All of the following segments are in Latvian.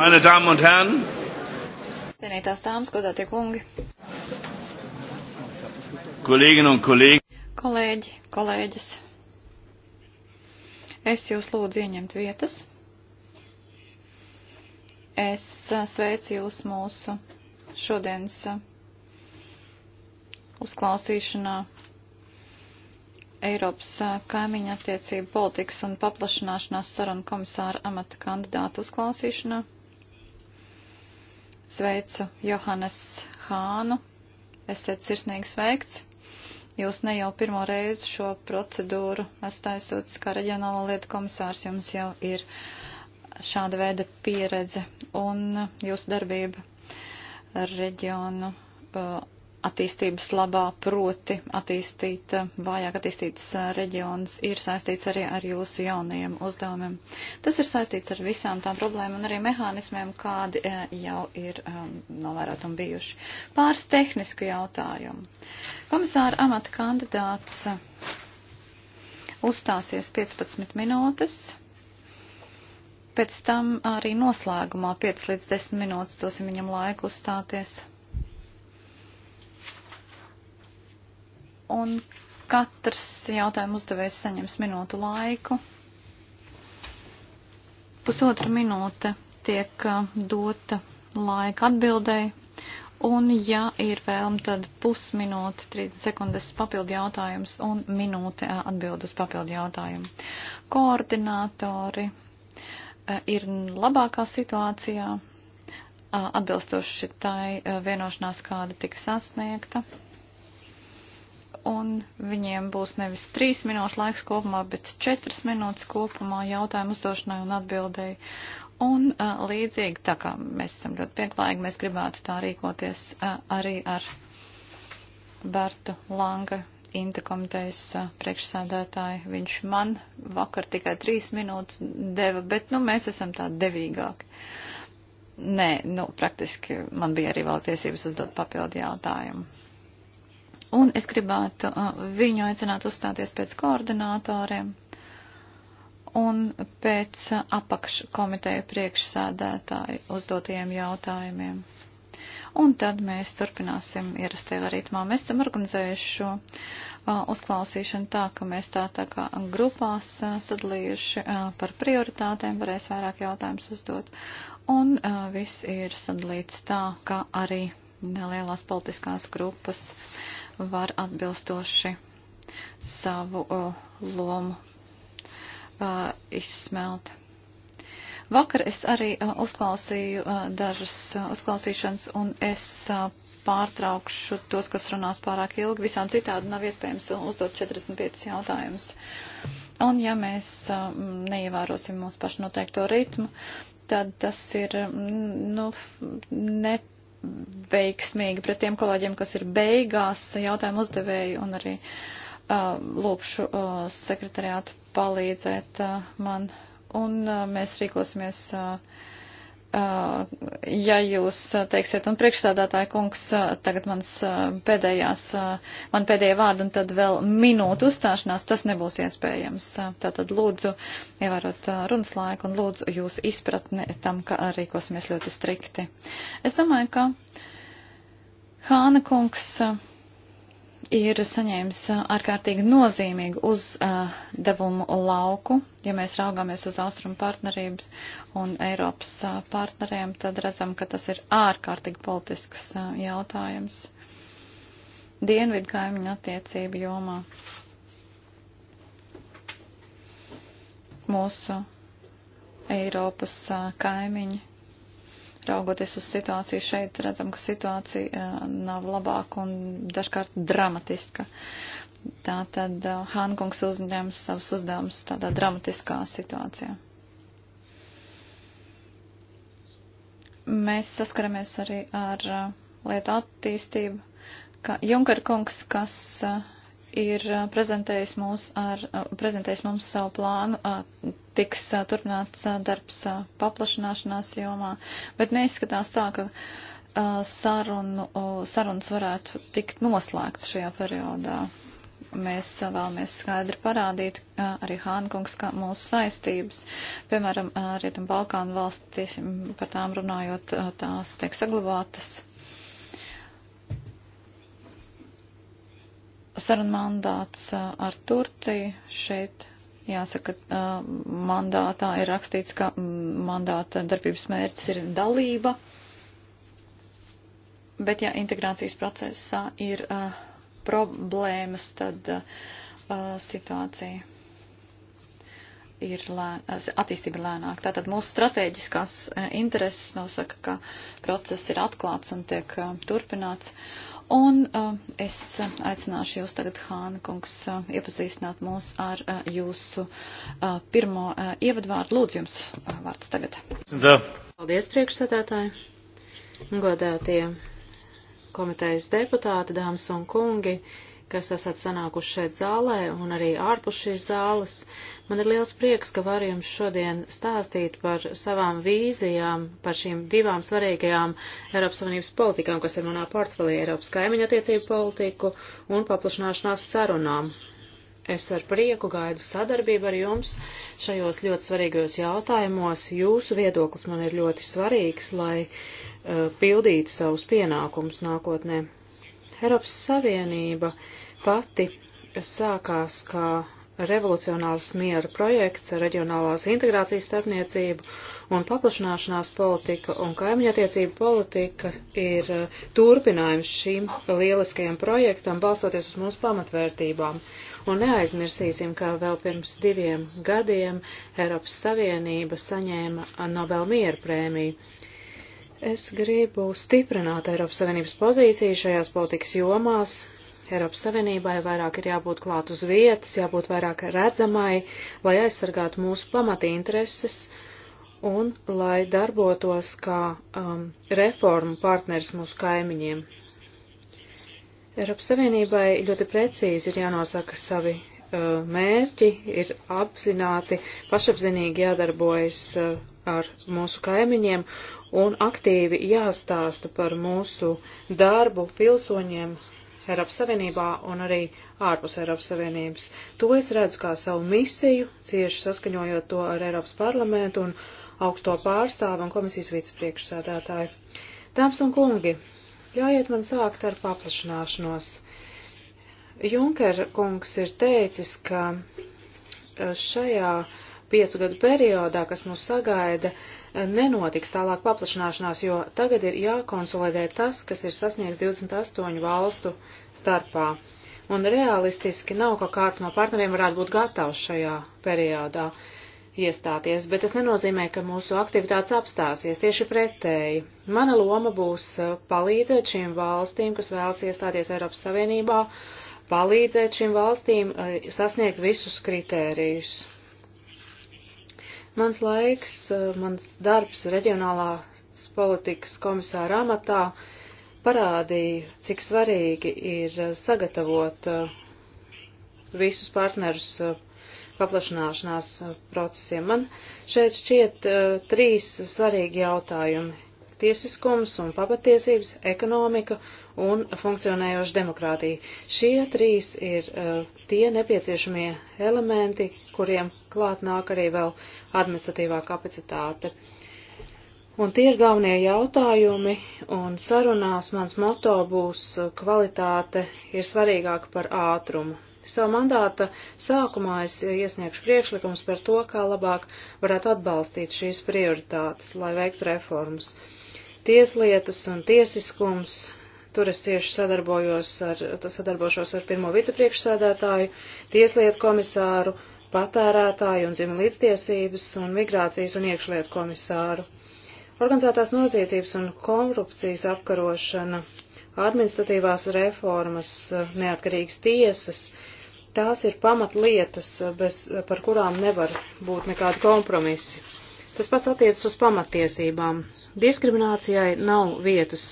Meine Damen und Herren, cienītās dāmas, godātie kungi, kolēģi un kolēģi, kolēģi, kolēģis, es jūs lūdzu ieņemt vietas. Es sveicu jūs mūsu šodienas uzklausīšanā Eiropas kaimiņa attiecību politikas un paplašanāšanās sarunu komisāra amata kandidātu uzklausīšanā. Sveicu Johannes Hānu. Esiet sirsnīgi sveikts. Jūs ne jau pirmo reizi šo procedūru esat aizsūtis, kā reģionāla lieta komisārs jums jau ir šāda veida pieredze un jūsu darbība reģionu uh, attīstības labā, proti attīstīt eh, vājāk attīstītas eh, reģionas, ir saistīts arī ar jūsu jaunajiem uzdevumiem. Tas ir saistīts ar visām tām problēmām un arī mehānismiem, kādi eh, jau ir um, novērot un bijuši. Pāris tehniski jautājumi. Komisāra amata kandidāts uzstāsies 15 minūtes. Pēc tam arī noslēgumā 5 līdz 10 minūtes dosim viņam laiku uzstāties. Un katrs jautājumu uzdevējs saņems minūtu laiku. Pusotra minūte tiek uh, dota laika atbildēji. Un, ja ir vēlme, tad pusminūte, 30 sekundes papildu jautājums un minūte uh, atbild uz papildu jautājumu. Koordinātori uh, ir labākā situācijā, atbilstoši tai vienošanās, kāda tika sasniegta un viņiem būs nevis trīs minūšu laiks kopumā, bet četras minūtes kopumā jautājumu uzdošanai un atbildēji. Un uh, līdzīgi, tā kā mēs esam ļoti pieklājīgi, mēs gribētu tā rīkoties uh, arī ar Bertu Langa Inta komitejas priekšsādātāji. Viņš man vakar tikai trīs minūtes deva, bet nu, mēs esam tādi devīgāki. Nē, nu, praktiski man bija arī vēl tiesības uzdot papildu jautājumu. Un es gribētu uh, viņu aicināt uzstāties pēc koordinātoriem un pēc uh, apakškomiteja priekšsēdētāju uzdotajiem jautājumiem. Un tad mēs turpināsim ierastajā ritmā. Mēs esam organizējuši šo uh, uzklausīšanu tā, ka mēs tā, tā kā grupās uh, sadalījuši uh, par prioritātēm, varēs vairāk jautājumus uzdot. Un uh, viss ir sadalīts tā, ka arī nelielās politiskās grupas uh, var atbilstoši savu uh, lomu uh, izsmelt. Vakar es arī uh, uzklausīju uh, dažas uh, uzklausīšanas, un es uh, pārtraukšu tos, kas runās pārāk ilgi. Visām citādi nav iespējams uzdot 45 jautājumus. Un ja mēs uh, neievērosim mūsu pašu noteikto ritmu, tad tas ir nu, ne veiksmīgi pret tiem kolēģiem, kas ir beigās jautājumu uzdevēju un arī uh, lūpšu uh, sekretariātu palīdzēt uh, man. Un uh, mēs rīkosimies. Uh, Uh, ja jūs uh, teiksiet, un priekšstādātāja kungs, uh, tagad mans pēdējās, man pēdējie vārdi un tad vēl minūtu uzstāšanās, tas nebūs iespējams. Tātad lūdzu, ievērot runas laiku un lūdzu jūs izpratni tam, ka rīkosimies ļoti strikti. Es domāju, ka Hāna kungs ir saņēmis ārkārtīgi nozīmīgu uzdevumu lauku. Ja mēs raugāmies uz austrumu partnerību un Eiropas partneriem, tad redzam, ka tas ir ārkārtīgi politisks jautājums dienvidu kaimiņu attiecību jomā. Mūsu Eiropas kaimiņi Raugoties uz situāciju šeit, redzam, ka situācija eh, nav labāka un dažkārt dramatiska. Tātad eh, Hankungs uzņēma savus uzdevumus tādā dramatiskā situācijā. Mēs saskaramies arī ar eh, lietu attīstību, ka Junker kungs, kas ir prezentējis mums, ar, prezentējis mums savu plānu, tiks turpināts darbs paplašanāšanās jomā, bet neizskatās tā, ka sarunu, sarunas varētu tikt noslēgt šajā periodā. Mēs vēlamies skaidri parādīt arī Hānkungs mūsu saistības. Piemēram, Rietam Balkānu valstis, par tām runājot, tās tiek saglabātas saruna mandāts ar Turciju šeit. Jāsaka, mandātā ir rakstīts, ka mandāta darbības mērķis ir dalība, bet ja integrācijas procesā ir uh, problēmas, tad uh, situācija ir lēn, attīstība lēnāk. Tātad mūsu strateģiskās intereses nosaka, ka process ir atklāts un tiek turpināts. Un uh, es aicināšu jūs tagad, Hāna kungs, uh, iepazīstināt mūs ar uh, jūsu uh, pirmo uh, ievadvārdu. Lūdzu, jums uh, vārds tagad. Da. Paldies, priekšsēdētāji, godētie komitejas deputāti, dāmas un kungi. Uh, kas esat sanākuši šeit zālē un arī ārpus šīs zāles. Man ir liels prieks, ka varu jums šodien stāstīt par savām vīzijām, par šīm divām svarīgajām Eiropas Savienības politikām, kas ir manā portfelī Eiropas kaimiņa attiecību politiku un paplašanāšanās sarunām. Es ar prieku gaidu sadarbību ar jums šajos ļoti svarīgajos jautājumos. Jūsu viedoklis man ir ļoti svarīgs, lai uh, pildītu savus pienākumus nākotnē. Eiropas Savienība uh, pati sākās kā revolucionāls miera projekts, reģionālās integrācijas starpniecību un paplašanāšanās politika un kaimiņattiecību politika ir eh, turpinājums šīm lieliskajam projektam, balstoties uz mūsu pamatvērtībām. Un neaizmirsīsim, ka vēl pirms diviem gadiem Eiropas Savienība saņēma Nobel miera prēmiju. Es gribu stiprināt Eiropas Savienības pozīciju šajās politikas jomās, Eiropas Savienībai vairāk ir jābūt klāt uz vietas, jābūt vairāk redzamai, lai aizsargātu mūsu pamati intereses un lai darbotos kā um, reformu partners mūsu kaimiņiem. Eiropas Savienībai ļoti precīzi ir jānosaka savi uh, mērķi, ir apzināti, pašapzinīgi jādarbojas uh, ar mūsu kaimiņiem un aktīvi jāstāsta par mūsu darbu pilsoņiem Eiropas Savienībā un arī ārpus Eiropas Savienības. To es redzu kā savu misiju, cieši saskaņojot to ar Eiropas parlamentu un augsto pārstāvu un komisijas vicepriekšsēdētāju. Dāmas un kungi, ļaujiet man sākt ar paplašanāšanos. Junker kungs ir teicis, ka šajā uh, piecu gadu periodā, kas mūs sagaida, nenotiks tālāk paplašanāšanās, jo tagad ir jākonsolidē tas, kas ir sasniegts 28 valstu starpā. Un realistiski nav, ka kāds no partneriem varētu būt gatavs šajā periodā iestāties, bet tas nenozīmē, ka mūsu aktivitātes apstāsies tieši pretēji. Mana loma būs uh, palīdzēt šīm valstīm, kas vēlas iestāties Eiropas Savienībā, palīdzēt šīm valstīm uh, sasniegt visus kritērijus. Mans laiks, eh, mans darbs reģionālās politikas komisāra amatā parādīja, cik svarīgi ir eh, sagatavot eh, visus partnerus paplašanāšanās procesiem. Man šeit šķiet trīs svarīgi jautājumi tiesiskums un pamatiesības, ekonomika un funkcionējoša demokrātija. Šie trīs ir uh, tie nepieciešamie elementi, kuriem klāt nāk arī vēl administratīvā kapacitāte. Un tie ir galvenie jautājumi, un sarunās mans moto būs eh, kvalitāte ir svarīgāka par ātrumu. Savu mandāta sākumā es iesniegšu priekšlikums par to, kā labāk varētu atbalstīt šīs prioritātes, lai veiktu reformas. Uh, tieslietas un tiesiskums. Tur es cieši sadarbojos ar, sadarbošos ar pirmo vicepriekšsēdētāju, tieslietu komisāru, patērētāju un dzimu līdztiesības un migrācijas un iekšlietu komisāru. Organizētās noziedzības un korupcijas apkarošana, administratīvās reformas, neatkarīgas tiesas, tās ir pamatlietas, bez, par kurām nevar būt nekādi kompromisi. Tas pats attiecas uz pamatiesībām. Diskriminācijai nav vietas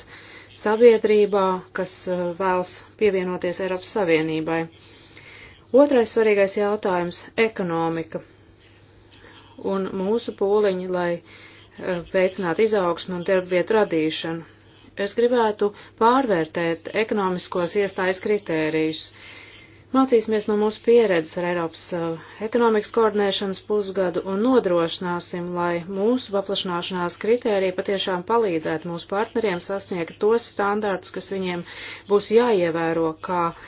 sabiedrībā, kas uh, vēlas pievienoties Eiropas Savienībai. Otrais svarīgais jautājums - ekonomika un mūsu pūliņi, lai uh, veicinātu izaugsmu un darbvietu radīšanu. Es gribētu pārvērtēt ekonomiskos iestājas kritērijus. Uh, Mācīsimies no mūsu pieredzes ar Eiropas uh, ekonomikas koordinēšanas pusgadu un nodrošināsim, lai mūsu paplašanāšanās kritērija patiešām palīdzētu mūsu partneriem sasniegt tos standārtus, kas viņiem būs jāievēro kā uh,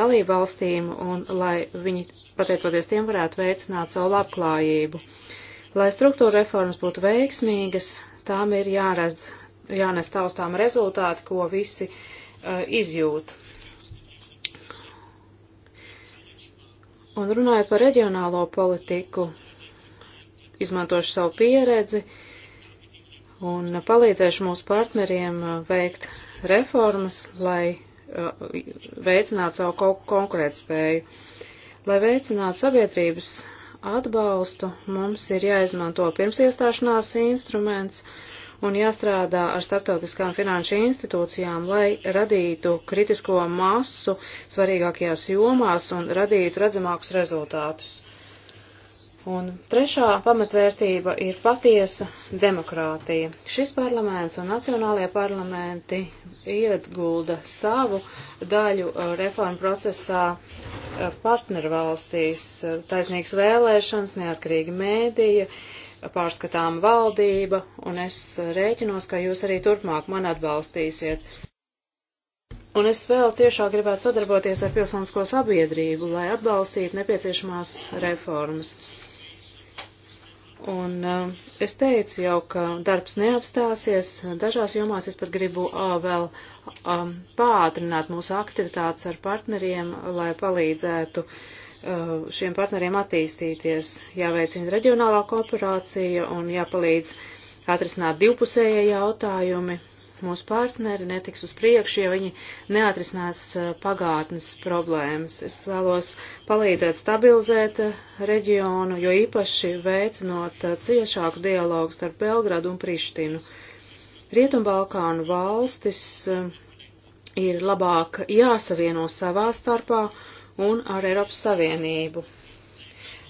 dalību valstīm un lai viņi, pateicoties tiem, varētu veicināt savu labklājību. Lai struktūra reformas būtu veiksmīgas, tām ir jāredz, jānes taustām rezultāti, ko visi uh, izjūt. Un runājot par reģionālo politiku, izmantošu savu pieredzi un palīdzēšu mūsu partneriem uh, veikt reformas, lai uh, veicinātu savu konkurētspēju. Lai veicinātu sabiedrības atbalstu, mums ir jāizmanto pirms iestāšanās instruments un jāstrādā ar starptautiskām finanšu institūcijām, lai radītu kritisko masu svarīgākajās jomās un radītu redzamākus rezultātus. Un trešā pamatvērtība ir patiesa demokrātija. Šis parlaments un nacionālajie parlamenti iegulda savu daļu uh, reformu procesā uh, partnervalstīs, uh, taisnīgs vēlēšanas, neatkarīgi mēdīja, pārskatām valdība, un es rēķinos, ka jūs arī turpmāk man atbalstīsiet. Un es vēl tiešāk gribētu sadarboties ar pilsonisko sabiedrību, lai atbalstītu nepieciešamās reformas. Un uh, es teicu jau, ka darbs neapstāsies, dažās jomās es pat gribu uh, vēl um, pātrināt mūsu aktivitātes ar partneriem, lai palīdzētu uh, Uh, šiem partneriem attīstīties, jāveicina reģionālā kooperācija un jāpalīdz atrisināt divpusējie jautājumi. Mūsu partneri netiks uz priekšu, ja viņi neatrisinās uh, pagātnes problēmas. Es vēlos palīdzēt stabilizēt uh, reģionu, jo īpaši veicinot ciešāku dialogu starp Belgradu un Prištinu. Rietumbalkānu valstis ir labāk jāsavieno savā starpā un ar Eiropas Savienību.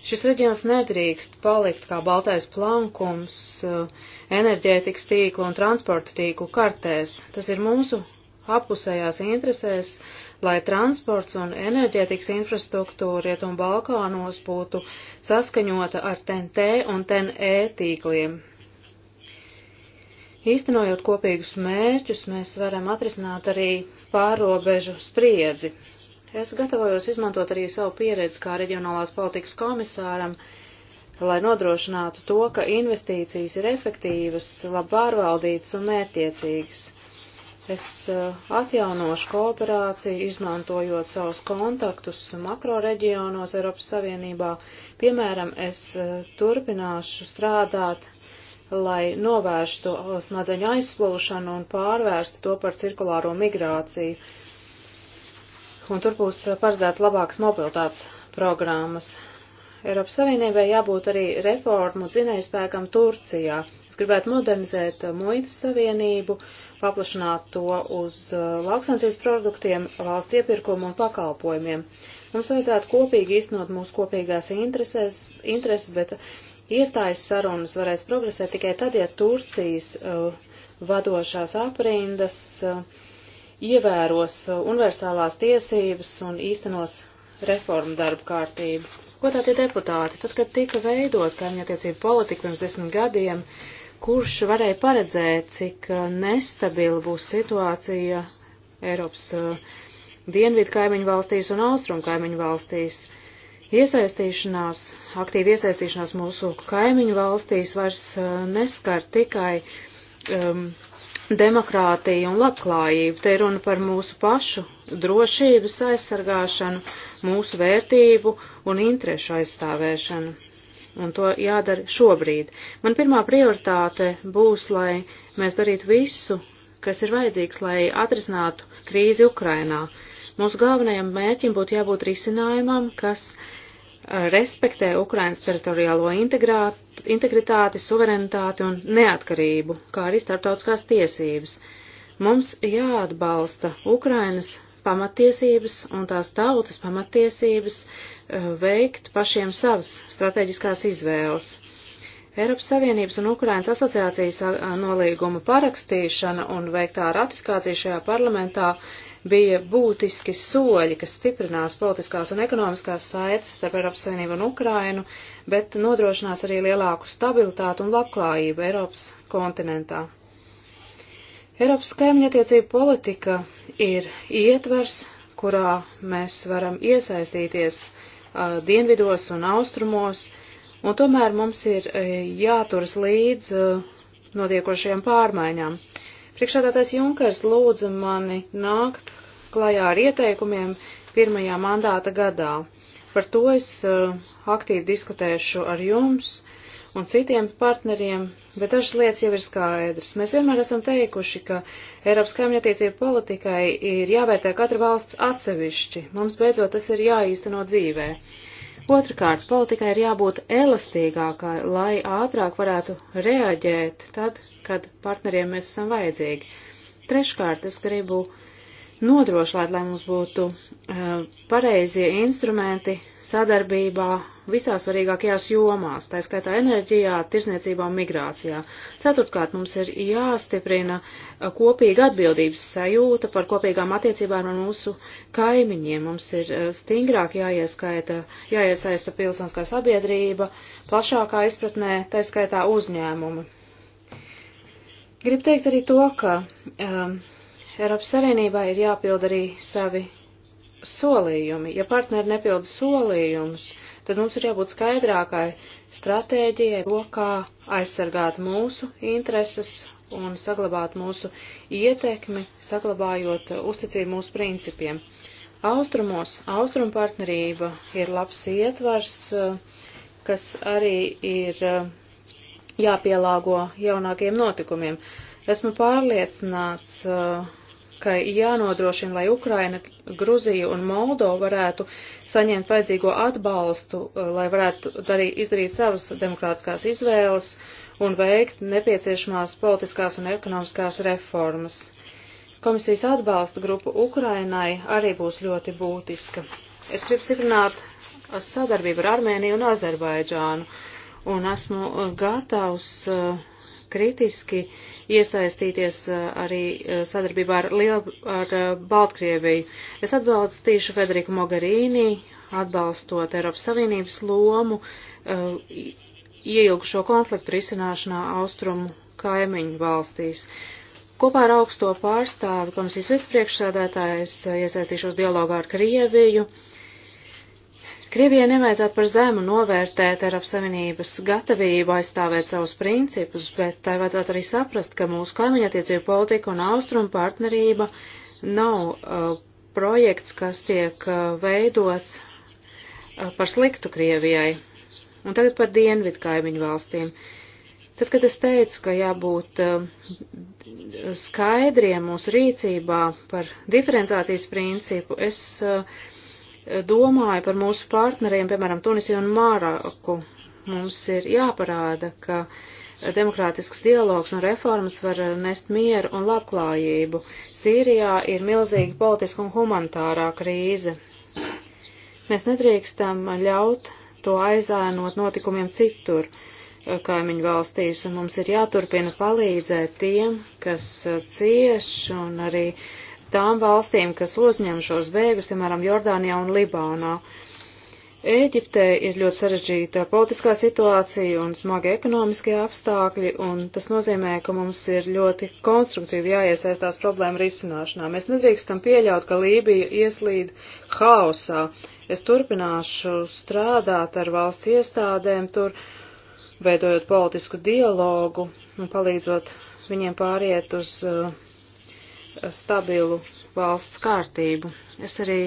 Šis reģions nedrīkst palikt kā baltais plankums eh, enerģētikas tīklu un transporta tīklu kartēs. Tas ir mūsu apusējās interesēs, lai transports un enerģētikas infrastruktūra Rietumu Balkānos būtu saskaņota ar TNT un TNE tīkliem. Īstenojot kopīgus mērķus, mēs varam atrisināt arī pārobežu spriedzi. Es gatavojos izmantot arī savu pieredzi kā reģionālās politikas komisāram, lai nodrošinātu to, ka investīcijas ir efektīvas, labi pārvaldītas un mērķiecīgas. Es uh, atjaunošu kooperāciju, izmantojot savus kontaktus makro reģionos Eiropas Savienībā. Piemēram, es uh, turpināšu strādāt, lai novērstu uh, smadzeņu aizplūšanu un pārvērstu to par cirkulāro migrāciju un tur būs eh, paredzēts labākas mobilitātes programmas. Eiropas Savienībai jābūt arī reformu dzinējspēkam Turcijā. Es gribētu modernizēt eh, muitas savienību, paplašināt to uz eh, lauksansības produktiem, valsts iepirkumu un pakalpojumiem. Mums vajadzētu kopīgi iznot mūsu kopīgās intereses, intereses bet iestājas sarunas varēs progresēt tikai tad, ja Turcijas uh, vadošās aprindas uh, ievēros uh, universālās tiesības un īstenos reformu darbu kārtību. Ko tā tie deputāti? Tad, kad tika veidot kaimiņattiecību politika pirms desmit gadiem, kurš varēja paredzēt, cik uh, nestabila būs situācija Eiropas uh, dienvidu kaimiņu valstīs un austrumu kaimiņu valstīs? Iesaistīšanās, aktīva iesaistīšanās mūsu kaimiņu valstīs vairs neskar tikai um, demokrātiju un labklājību. Te ir runa par mūsu pašu drošības aizsargāšanu, mūsu vērtību un interešu aizstāvēšanu. Un to jādara šobrīd. Man pirmā prioritāte būs, lai mēs darītu visu, kas ir vajadzīgs, lai atrisinātu krīzi Ukrainā. Mūsu galvenajam mērķim būtu jābūt risinājumam, kas uh, respektē Ukrainas teritoriālo integritāti, suverenitāti un neatkarību, kā arī starptautiskās tiesības. Mums jāatbalsta Ukrainas pamatiesības un tās tautas pamatiesības eh, veikt pašiem savas strateģiskās izvēles. Eiropas Savienības un Ukrainas asociācijas nolīguma parakstīšana un veiktā ratifikācija šajā parlamentā bija būtiski soļi, kas stiprinās politiskās un ekonomiskās saites starp Eiropas Savienību un Ukrainu, bet nodrošinās arī lielāku stabilitātu un labklājību Eiropas kontinentā. Eiropas kaimiņattiecību politika ir ietvers, kurā mēs varam iesaistīties uh, dienvidos un austrumos, un tomēr mums ir uh, jāturas līdz uh, notiekošajām pārmaiņām. Priekšādātais Junkers lūdza mani nākt klajā ar ieteikumiem pirmajā mandāta gadā. Par to es uh, aktīvi diskutēšu ar jums un citiem partneriem, bet dažas lietas jau ir skaidrs. Mēs vienmēr esam teikuši, ka Eiropas kaimiņattiecību politikai ir jāvērtē katra valsts atsevišķi. Mums beidzot tas ir jāīsteno dzīvē. Uh, Otrakārt, politikai ir jābūt elastīgākai, lai ātrāk varētu reaģēt tad, kad partneriem mēs esam vajadzīgi. Treškārt, es gribu nodrošināt, lai mums būtu uh, pareizie instrumenti sadarbībā visās svarīgākajās jomās, tā skaitā enerģijā, tirzniecībā un migrācijā. Ceturtkārt, mums ir jāstiprina uh, kopīga atbildības sajūta par kopīgām attiecībām ar mūsu kaimiņiem. Mums ir uh, stingrāk jāieskaita, jāiesaista pilsoniskā sabiedrība, plašākā izpratnē, tā skaitā uzņēmumi. Gribu teikt arī to, ka um, Eiropas Savienībā ir jāpild arī savi solījumi. Ja partneri nepilda solījumus, tad mums ir jābūt skaidrākai stratēģijai, to, kā aizsargāt mūsu intereses un saglabāt mūsu ietekmi, saglabājot uzticību mūsu principiem. Austrumos austrumu partnerība ir labs ietvars, kas arī ir jāpielāgo jaunākiem notikumiem. Esmu pārliecināts, uh, ka jānodrošina, lai Ukraina, Gruzija un Moldova varētu saņemt vajadzīgo atbalstu, eh, lai varētu darīt, izdarīt savas demokrātiskās izvēles un veikt nepieciešamās politiskās un ekonomiskās reformas. Komisijas atbalsta grupa Ukrainai arī būs ļoti būtiska. Es gribu stiprināt sadarbību ar Armēniju un Azerbaidžānu, un esmu eh, gatavs uh, kritiski iesaistīties uh, arī uh, sadarbībā ar, Liel, ar uh, Baltkrieviju. Es atbalstīšu Federiku Mogherīni, atbalstot Eiropas Savienības lomu ieilgušo konfliktu risināšanā austrumu kaimiņu valstīs. Kopā ar augsto pārstāvi komisijas vicepriekšsēdētājs iesaistīšos dialogā ar Krieviju Krievijai nevajadzētu par zemu novērtēt Eiropas Savienības gatavību aizstāvēt savus principus, bet tai vajadzētu arī saprast, ka mūsu kaimiņattiecību politika un austrumu partnerība nav uh, projekts, kas tiek uh, veidots uh, par sliktu Krievijai. Un tagad par dienvidu kaimiņu valstīm. Tad, kad es teicu, ka jābūt uh, skaidriem mūsu rīcībā par diferenciācijas principu, es uh, domāju par mūsu partneriem, piemēram, Tunisiju un Māraku. Mums ir jāparāda, ka demokrātisks dialogs un reformas var nest mieru un labklājību. Sīrijā ir milzīga politiska un humanitārā krīze. Mēs nedrīkstam ļaut to aizēnot notikumiem citur eh, kaimiņu valstīs, un mums ir jāturpina palīdzēt tiem, kas eh, cieš un arī uh, tām valstīm, kas uzņem šos bēgus, piemēram, Jordānijā un Libānā. Ēģiptē ir ļoti sarežģīta politiskā situācija un smagi ekonomiskie apstākļi, un tas nozīmē, ka mums ir ļoti konstruktīvi jāiesaistās problēmu risināšanā. Mēs nedrīkstam pieļaut, ka Lībija ieslīd haosā. Es turpināšu strādāt ar valsts iestādēm tur, veidojot politisku dialogu un palīdzot viņiem pāriet uz uh, stabilu valsts kārtību. Es arī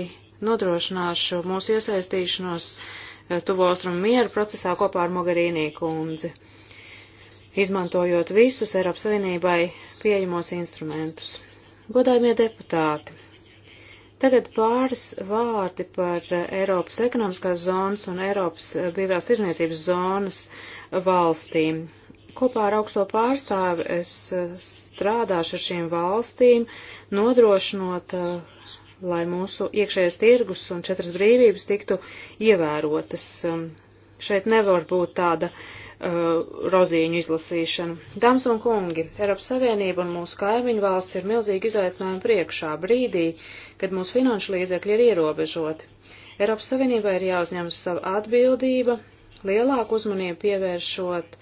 nodrošināšu mūsu iesaistīšanos eh, tuvo austrumu mieru procesā kopā ar Mogarīnī kundzi, izmantojot visus Eiropas Savienībai pieejamos instrumentus. Godājumie deputāti! Tagad pāris vārdi par Eiropas ekonomiskās zonas un Eiropas brīvās tirzniecības zonas valstīm. Kopā ar augsto pārstāvi es eh, strādāšu ar šīm valstīm, nodrošinot, eh, lai mūsu iekšējais tirgus un četras brīvības tiktu ievērotas. Um, šeit nevar būt tāda uh, rozīņu izlasīšana. Dāmas un kungi, Eiropas Savienība un mūsu kaimiņu valsts ir milzīgi izaicinājumi priekšā brīdī, kad mūsu finanšu līdzekļi ir ierobežoti. Eiropas Savienībai ir jāuzņemas sava atbildība, lielāku uzmanību pievēršot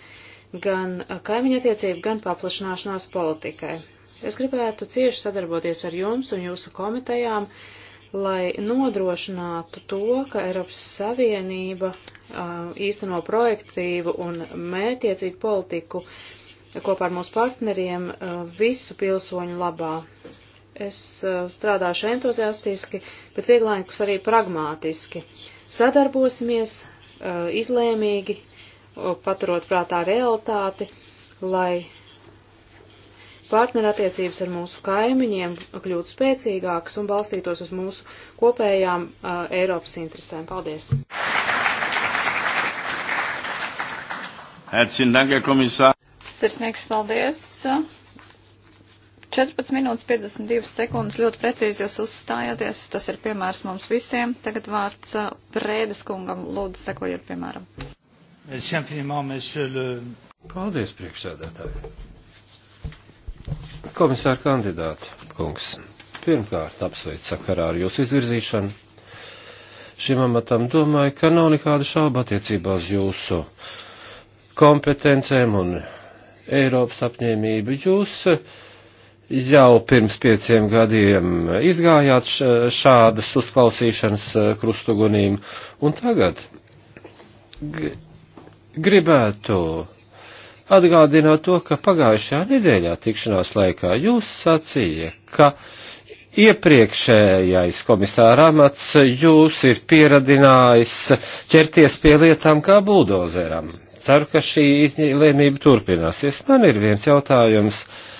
gan kaimiņattiecību, gan paplašanāšanās politikai. Es gribētu cieši sadarboties ar jums un jūsu komitejām, lai nodrošinātu to, ka Eiropas Savienība uh, īsteno projektīvu un mērķiecīgu politiku kopā ar mūsu partneriem uh, visu pilsoņu labā. Es uh, strādāšu entuziastiski, bet vienlaikus arī pragmātiski. Sadarbosimies izlēmīgi paturot prātā realitāti, lai partnerattiecības ar mūsu kaimiņiem kļūtu spēcīgākas un balstītos uz mūsu kopējām uh, Eiropas interesēm. Paldies! Sirsnīgs paldies! 14 minūtes 52 sekundes ļoti precīzi jūs uzstājāties. Tas ir piemērs mums visiem. Tagad vārds uh, Prēdes kungam. Lūdzu, sekojiet piemēram. Paldies, priekšsēdētāji. Komisāra kandidāta kungs, pirmkārt apsveic sakarā ar jūsu izvirzīšanu. Šim amatam domāju, ka nav nekāda šauba attiecībā uz jūsu kompetencēm un Eiropas apņēmību. Jūs jau pirms pieciem gadiem izgājāt šādas uzklausīšanas eh, krustugunīm, un tagad gribētu atgādināt to, ka pagājušajā nedēļā tikšanās laikā jūs sacīja, ka iepriekšējais komisāra amats jūs ir pieradinājis ķerties pie lietām kā buldozeram. Ceru, ka šī izlēmība turpināsies. Man ir viens jautājums. Uh,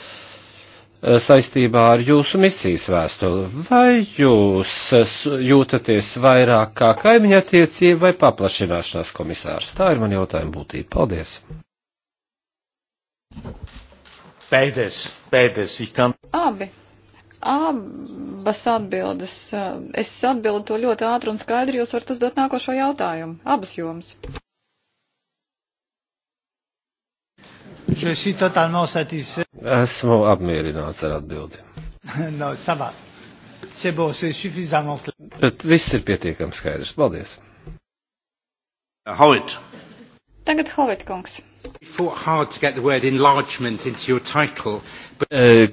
Eh, saistībā ar jūsu misijas vēstuli. Vai jūs eh, jūtaties vairāk kā kaimiņa attiecība vai paplašināšanās komisārs? Tā ir man jautājuma būtība. Paldies! Beides, beides, ikam. Abi. Abas atbildes. Eh, es atbildu to ļoti ātri un skaidri, jūs varat uzdot nākošo jautājumu. Abas jomas. Je suis totalement satisfait. Esmu apmierināts ar atbildi. No, savā. Se būs suffisamment clair. Bet viss ir pietiekami skaidrs. Paldies. Uh, Howitt. Tagad Howitt kungs. Hard to get the word enlargement into your title, but... Uh,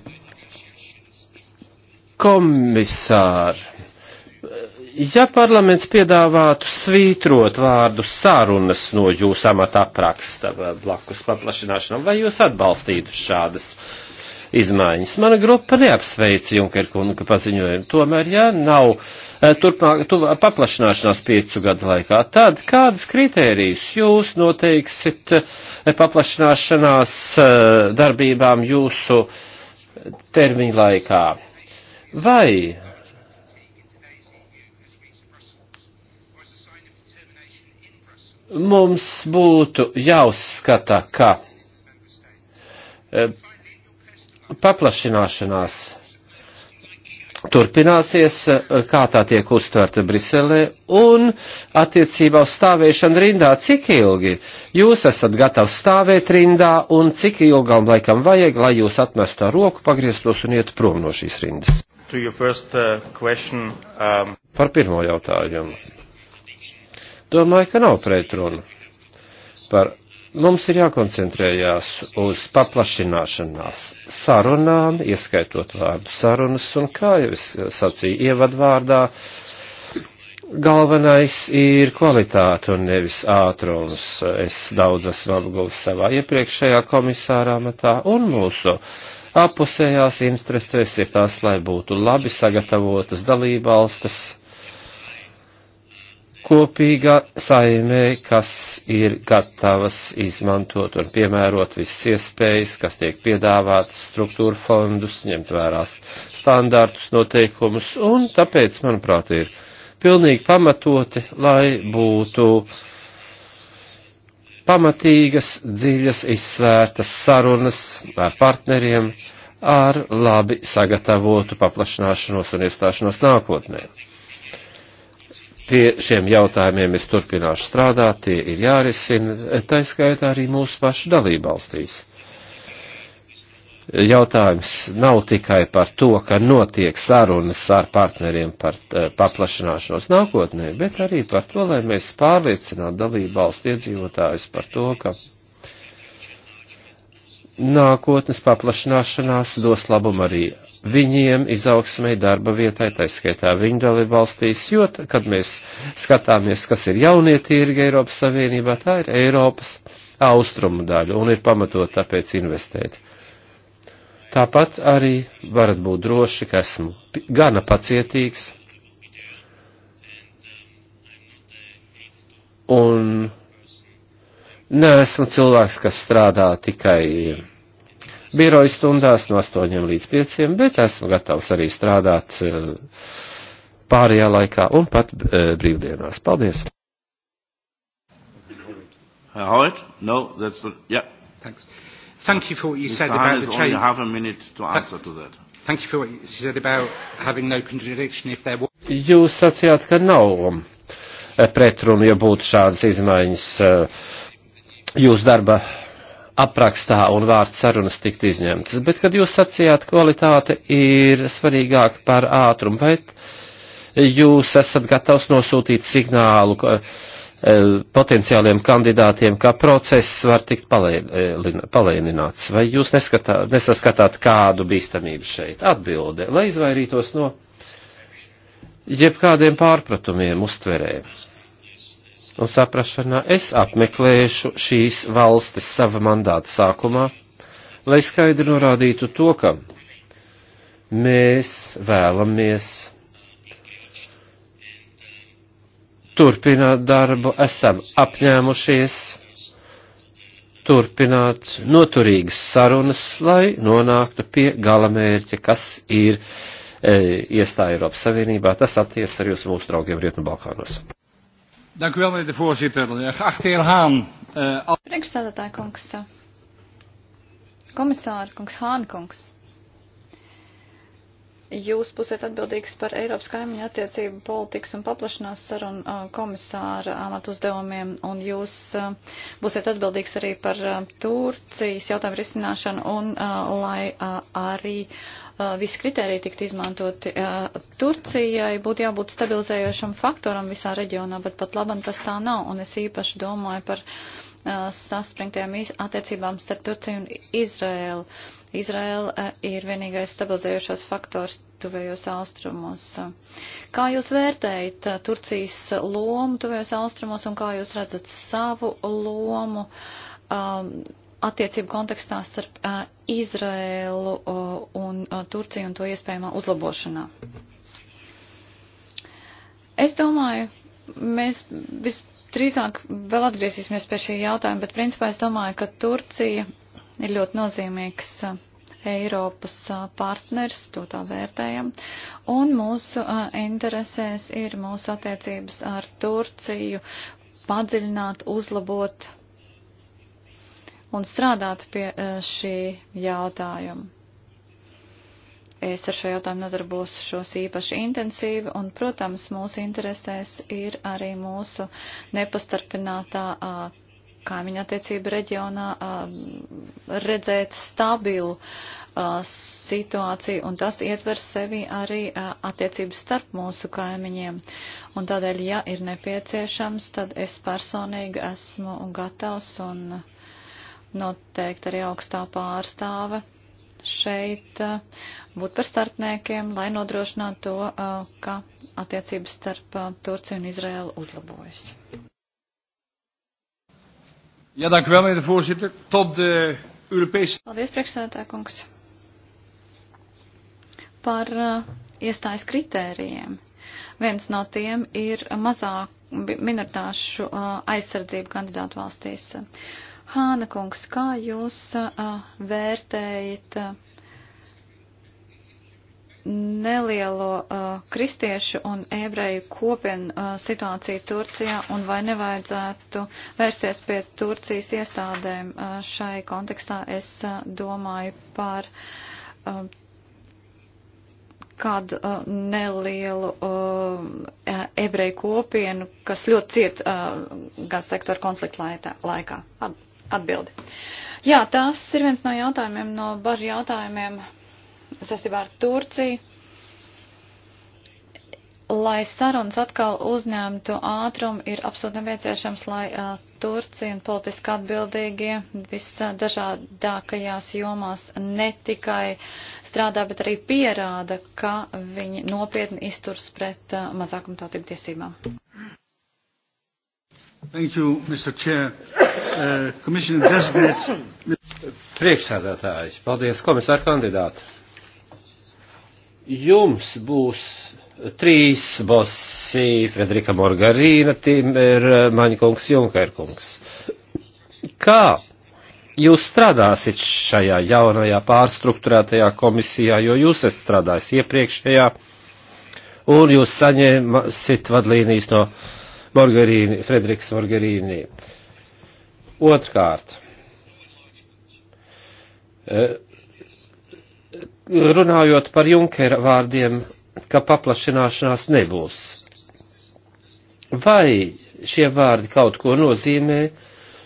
komisār, Ja parlaments piedāvātu svītrot vārdu sarunas no jūsu amata apraksta blakus paplašināšanām, vai jūs atbalstītu šādas izmaiņas? Mana grupa neapsveic Junker kunga paziņojumu. Tomēr, ja nav eh, turpmāk tu, paplašināšanās piecu gadu laikā, tad kādas kritērijas jūs noteiksit eh, paplašināšanās eh, darbībām jūsu termiņu laikā? Vai mums būtu jāuzskata, ka e, paplašināšanās turpināsies, e, kā tā tiek uztverta Briselē, un attiecībā uz stāvēšanu rindā, cik ilgi jūs esat gatavs stāvēt rindā, un cik ilgam laikam vajag, lai jūs atmestu tā roku, pagrieztos un iet prom no šīs rindas. First, uh, question, um... Par pirmo jautājumu Domāju, ka nav pretrunu. Par mums ir jākoncentrējās uz paplašināšanās sarunām, ieskaitot vārdu sarunas, un kā jau es sacīju ievadvārdā, galvenais ir kvalitāte un nevis ātrums. Es daudz esmu apguvis savā iepriekšējā komisārā matā, un mūsu apusējās interesēs ir tas, lai būtu labi sagatavotas dalībvalstis kopīgā saimē, kas ir gatavas izmantot un piemērot visas iespējas, kas tiek piedāvātas struktūra fondus, ņemt vērās standārtus, noteikumus, un tāpēc, manuprāt, ir pilnīgi pamatoti, lai būtu pamatīgas, dziļas, izsvērtas sarunas ar partneriem ar labi sagatavotu paplašināšanos un iestāšanos nākotnē. Pie šiem jautājumiem es turpināšu strādāt, tie ir jārisina, taiskaitā arī mūsu pašu dalībvalstīs. Jautājums nav tikai par to, ka notiek sarunas ar partneriem par eh, paplašināšanos nākotnē, bet arī par to, lai mēs pārliecinātu dalībvalstu iedzīvotājus par to, ka nākotnes paplašināšanās dos labumu arī viņiem izaugsmai darba vietai, taiskaitā viņu dalību valstīs, jo, kad mēs skatāmies, kas ir jaunie tirgi Eiropas Savienībā, tā ir Eiropas austrumu daļa un ir pamatot tāpēc investēt. Tāpat arī varat būt droši, ka esmu gana pacietīgs un neesmu cilvēks, kas strādā tikai biroju stundās no 8 līdz 5, bet esmu gatavs arī strādāt eh, pārējā laikā un pat eh, brīvdienās. Paldies! Howard? No, that's not, yeah. Thanks. Thank you for what you Mr. said Hahn about the change. You have a minute to answer Th to that. Thank you for what you said about having no contradiction if there were. Jūs sacījāt, ka nav um, pretrunu, ja būtu šādas izmaiņas uh, jūsu darba aprakstā un vārds sarunas tiktu izņemtas. Bet, kad jūs sacījāt, kvalitāte ir svarīgāka par ātrumu, vai jūs esat gatavs nosūtīt signālu ka, e, potenciāliem kandidātiem, ka process var tikt palēnināts, vai jūs neskatā, nesaskatāt kādu bīstamību šeit? Atbilde, lai izvairītos no jebkādiem pārpratumiem uztverēm un saprašanā es apmeklēšu šīs valstis sava mandāta sākumā, lai skaidri norādītu to, ka mēs vēlamies turpināt darbu, esam apņēmušies turpināt noturīgas sarunas, lai nonāktu pie galamērķa, kas ir e, iestāja Eiropas Savienībā. Tas attiecas arī uz mūsu draugiem Rietu Balkānos. Dank u wel, meneer de voorzitter. Eh, geachte heer Haan. Uh, al... Priekšsēdētāja kungs, komisāra kungs, Hāna kungs. Jūs būsiet atbildīgs par Eiropas kaimiņu attiecību politikas un paplašanās sarunu eh, komisāra amatu uzdevumiem, un jūs būsiet atbildīgs arī par Turcijas jautājumu risināšanu, un lai arī Uh, visi kriteriji tiktu izmantoti. Uh, Turcijai būtu jābūt stabilizējošam faktoram visā reģionā, bet pat labam tas tā nav. Un es īpaši domāju par uh, saspringtajām attiecībām starp Turciju un Izraēlu. Izraēla ir vienīgais stabilizējošais faktors tuvējos austrumos. Kā jūs vērtējat Turcijas lomu tuvējos austrumos un kā jūs redzat savu lomu? Um, attiecību kontekstā starp Izraēlu un Turciju un to iespējamā uzlabošanā. Es domāju, mēs visdrīzāk vēl atgriezīsimies pie šī jautājuma, bet principā es domāju, ka Turcija ir ļoti nozīmīgs Eiropas partners, to tā vērtējam, un mūsu interesēs ir mūsu attiecības ar Turciju padziļināt, uzlabot un strādāt pie e, šī jautājuma. Es ar šo jautājumu nodarbošos īpaši intensīvi, un, protams, mūsu interesēs ir arī mūsu nepastarpinātā kaimiņa attiecība reģionā redzēt stabilu situāciju, un tas ietver sevi arī attiecības starp mūsu kaimiņiem. Un tādēļ, ja ir nepieciešams, tad es personīgi esmu gatavs un. Uh, noteikti arī augstā pārstāve šeit eh, būt par starpniekiem, lai nodrošinātu to, eh, ka attiecības starp eh, Turciju un Izraēlu uzlabojas. Ja, dank u wel, meneer de voorzitter. Tot de Europese. Paldies, priekšsēdētāj, kungs. Par uh, iestājas kritērijiem. Viens no tiem ir mazāk minoritāšu uh, aizsardzību kandidātu valstīs. Uh, Hāna kungs, kā jūs vērtējat nelielo kristiešu un ebreju kopienu situāciju Turcijā un vai nevajadzētu vērsties pie Turcijas iestādēm šai kontekstā? Es domāju par kādu uh, nelielu uh, ebreju kopienu, kas ļoti ciet uh, gan sektora konflikta laikā. At Atbildi. Jā, tās ir viens no jautājumiem, no bažu jautājumiem saistībā ar Turciju. Lai sarunas atkal uzņemtu ātrumu, ir absolūti nepieciešams, lai uh, Turcija un politiski atbildīgie visdažādākajās jomās ne tikai strādā, bet arī pierāda, ka viņi nopietni izturs pret uh, mazākumtautību tiesībām. Thank you, Mr. Chair. Uh, Commissioner Designate. Priekšsēdētāji, paldies, komisāra kandidāti. Jums būs trīs bosī, Frederika Morgarīna, Timer, Maņkungs, Junkerkungs. Kā jūs strādāsit šajā jaunajā pārstruktūrētajā komisijā, jo jūs esat strādājis iepriekšējā, un jūs saņēmat vadlīnijas no uh, Morgarīni, Frederiks Morgarīni. Otrkārt, eh, runājot par Junkera vārdiem, ka paplašināšanās nebūs. Vai šie vārdi kaut ko nozīmē,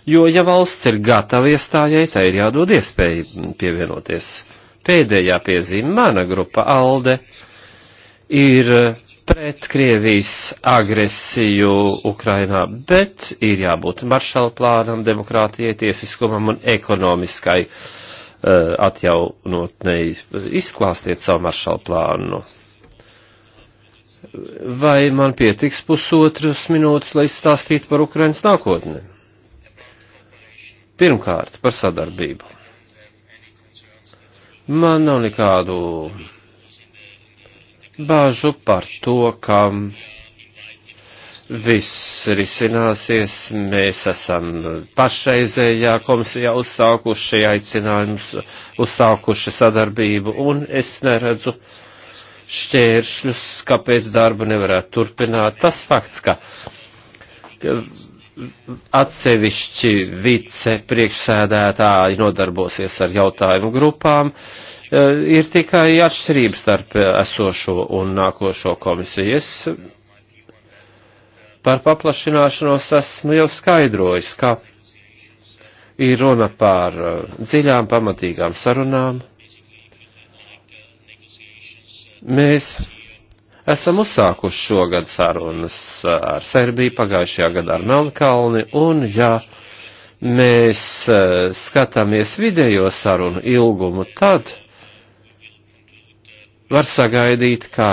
jo ja valsts ir gatava iestājai, tai ir jādod iespēja pievienoties. Pēdējā piezīme mana grupa Alde ir pret Krievijas agresiju Ukrainā, bet ir jābūt maršala plānam, demokrātijai, tiesiskumam un ekonomiskai uh, atjaunotnei. Izklāstiet savu maršala plānu. Vai man pietiks pusotras minūtes, lai izstāstītu par Ukrainas nākotni? Pirmkārt, par sadarbību. Man nav nekādu bāžu par to, ka viss risināsies. Mēs esam pašreizējā komisijā uzsākuši aicinājumus, uzsākuši sadarbību, un es neredzu šķēršļus, kāpēc darbu nevarētu turpināt. Tas fakts, ka atsevišķi vice priekšsēdētāji nodarbosies ar jautājumu grupām, uh, Eh, ir tikai atšķirība starp eh, esošo un nākošo komisiju. Es par paplašināšanos esmu jau skaidrojis, ka ir runa par eh, dziļām pamatīgām sarunām. Mēs esam uzsākuši šogad sarunas ar Serbiju, pagājušajā gadā ar Melnkalni, un ja mēs skatāmies vidējo sarunu ilgumu, tad var sagaidīt, ka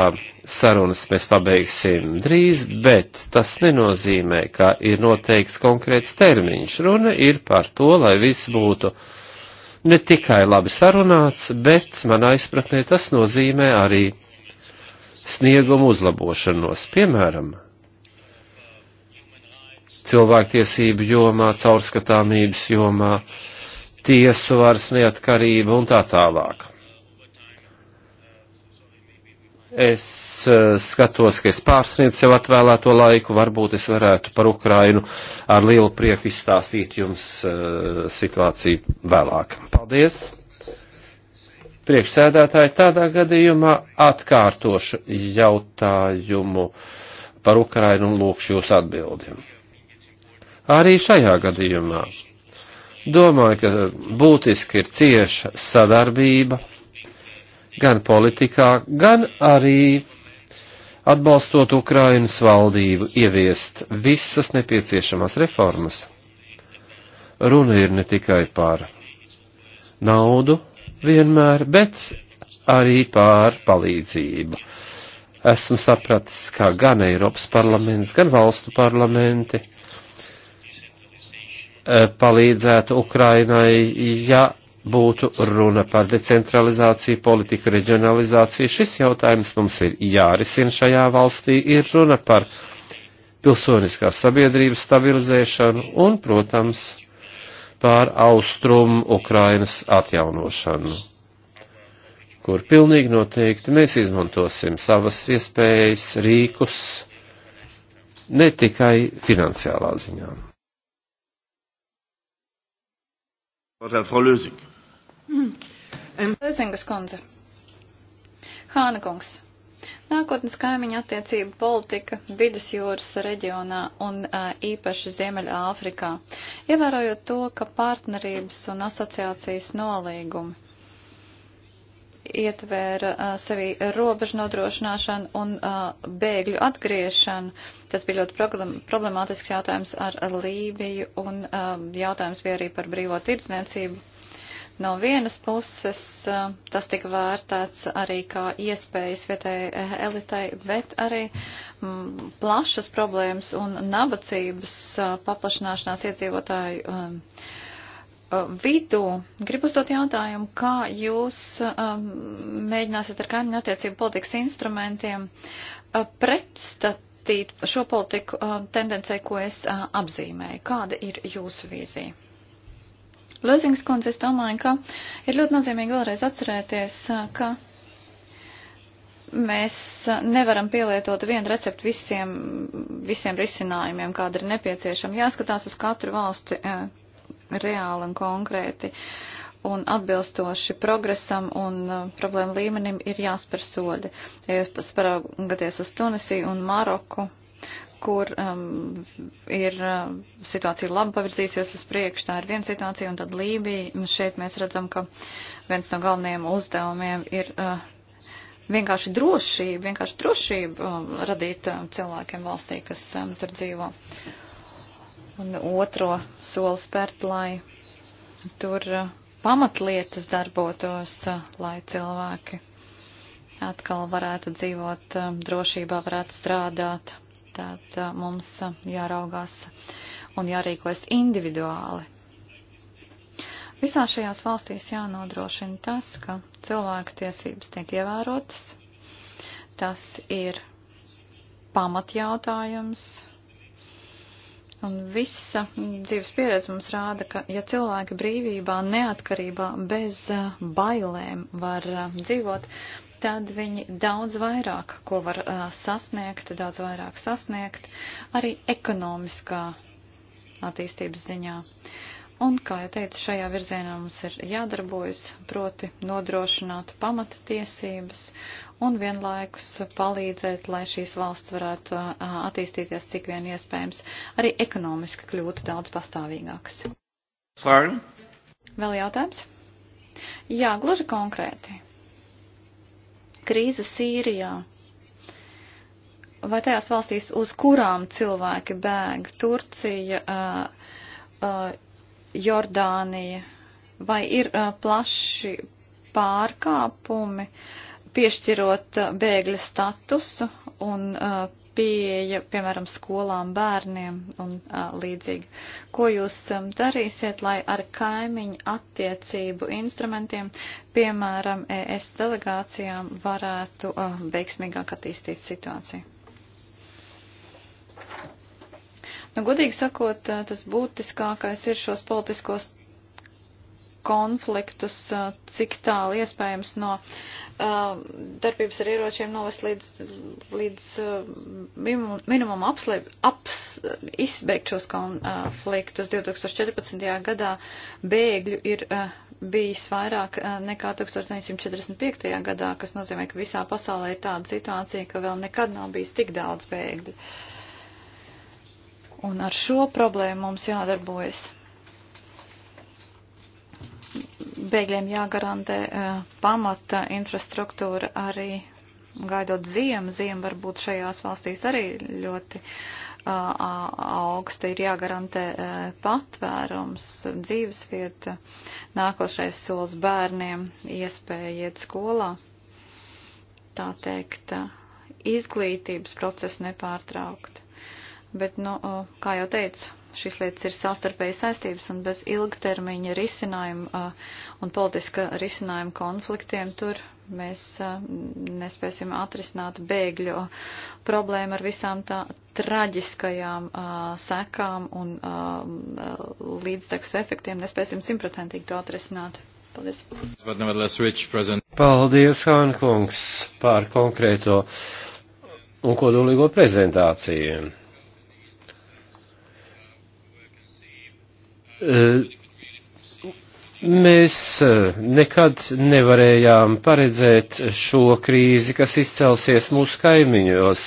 sarunas mēs pabeigsim drīz, bet tas nenozīmē, ka ir noteikts konkrēts termiņš. Runa ir par to, lai viss būtu ne tikai labi sarunāts, bet manā izpratnē tas nozīmē arī sniegumu uzlabošanos. Piemēram, cilvēktiesību jomā, caurskatāmības jomā, tiesu varas neatkarība un tā tālāk Es eh, skatos, ka es pārsniedzu sev atvēlēto laiku, varbūt es varētu par Ukrainu ar lielu prieku izstāstīt jums eh, situāciju vēlāk. Paldies! Priekšsēdētāji tādā gadījumā atkārtošu jautājumu par Ukrainu un lūkšu jūs atbildi. Arī šajā gadījumā domāju, ka būtiski ir cieša sadarbība gan politikā, gan arī atbalstot Ukrainas valdību ieviest visas nepieciešamās reformas. Runa ir ne tikai par naudu vienmēr, bet arī par palīdzību. Esmu sapratis, kā gan Eiropas parlaments, gan valstu parlamenti eh, palīdzētu Ukrainai, ja būtu runa par decentralizāciju, politiku reģionalizāciju. Šis jautājums mums ir jārisina šajā valstī, ir runa par pilsoniskās sabiedrības stabilizēšanu un, protams, pār austrumu Ukrainas atjaunošanu, kur pilnīgi noteikti mēs izmantosim savas iespējas, rīkus, ne tikai finansiālā ziņā. Frau Lösing. Lēzingas mm. kundze. Hāna kungs. Nākotnes kaimiņa attiecība politika vidas jūras reģionā un īpaši Ziemeļa Āfrikā, ievērojot to, ka partnerības un asociācijas nolīgumi ietvēra sevi robežu nodrošināšanu un bēgļu atgriešanu. Tas bija ļoti problemātisks jautājums ar Lībiju un jautājums bija arī par brīvo tirdzniecību No vienas puses eh, tas tika vērtēts arī kā iespējas vietējai eh, elitai, bet arī mm, plašas problēmas un nabadzības eh, paplašināšanās iedzīvotāju vidū. Gribu uzdot jautājumu, kā jūs mēģināsiet ar kaimiņu attiecību politikas instrumentiem pretstatīt šo politiku tendencei, ko es apzīmēju? Kāda ir jūsu vīzija? Lozings kundze, es domāju, ka ir ļoti nozīmīgi vēlreiz atcerēties, ka mēs nevaram pielietot vienu receptu visiem, visiem risinājumiem, kāda ir nepieciešama. Jāskatās uz katru valsti e, reāli un konkrēti. Un atbilstoši progresam un e, problēmu līmenim ir jāspēr soļi. Ja jūs paraugaties uz Tunisiju un Maroku, kur um, ir uh, situācija labi pavirzīsies uz priekšu, tā ir viena situācija, un tad Lībija, šeit mēs redzam, ka viens no galvenajiem uzdevumiem ir uh, vienkārši drošība, vienkārši drošība um, radīt um, cilvēkiem valstī, kas um, tur dzīvo. Un otro soli spērt, lai tur uh, pamatlietas darbotos, uh, lai cilvēki atkal varētu dzīvot um, drošībā, varētu strādāt Tātad eh, mums eh, jāraugās un jārīkojas individuāli. Visā šajās valstīs jānodrošina tas, ka cilvēku tiesības tiek ievērotas. Tas ir pamatjautājums. Un visa dzīves pieredze mums rāda, ka ja cilvēki brīvībā, neatkarībā, bez eh, bailēm var dzīvot, tad viņi daudz vairāk, ko var uh, sasniegt, daudz vairāk sasniegt arī ekonomiskā attīstības ziņā. Un, kā jau teicu, šajā virzienā mums ir jādarbojas, proti nodrošināt pamata tiesības un vienlaikus palīdzēt, lai šīs valsts varētu uh, attīstīties cik vien iespējams, arī ekonomiski kļūtu daudz pastāvīgākas. Svārn? Vēl jautājums? Jā, gluži konkrēti krīze Sīrijā. Vai tajās valstīs, uz kurām cilvēki bēg, Turcija, uh, uh, Jordānija, vai ir uh, plaši pārkāpumi, piešķirot bēgļa statusu un pieeja, piemēram, skolām, bērniem un a, līdzīgi. Ko jūs a, darīsiet, lai ar kaimiņu attiecību instrumentiem, piemēram, ES delegācijām, varētu a, veiksmīgāk attīstīt situāciju? Nu, godīgi sakot, tas būtiskākais ir šos politiskos konfliktus, cik tālu iespējams no uh, darbības ar ieročiem novest līdz, līdz uh, minimumu apslēp, aps, izbeigt šos konfliktus. 2014. gadā bēgļu ir uh, bijis vairāk nekā 1945. gadā, kas nozīmē, ka visā pasaulē ir tāda situācija, ka vēl nekad nav bijis tik daudz bēgļu. Un ar šo problēmu mums jādarbojas bēgļiem jāgarantē e, pamata infrastruktūra arī gaidot ziemu. Ziema varbūt šajās valstīs arī ļoti augsta ir jāgarantē e, patvērums, dzīvesvieta, nākošais solis bērniem, iespēja iet skolā. Tā teikt, izglītības procesu nepārtraukt. Bet, nu, kā jau teicu, šīs lietas ir savstarpēji saistības un bez ilgtermiņa risinājuma un politiska risinājuma konfliktiem tur mēs nespēsim atrisināt bēgļu problēmu ar visām tā traģiskajām sekām un līdztekas efektiem. Nespēsim simtprocentīgi to atrisināt. Paldies. Paldies, Hānkungs, par konkrēto un kodolīgo prezentāciju. Mēs nekad nevarējām paredzēt šo krīzi, kas izcelsies mūsu kaimiņos,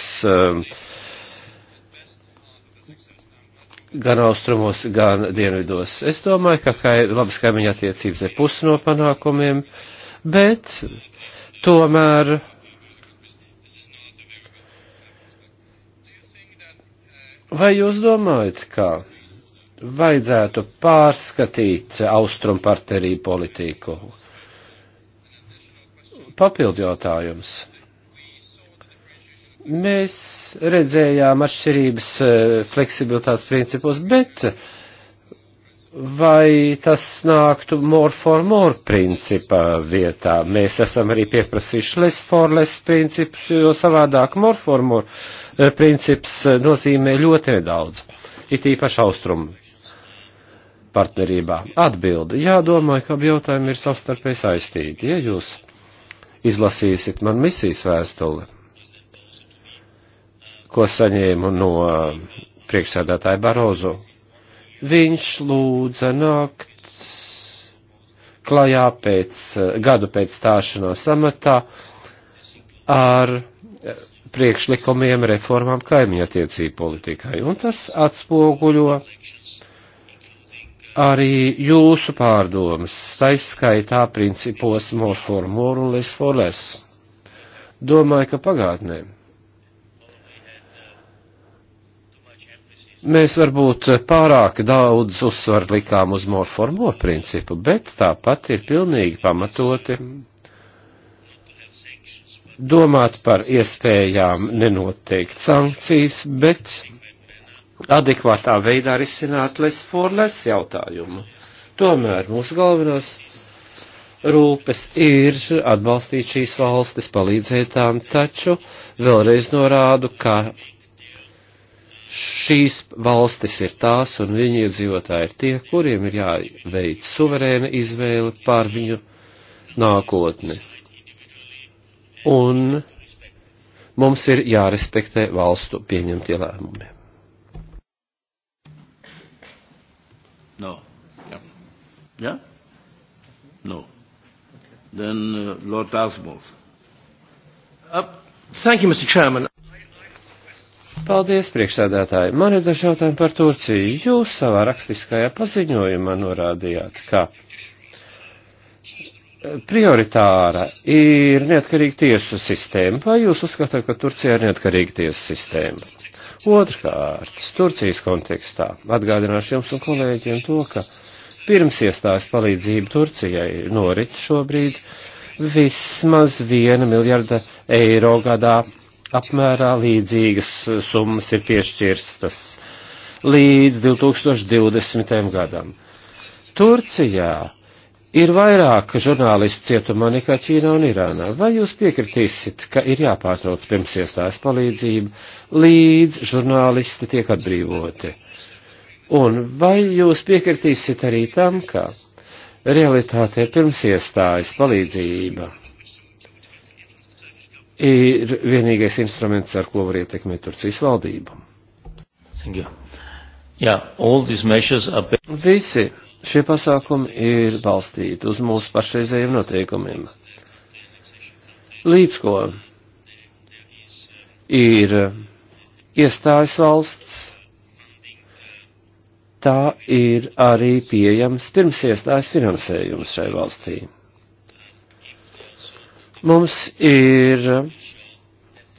gan austrumos, gan dienvidos. Es domāju, ka kai, labas kaimiņa attiecības ir pusi no panākumiem, bet tomēr Vai jūs domājat, ka vajadzētu pārskatīt austrumpartnerību politiku. Papildu jautājums. Mēs redzējām atšķirības eh, fleksibilitātes principos, bet vai tas nāktu more for more principa vietā? Mēs esam arī pieprasījuši less for less principu, jo savādāk more for more eh, princips nozīmē ļoti nedaudz, it īpaši austrumu partnerībā? Atbildi. Jā, domāju, ka abi jautājumi ir savstarpēji saistīti. Ja jūs izlasīsiet man misijas vēstuli, ko saņēmu no priekšsēdētāja Barozu, viņš lūdza nakt klajā pēc, gadu pēc stāšanās amatā ar priekšlikumiem reformām kaimiņattiecību politikai. Un tas atspoguļo arī jūsu pārdomas, taiskaitā principos morformor un lesfoles. Domāju, ka pagātnē. Mēs varbūt pārāk daudz uzsvaru likām uz morformo principu, bet tāpat ir pilnīgi pamatoti domāt par iespējām nenoteikt sankcijas, bet adekvātā veidā risināt Lesforles jautājumu. Tomēr mūsu galvenās rūpes ir atbalstīt šīs valstis, palīdzēt tām, taču vēlreiz norādu, ka šīs valstis ir tās un viņu iedzīvotāji ir tie, kuriem ir jāveic suverēna izvēle pār viņu nākotni. Un mums ir jārespektē valstu pieņemtie lēmumi. Yeah? No. Then uh, Lord Dartmouth. Uh, thank you, Mr. Chairman. Paldies, priekšsēdētāji. Man ir daži jautājumi par Turciju. Jūs savā rakstiskajā paziņojumā norādījāt, ka prioritāra ir neatkarīga tiesu sistēma. Vai jūs uzskatāt, ka Turcija ir neatkarīga tiesu sistēma? Otrkārt, Turcijas kontekstā atgādināšu jums un kolēģiem to, ka pirms iestājas palīdzība Turcijai norit šobrīd vismaz viena miljarda eiro gadā apmērā līdzīgas summas ir piešķirstas līdz 2020. gadam. Turcijā ir vairāk žurnālistu cietumā nekā Ķīnā un Irānā. Vai jūs piekritīsit, ka ir jāpārtrauc pirms iestājas palīdzība, līdz žurnālisti tiek atbrīvoti? Un vai jūs piekritīsiet arī tam, ka realitātē pirms iestājas palīdzība ir vienīgais instruments, ar ko var ietekmēt Turcijas valdību? Yeah, are... Visi šie pasākumi ir balstīti uz mūsu pašreizējiem noteikumiem. Līdz ko ir iestājas valsts, tā ir arī pieejams pirms iestājas finansējums šai valstī. Mums ir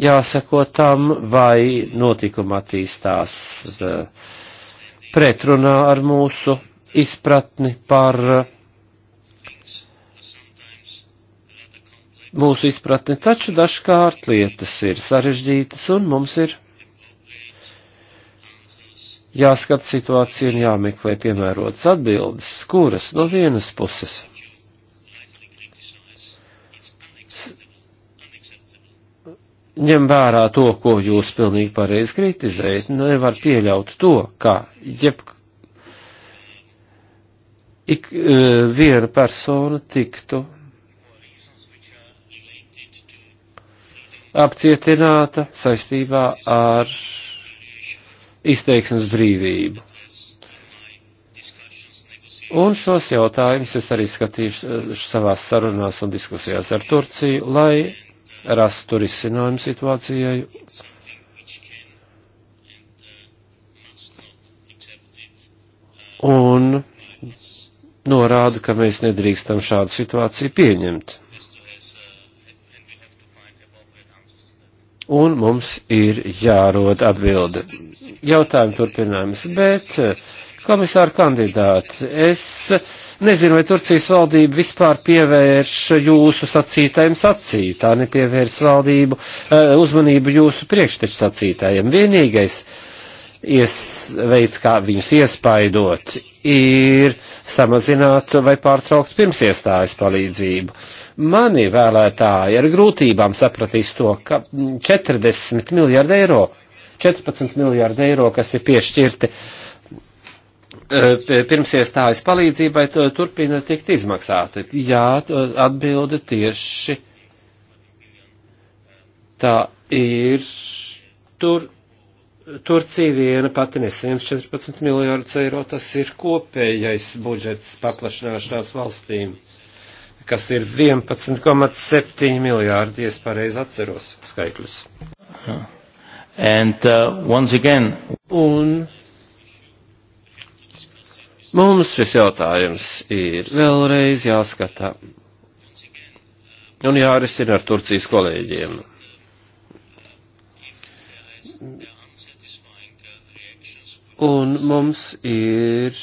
jāsako tam, vai notikuma attīstās eh, pretrunā ar mūsu izpratni par eh, mūsu izpratni, taču dažkārt lietas ir sarežģītas un mums ir jāskat situācija un jāmeklē piemērotas atbildes, kuras no vienas puses ņem vērā to, ko jūs pilnīgi pareizi kritizējat, nevar pieļaut to, ka jeb ik e, viena persona tiktu apcietināta saistībā ar izteiksmes brīvību. Un šos jautājumus es arī skatīšu eh, savās sarunās un diskusijās ar Turciju, lai rastu risinājumu situācijai. Un norāda, ka mēs nedrīkstam šādu situāciju pieņemt. un mums ir jārod atbildi. Jautājumi turpinājums, bet eh, komisāra kandidāts, es nezinu, vai Turcijas valdība vispār pievērš jūsu sacītājiem sacī, tā nepievērs valdību eh, uzmanību jūsu priekšteču sacītājiem. Vienīgais ies, veids, kā viņus iespaidot, ir samazināt vai pārtraukt pirms iestājas palīdzību mani vēlētāji ar grūtībām sapratīs to, ka 40 miljārdi eiro, 14 miljārdi eiro, kas ir piešķirti eh, pirms iestājas palīdzībai, turpina tikt izmaksāti. Jā, atbilde tieši tā ir. Tur Turcija viena pati nesaņems 14 miljardus eiro, tas ir kopējais budžets paplašināšanās valstīm kas ir 11,7 miljārdi, ja es pareizi atceros skaitļus. And, uh, once again... Un mums šis jautājums ir vēlreiz jāskatā un jārisina ar Turcijas kolēģiem. Un mums ir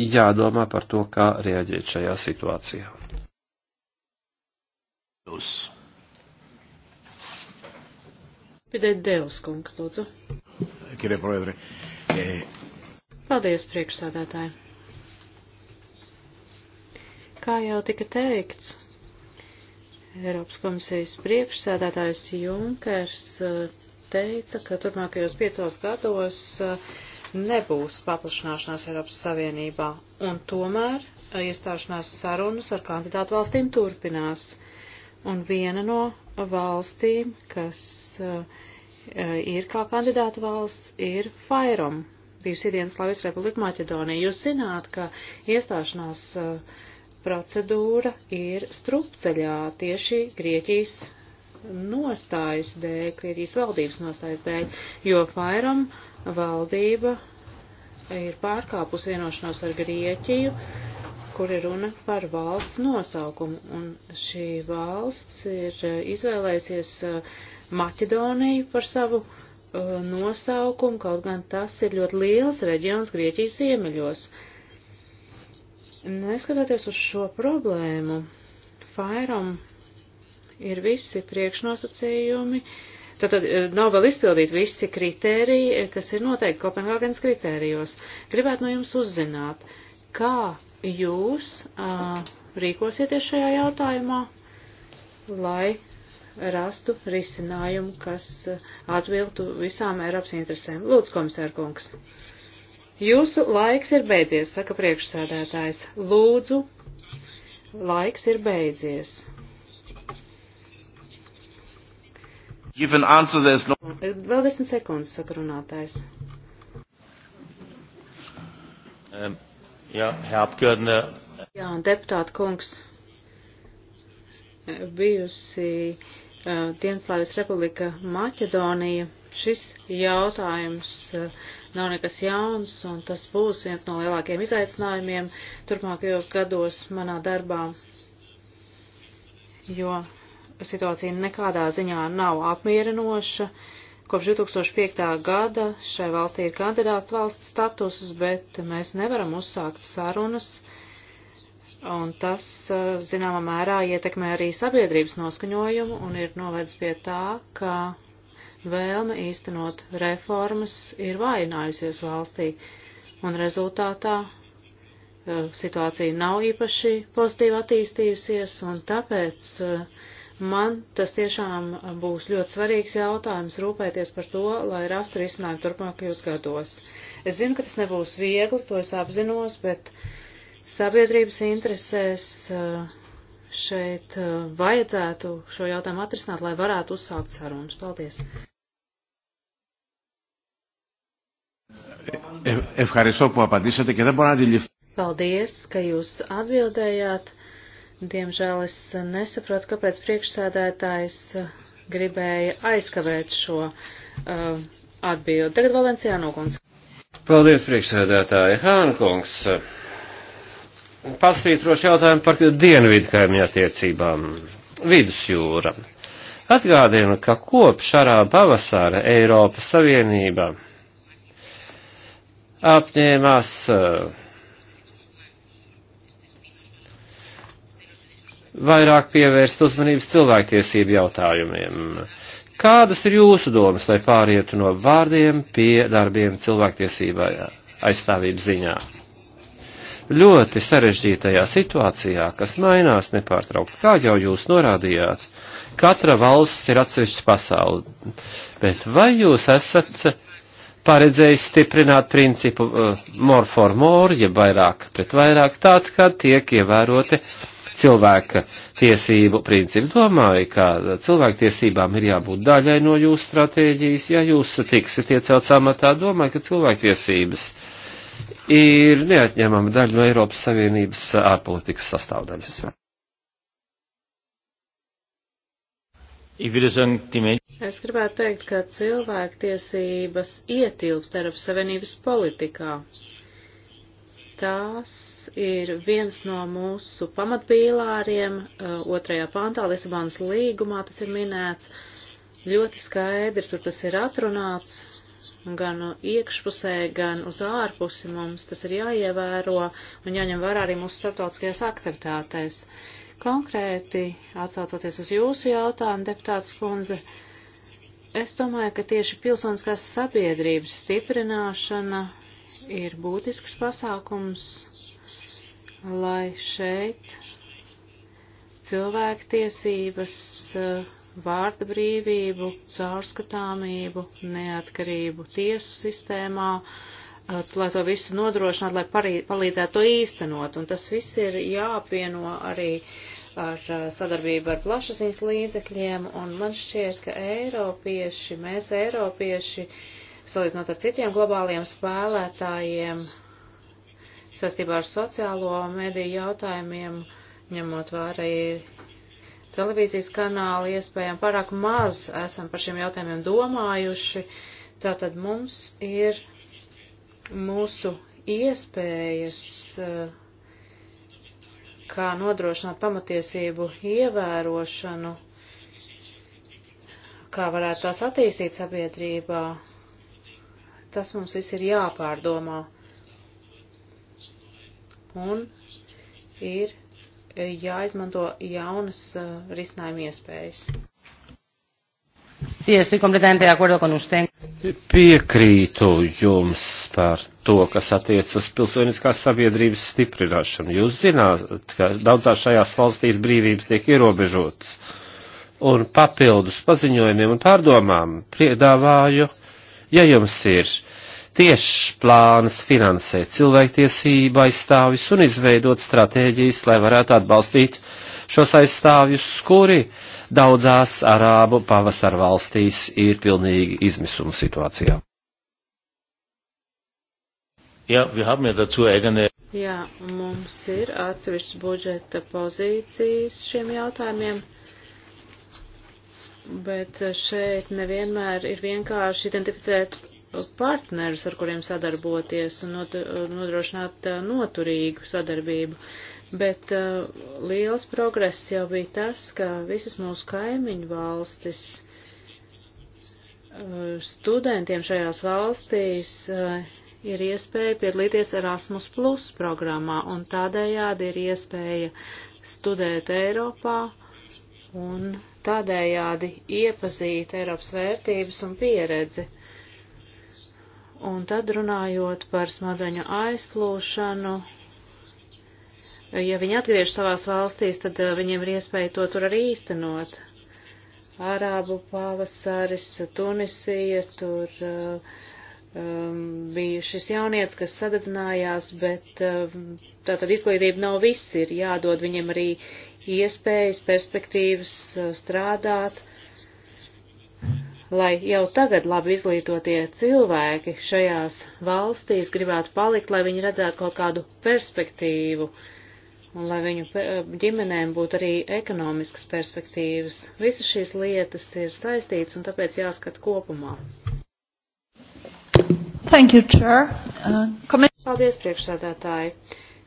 jādomā par to, kā rēģēt šajā situācijā. Jūs. Pidēt Devs, kungs, lūdzu. Kirie proedri. Eh. Paldies, priekšsādātāji. Kā jau tika teikts, Eiropas komisijas priekšsēdētājs Junkers eh, teica, ka turpmākajos piecos gados eh, nebūs paplašanāšanās Eiropas Savienībā, un tomēr iestāšanās sarunas ar kandidātu valstīm turpinās un viena no valstīm, kas uh, ir kā kandidāta valsts, ir Fairom, bijusi Dienaslavijas Republika Maķedonija. Jūs zināt, ka iestāšanās uh, procedūra ir strupceļā tieši Grieķijas nostājas dēļ, Grieķijas valdības nostājas dēļ, jo Fairom valdība ir pārkāpus vienošanos ar Grieķiju kur ir runa par valsts nosaukumu, un šī valsts ir eh, izvēlējusies eh, Maķedoniju par savu eh, nosaukumu, kaut gan tas ir ļoti liels reģions Grieķijas ziemeļos. Neskatoties uz šo problēmu, Fairam ir visi priekšnosacījumi, tātad nav vēl izpildīti visi kritēriji, kas ir noteikti Kopenhāgenes kritērijos. Gribētu no jums uzzināt, kā jūs uh, rīkosieties šajā jautājumā, lai rastu risinājumu, kas atbiltu visām Eiropas interesēm. Lūdzu, komisārkungs. Jūsu laiks ir beidzies, saka priekšsēdētājs. Lūdzu, laiks ir beidzies. Answer, no... Vēl desmit sekundes, saka runātājs. Um. Jā, Herr Abgeordneter. Jā, deputāta kungs, bijusi uh, Dienaslāvijas republika Maķedonija. Šis jautājums uh, nav nekas jauns, un tas būs viens no lielākiem izaicinājumiem turpmākajos gados manā darbā, jo situācija nekādā ziņā nav apmierinoša. Uh, Kopš 2005. gada šai valstī ir kandidāts valsts status, bet mēs nevaram uzsākt sarunas, un tas, zināmā mērā, ietekmē arī sabiedrības noskaņojumu un ir novedis pie tā, ka vēlme īstenot reformas ir vājinājusies valstī, un rezultātā situācija nav īpaši pozitīvi attīstījusies, un tāpēc uh, Man tas tiešām būs ļoti svarīgs jautājums rūpēties par to, lai rastu risinājumu turpmākajos gados. Es zinu, ka tas nebūs viegli, to es apzinos, bet sabiedrības interesēs šeit vajadzētu šo jautājumu atrisināt, lai varētu uzsākt sarunas. Paldies! Paldies, ka jūs atbildējāt. Diemžēl es nesaprotu, kāpēc priekšsēdētājs uh, gribēja aizkavēt šo uh, atbildi. Tagad Valencijā Nūkuns. Paldies, priekšsēdētāji. Hānkungs. Pasvītrošu jautājumu par dienvidu kaimiņu attiecībām. Vidusjūra. Atgādina, ka kopš šarā pavasara Eiropas Savienība apņēmās uh, vairāk pievērst uzmanības cilvēktiesību jautājumiem. Kādas ir jūsu domas, lai pārietu no vārdiem pie darbiem cilvēktiesībai aizstāvības ziņā? Ļoti sarežģītajā situācijā, kas mainās nepārtraukti, kā jau jūs norādījāt, katra valsts ir atsevišķa pasauli. Bet vai jūs esat paredzējis stiprināt principu uh, more for more, ja vairāk pret vairāk tāds, kā tiek ievēroti uh, cilvēka tiesību principu. Domāju, ka cilvēktiesībām ir jābūt daļai no jūsu stratēģijas. Ja jūs tiksiet iecelts amatā, domāju, ka cilvēktiesības ir neatņemama daļa no Eiropas Savienības ārpolitikas sastāvdaļas. Es gribētu teikt, ka cilvēktiesības ietilpst Eiropas Savienības politikā. Tās ir viens no mūsu pamatpīlāriem, uh, otrajā pantā Lisabonas līgumā tas ir minēts. Ļoti skaidri tur tas ir atrunāts, gan iekšpusē, gan uz ārpusi mums tas ir jāievēro un jāņem vērā arī mūsu starptautiskajās aktivitātēs. Konkrēti, atsaucoties uz jūsu jautājumu, deputāts kundze, es domāju, ka tieši pilsoniskās sabiedrības stiprināšana ir būtisks pasākums, lai šeit cilvēktiesības, eh, vārda brīvību, caurskatāmību, neatkarību tiesu sistēmā, eh, lai to visu nodrošinātu, lai parī, palīdzētu to īstenot. Un tas viss ir jāapvieno arī ar eh, sadarbību ar plašasīs līdzekļiem, un man šķiet, ka Eiropieši, mēs Eiropieši, uh, salīdzinot ar citiem globāliem spēlētājiem, sastībā ar sociālo mediju jautājumiem, ņemot vērā televīzijas kanālu, iespējām pārāk maz esam par šiem jautājumiem domājuši. Tātad mums ir mūsu iespējas, eh, kā nodrošināt pamatiesību ievērošanu, kā varētu tās attīstīt sabiedrībā, tas mums viss ir jāpārdomā. Un ir jāizmanto jaunas uh, risinājuma iespējas. Sí, estoy completamente de acuerdo con usted. Piekrītu jums par to, kas attiec uz pilsoniskās sabiedrības stiprināšanu. Jūs zināt, ka daudzās šajās valstīs brīvības tiek ierobežotas. Un papildus paziņojumiem un pārdomām piedāvāju uh, Ja jums ir tieši plāns finansēt cilvēktiesību aizstāvis un izveidot stratēģijas, lai varētu atbalstīt šos aizstāvjus, kuri daudzās arābu pavasar valstīs ir pilnīgi izmisuma situācijā. Jā, Jā, mums ir atsevišķas budžeta pozīcijas šiem jautājumiem bet eh, šeit nevienmēr ir vienkārši identificēt partnerus, ar kuriem sadarboties un nodrošināt eh, noturīgu sadarbību. Bet uh, liels progress jau bija tas, ka visas mūsu kaimiņu valstis uh, studentiem šajās valstīs uh, ir iespēja piedalīties Erasmus Plus programmā un tādējādi ir iespēja studēt Eiropā un tādējādi iepazīt Eiropas vērtības un pieredzi. Un tad runājot par smadzeņu aizplūšanu, ja viņi atgriež savās valstīs, tad eh, viņiem ir iespēja to tur arī īstenot. Arābu pavasaris, Tunisija, tur uh, um, bija šis jaunietis, kas sadedzinājās, bet eh, um, tātad izglītība nav viss, ir jādod viņiem arī iespējas, perspektīvas uh, strādāt, lai jau tagad labi izglītotie cilvēki šajās valstīs gribētu palikt, lai viņi redzētu kaut kādu perspektīvu un lai viņu uh, ģimenēm būtu arī ekonomiskas perspektīvas. Visas šīs lietas ir saistītas un tāpēc jāskat kopumā. Thank you, Chair. Uh, Paldies, priekšsādātāji.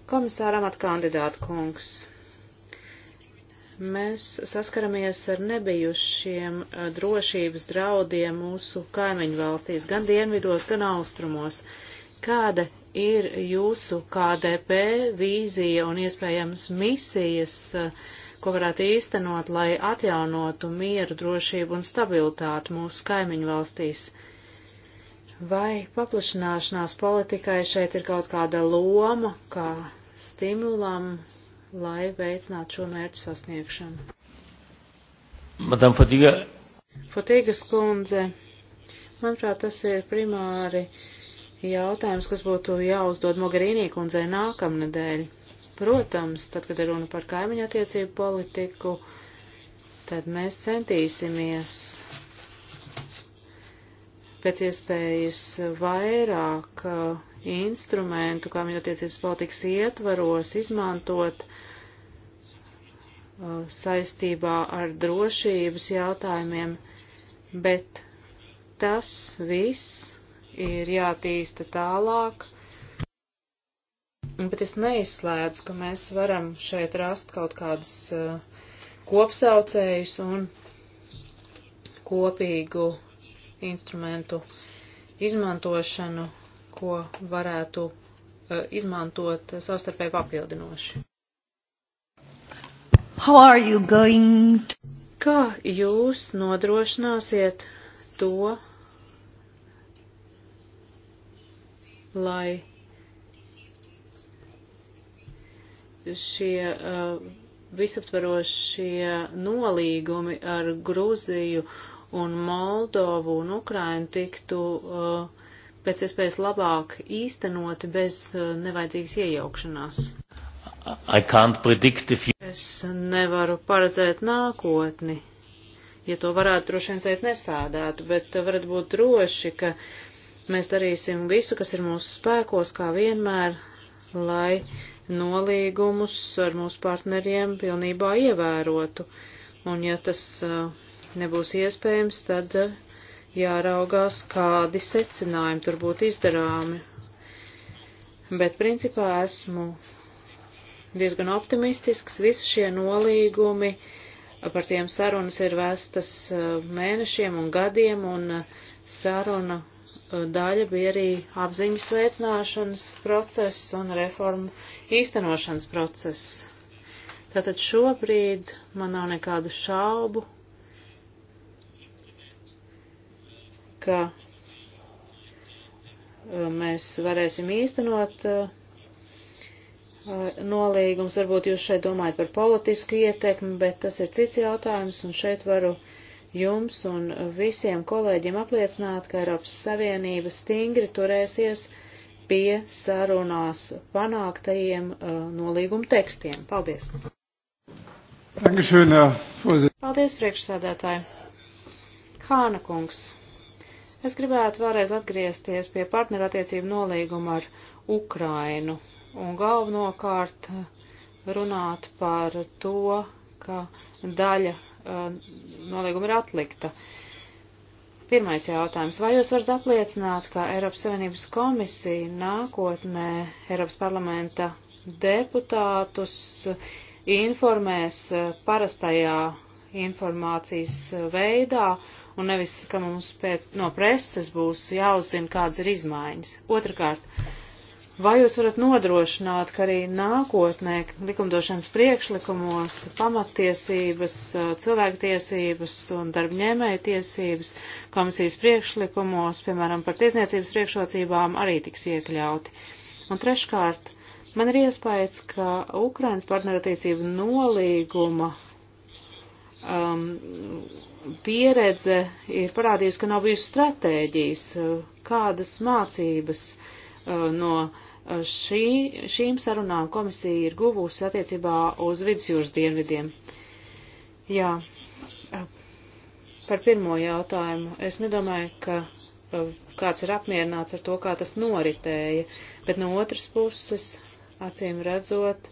Komisāram atkandidāta kungs mēs saskaramies ar nebijušiem eh, drošības draudiem mūsu kaimiņu valstīs, gan dienvidos, gan austrumos. Kāda ir jūsu KDP vīzija un iespējams misijas, eh, ko varētu īstenot, lai atjaunotu mieru, drošību un stabilitātu mūsu kaimiņu valstīs? Vai paplašināšanās politikai šeit ir kaut kāda loma, kā stimulam lai veicinātu šo mērķu sasniegšanu. Madam Fatīga. Fatīgas kundze, manuprāt, tas ir primāri jautājums, kas būtu jāuzdod Mogherīnī kundzei nākamnedēļ. Protams, tad, kad ir runa par kaimiņu attiecību politiku, tad mēs centīsimies pēc iespējas vairāk uh, instrumentu, kā minotiecības politikas ietvaros, izmantot uh, saistībā ar drošības jautājumiem, bet tas viss ir jātīsta tālāk. Bet es neizslēdzu, ka mēs varam šeit rast kaut kādus uh, kopsaucējus un kopīgu instrumentu izmantošanu ko varētu eh, izmantot savstarpēji papildinoši. How are you going to... Kā jūs nodrošināsiet to, lai šie uh, visaptvarošie nolīgumi ar Gruziju un Moldovu un Ukrainu tiktu uh, pēc iespējas labāk īstenoti bez uh, nevajadzīgas iejaukšanās. You... Es nevaru paredzēt nākotni. Ja to varētu, droši vien šeit nesādētu, bet varat būt droši, ka mēs darīsim visu, kas ir mūsu spēkos, kā vienmēr, lai nolīgumus ar mūsu partneriem pilnībā ievērotu. Un ja tas uh, nebūs iespējams, tad uh, jāraugās, kādi secinājumi tur būtu izdarāmi. Bet principā esmu diezgan optimistisks. Visi šie nolīgumi, par tiem sarunas ir vēstas eh, mēnešiem un gadiem, un eh, saruna eh, daļa bija arī apziņas veicināšanas process un reformu īstenošanas process. Tātad šobrīd man nav nekādu šaubu ka uh, mēs varēsim īstenot uh, uh, nolīgums. Varbūt jūs šeit domājat par politisku ietekmi, bet tas ir cits jautājums, un šeit varu jums un visiem kolēģiem apliecināt, ka Eiropas Savienība stingri turēsies pie sarunās panāktajiem nolīguma tekstiem. Paldies! Dankeschön, Herr Vorsitzender. Paldies, priekšsādātāji. Hāna kungs. Es gribētu vēlreiz atgriezties pie partnerattiecību nolīguma ar Ukrainu un galvenokārt eh, runāt par to, ka daļa uh, nolīguma ir atlikta. Pirmais jautājums. Vai jūs varat apliecināt, ka Eiropas Savienības komisija nākotnē Eiropas parlamenta deputātus eh, informēs parastajā informācijas veidā un nevis, ka mums pēc, no preses būs jāuzzina, kādas ir izmaiņas. Otrakārt, vai jūs varat nodrošināt, ka arī nākotnē likumdošanas priekšlikumos pamattiesības, eh, cilvēktiesības un darbņēmēja tiesības komisijas priekšlikumos, piemēram, par tiesniecības priekšrocībām, arī tiks iekļauti? Un treškārt, Man ir iespējas, ka Ukrainas partnerattiecību nolīguma um, pieredze ir parādījusi, ka nav bijusi stratēģijas, kādas mācības uh, no uh, šī, šīm sarunām komisija ir guvusi attiecībā uz vidusjūras dienvidiem. Jā, uh, par pirmo jautājumu. Es nedomāju, ka uh, kāds ir apmierināts ar to, kā tas noritēja, bet no otras puses, acīm redzot,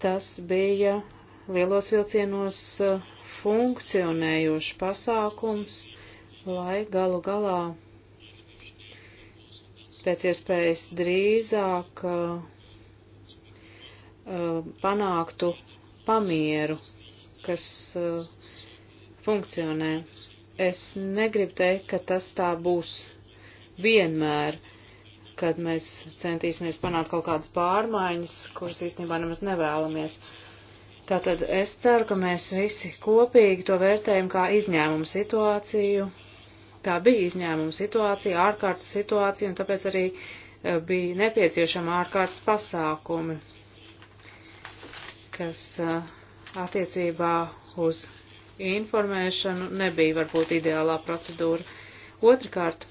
tas bija lielos vilcienos eh, funkcionējošs pasākums, lai galu galā pēc iespējas drīzāk uh, panāktu pamieru, kas uh, funkcionē. Es negribu teikt, ka tas tā būs vienmēr, kad mēs centīsimies panākt kaut kādas pārmaiņas, kuras īstenībā nemaz nevēlamies. Uh, Tātad es ceru, ka mēs visi kopīgi to vērtējam kā izņēmumu situāciju. Tā bija izņēmuma situācija, ārkārtas situācija, un tāpēc arī e, bija nepieciešama ārkārtas pasākumi, kas e, attiecībā uz informēšanu nebija varbūt ideālā procedūra. Otrakārt,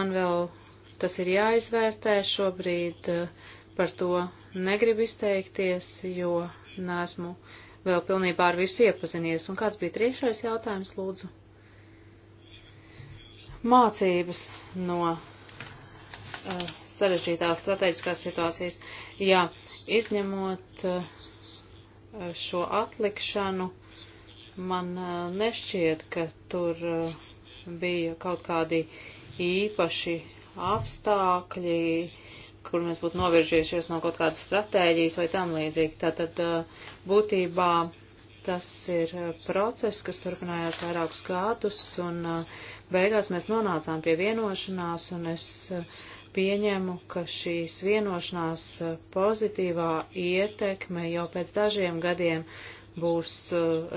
man vēl tas ir jāizvērtē šobrīd. Uh, par to negribu izteikties, jo nesmu vēl pilnībā ar visu iepazinies. Un kāds bija trešais jautājums, lūdzu? Mācības no uh, sarežģītās strateģiskās situācijas. Jā, izņemot uh, šo atlikšanu, man uh, nešķiet, ka tur uh, bija kaut kādi īpaši apstākļi, uh, kur mēs būtu novirzījušies no kaut kādas stratēģijas vai tam līdzīgi. Tātad uh, būtībā tas ir uh, process, kas turpinājās vairākus gadus, un uh, beigās mēs nonācām pie vienošanās, un es pieņemu, ka šīs vienošanās pozitīvā ietekme jau pēc dažiem gadiem būs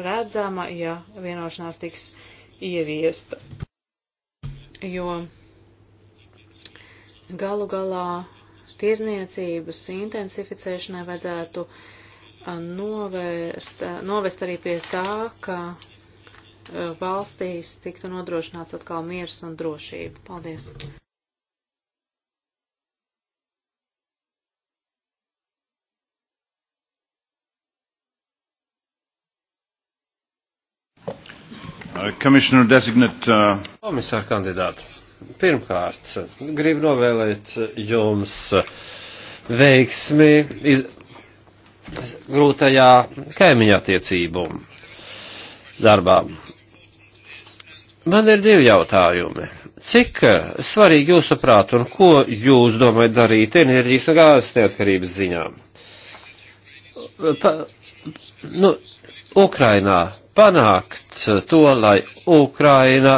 redzama, ja vienošanās tiks ieviesta. Jo galu galā tirzniecības intensificēšanai vajadzētu novērst, novest arī pie tā, ka valstīs tiktu nodrošināts atkal miers un drošība. Paldies! Uh, uh, Komisāra kandidāti. Pirmkārt, gribu novēlēt jums veiksmi iz, grūtajā kaimiņā tiecību darbā. Man ir divi jautājumi. Cik svarīgi jūsuprāt un ko jūs domājat darīt enerģijas un gāzes neatkarības ziņā? Pa, nu, Ukrainā panākt to, lai Ukraina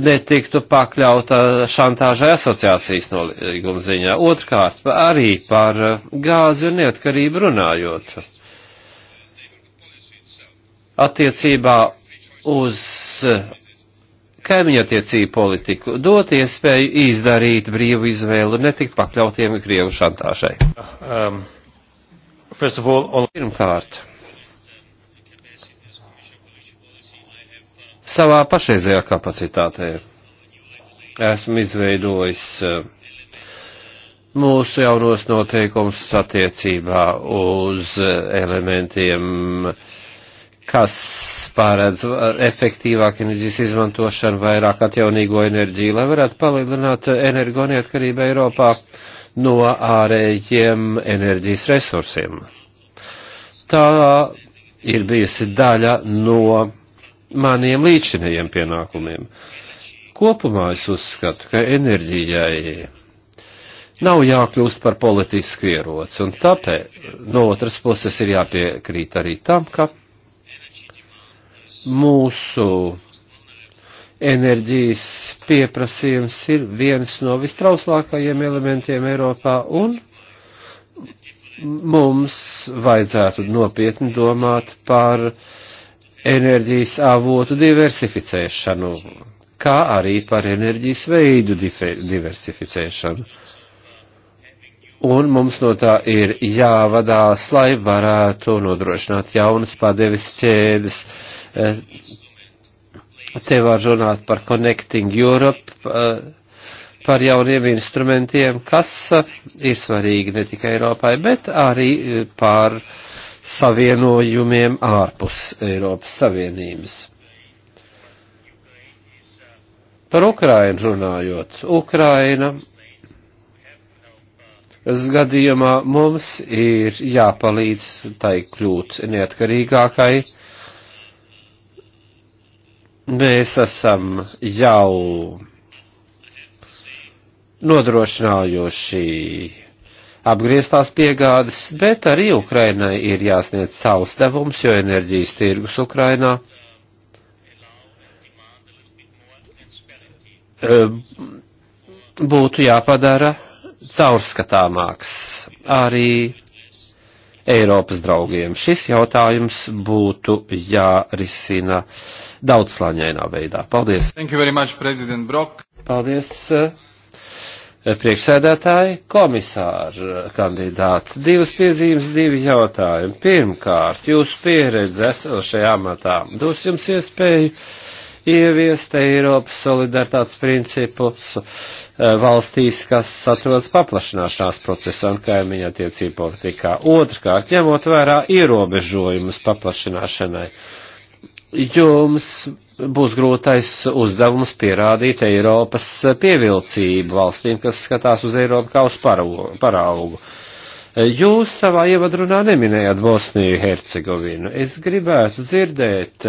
netiktu pakļauta šantāžai asociācijas nolīguma ziņā. Otrkārt, arī par eh, gāzi un neatkarību runājot. Attiecībā uz eh, kaimiņattiecību politiku dot iespēju izdarīt brīvu izvēlu un netikt pakļautiem Krievu šantāžai. Um, all... Pirmkārt, savā pašreizējā kapacitātē. Esmu izveidojis eh, mūsu jaunos noteikumus attiecībā uz eh, elementiem, kas pārēdz eh, efektīvāk enerģijas izmantošanu, vairāk atjaunīgo enerģiju, lai varētu palielināt energoneatkarību Eiropā no ārējiem enerģijas resursiem. Tā ir bijusi daļa no maniem līdzinējiem pienākumiem. Kopumā es uzskatu, ka enerģijai nav jākļūst par politisku ieroci, un tāpēc no otras puses ir jāpiekrīt arī tam, ka mūsu enerģijas pieprasījums ir viens no vistrauslākajiem elementiem Eiropā, un mums vajadzētu nopietni domāt par uh, enerģijas avotu diversificēšanu, kā arī par enerģijas veidu diversificēšanu. Un mums no tā ir jāvadās, lai varētu nodrošināt jaunas padevis ķēdes. Eh, te var runāt par Connecting Europe, eh, par jauniem instrumentiem, kas eh, ir svarīgi ne tikai Eiropai, bet arī par uh, savienojumiem ārpus Eiropas Savienības. Par Ukrainu runājot, Ukraina gadījumā mums ir jāpalīdz tai kļūt neatkarīgākai. Mēs esam jau nodrošinājuši apgrieztās piegādes, bet arī Ukrainai ir jāsniedz savus devums, jo enerģijas tirgus Ukrainā eh, būtu jāpadara caurskatāmāks arī Eiropas draugiem. Šis jautājums būtu jārisina daudzslāņainā veidā. Paldies! Thank you very much, President Brock! Paldies! Uh, priekšsēdētāji, komisāra kandidāts. Divas piezīmes, divi jautājumi. Pirmkārt, jūs pieredze esot šajā amatā dos jums iespēju ieviest Eiropas solidaritātes principus eh, valstīs, kas atrodas paplašanāšanās procesā un kaimiņa attiecību politikā. Otrkārt, ņemot vērā ierobežojumus paplašanāšanai, jums būs grūtais uzdevums pierādīt Eiropas pievilcību valstīm, kas skatās uz Eiropu kā uz paraugu. Jūs savā ievadrunā neminējāt Bosniju Hercegovinu. Es gribētu dzirdēt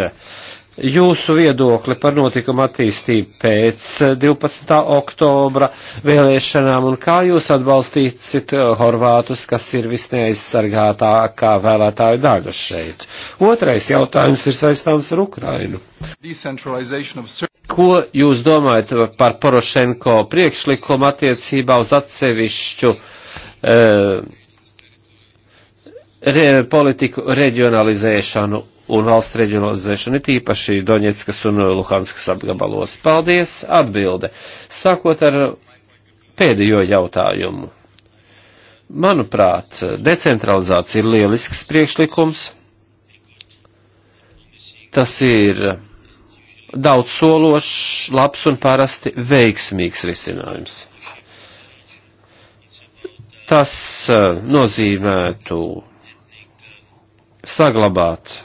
jūsu viedokli par notikumu attīstību pēc 12. oktobra vēlēšanām un kā jūs atbalstīsit eh, Horvātus, kas ir visneaizsargātākā vēlētāju daļa šeit. Otrais jautājums ir saistāms ar Ukrainu. Ko jūs domājat par Porošenko priekšlikumu attiecībā uz atsevišķu eh, re, politiku reģionalizēšanu un valsts reģionalizēšanu, it īpaši Doņetskas un Luhanskas apgabalos. Paldies, atbilde. Sākot ar pēdējo jautājumu. Manuprāt, decentralizācija ir lielisks priekšlikums. Tas ir daudz sološs, labs un parasti veiksmīgs risinājums. Tas eh, nozīmētu saglabāt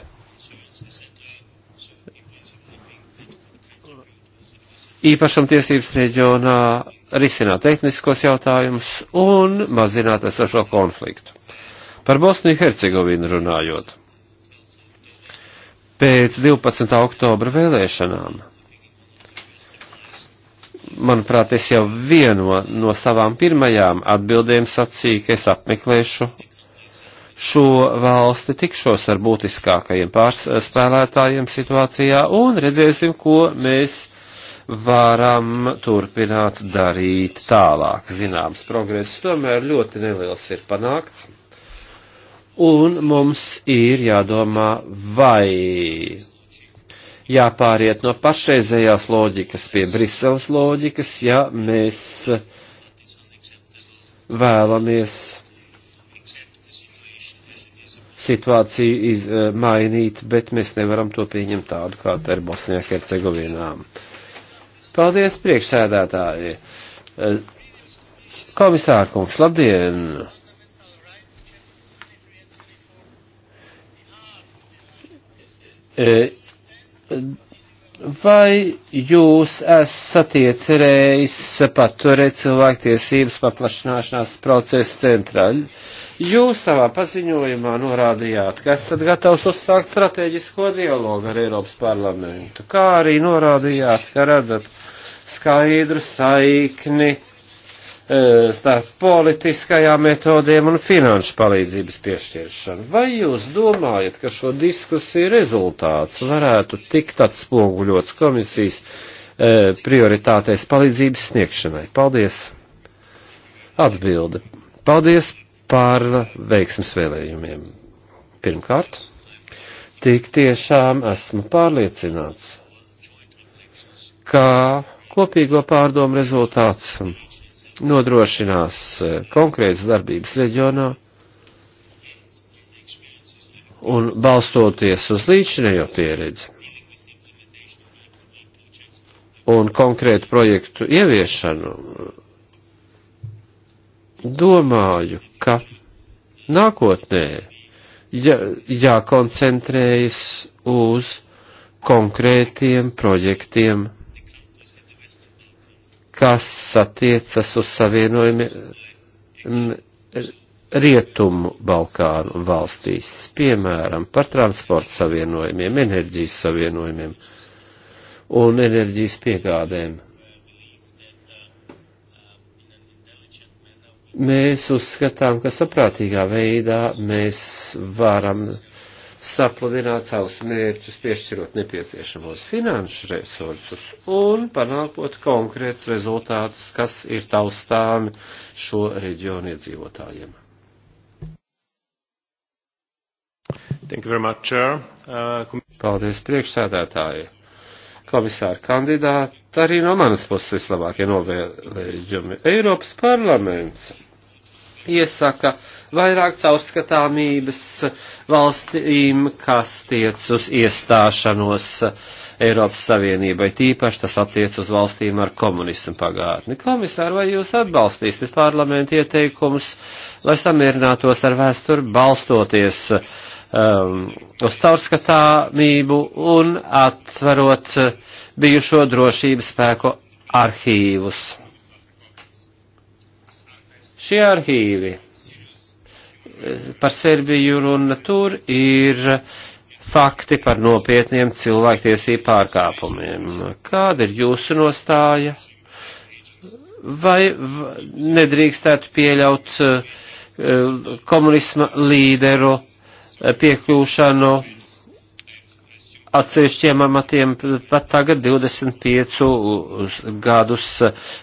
īpašumtiesības reģionā, risināt tehniskos jautājumus un mazināt esošo konfliktu. Par Bosniju Hercegovinu runājot. Pēc 12. oktobra vēlēšanām, manuprāt, es jau vieno no savām pirmajām atbildēm sacīju, ka es apmeklēšu šo valsti, tikšos ar būtiskākajiem pārspēlētājiem situācijā un redzēsim, ko mēs varam turpināt darīt tālāk. Zināms, progress tomēr ļoti neliels ir panākts. Un mums ir jādomā, vai jāpāriet no pašreizējās loģikas pie Briseles loģikas, ja mēs vēlamies situāciju iz, eh, mainīt, bet mēs nevaram to pieņemt tādu, kā tā ir Bosnijā Hercegovinā. Uh, Paldies, priekšsēdētāji. Komisārkungs, labdien! E, vai jūs esat iecerējis paturēt cilvēktiesības paplašināšanās procesa centrā? Jūs savā paziņojumā norādījāt, ka esat gatavs uzsākt strateģisko dialogu ar Eiropas parlamentu, kā arī norādījāt, ka redzat, skaidru saikni e, starp politiskajām metodēm un finanšu palīdzības piešķiršanu. Vai jūs domājat, ka šo diskusiju rezultāts varētu tikt atspoguļots komisijas e, prioritātēs palīdzības sniegšanai? Paldies! Atbilde. Paldies par veiksmes vēlējumiem. Pirmkārt, tik tiešām esmu pārliecināts, ka Kopīgo pārdomu rezultāts nodrošinās eh, konkrētas darbības reģionā un balstoties uz līdzinējo pieredzi un konkrētu projektu ieviešanu, domāju, ka nākotnē jā, jākoncentrējas uz konkrētiem projektiem kas attiecas uz savienojumiem Rietumu Balkānu valstīs, piemēram, par transporta savienojumiem, enerģijas savienojumiem un enerģijas piegādēm. Mēs uzskatām, ka saprātīgā veidā mēs varam sapludināt savus mērķus, piešķirot nepieciešamos finanšu resursus un panākot konkrētus rezultātus, kas ir taustāmi šo reģionu iedzīvotājiem. Much, uh, Paldies priekšsēdētāji. Komisāra kandidāta arī no manas puses vislabākie novēlējumi. Eiropas parlaments iesaka vairāk caurskatāmības valstīm, kas tiec uz iestāšanos Eiropas Savienībai. Tīpaši tas attiec uz valstīm ar komunismu pagātni. Komisāri, vai jūs atbalstīsiet parlamentu ieteikumus, lai samierinātos ar vēsturi balstoties um, uz caurskatāmību un atsverot bijušo drošības spēku arhīvus? Šie arhīvi par Serbiju runa tur ir fakti par nopietniem cilvēktiesību pārkāpumiem. Kāda ir jūsu nostāja? Vai nedrīkstētu pieļaut eh, komunisma līderu eh, piekļūšanu atsevišķiem amatiem pat tagad 25 gadus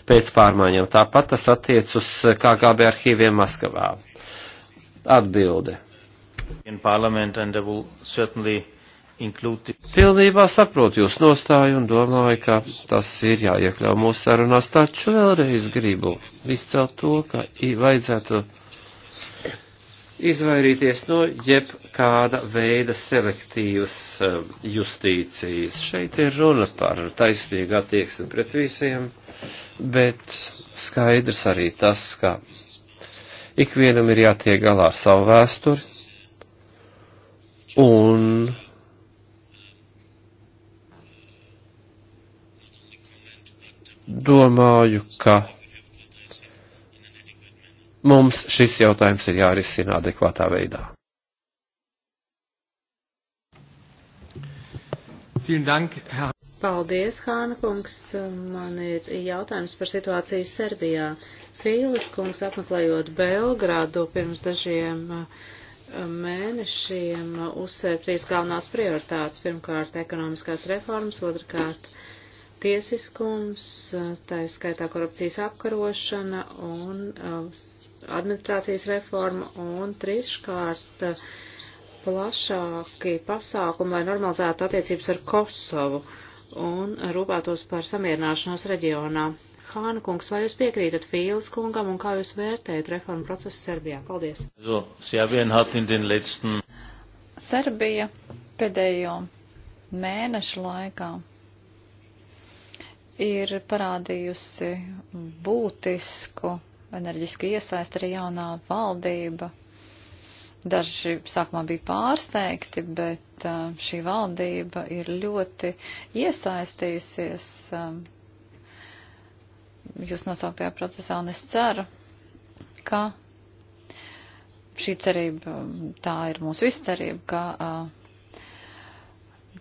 pēc pārmaiņām. Tāpat tas attiec uz KGB arhīviem Maskavā. Atbilde. Pilnībā saprotu jūs nostāju un domāju, ka tas ir jāiekļau mūsu sarunās, taču vēlreiz gribu izcelt to, ka vajadzētu izvairīties no jebkāda veida selektīvas eh, justīcijas. Šeit ir runa par taisnīgu attieksmi pret visiem, bet skaidrs arī tas, ka ikvienam ir jātiek galā ar savu vēsturi, un domāju, ka mums šis jautājums ir jārisina adekvātā veidā. Dank, Paldies, Hāna kungs. Man ir jautājums par situāciju Serbijā. Fīles kungs apmeklējot Belgrādu pirms dažiem eh, mēnešiem eh, uzsver trīs galvenās prioritātes. Pirmkārt, ekonomiskās reformas, otrkārt, tiesiskums, eh, tā skaitā korupcijas apkarošana un administrācijas reforma un treškārt plašāki pasākumi, lai normalizētu attiecības ar Kosovu. Uh, un rūpētos par samierināšanos reģionā. Hāna kungs, vai jūs piekrītat Fīles kungam un kā jūs vērtējat reformu procesu Serbijā? Paldies. Serbija pēdējo mēnešu laikā ir parādījusi būtisku enerģisku iesaistu arī jaunā valdība Daži sākumā bija pārsteigti, bet uh, šī valdība ir ļoti iesaistījusies um, jūs nosauktajā procesā, un es ceru, ka šī cerība, tā ir mūsu viscerība, ka uh,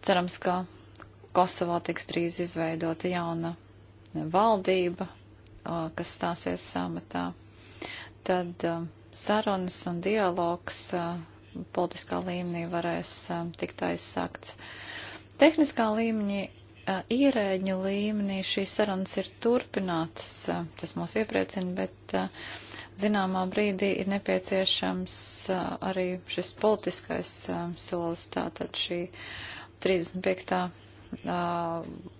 cerams, ka Kosovā tiks drīz izveidota jauna valdība, uh, kas stāsies samatā. Tad uh, sarunas un dialogs eh, politiskā līmenī varēs eh, tikt aizsākts. Tehniskā līmenī, eh, ierēģu līmenī šīs sarunas ir turpinātas, tas mūs iepriecina, bet zināmā brīdī ir nepieciešams arī šis politiskais solis, tātad šī 35.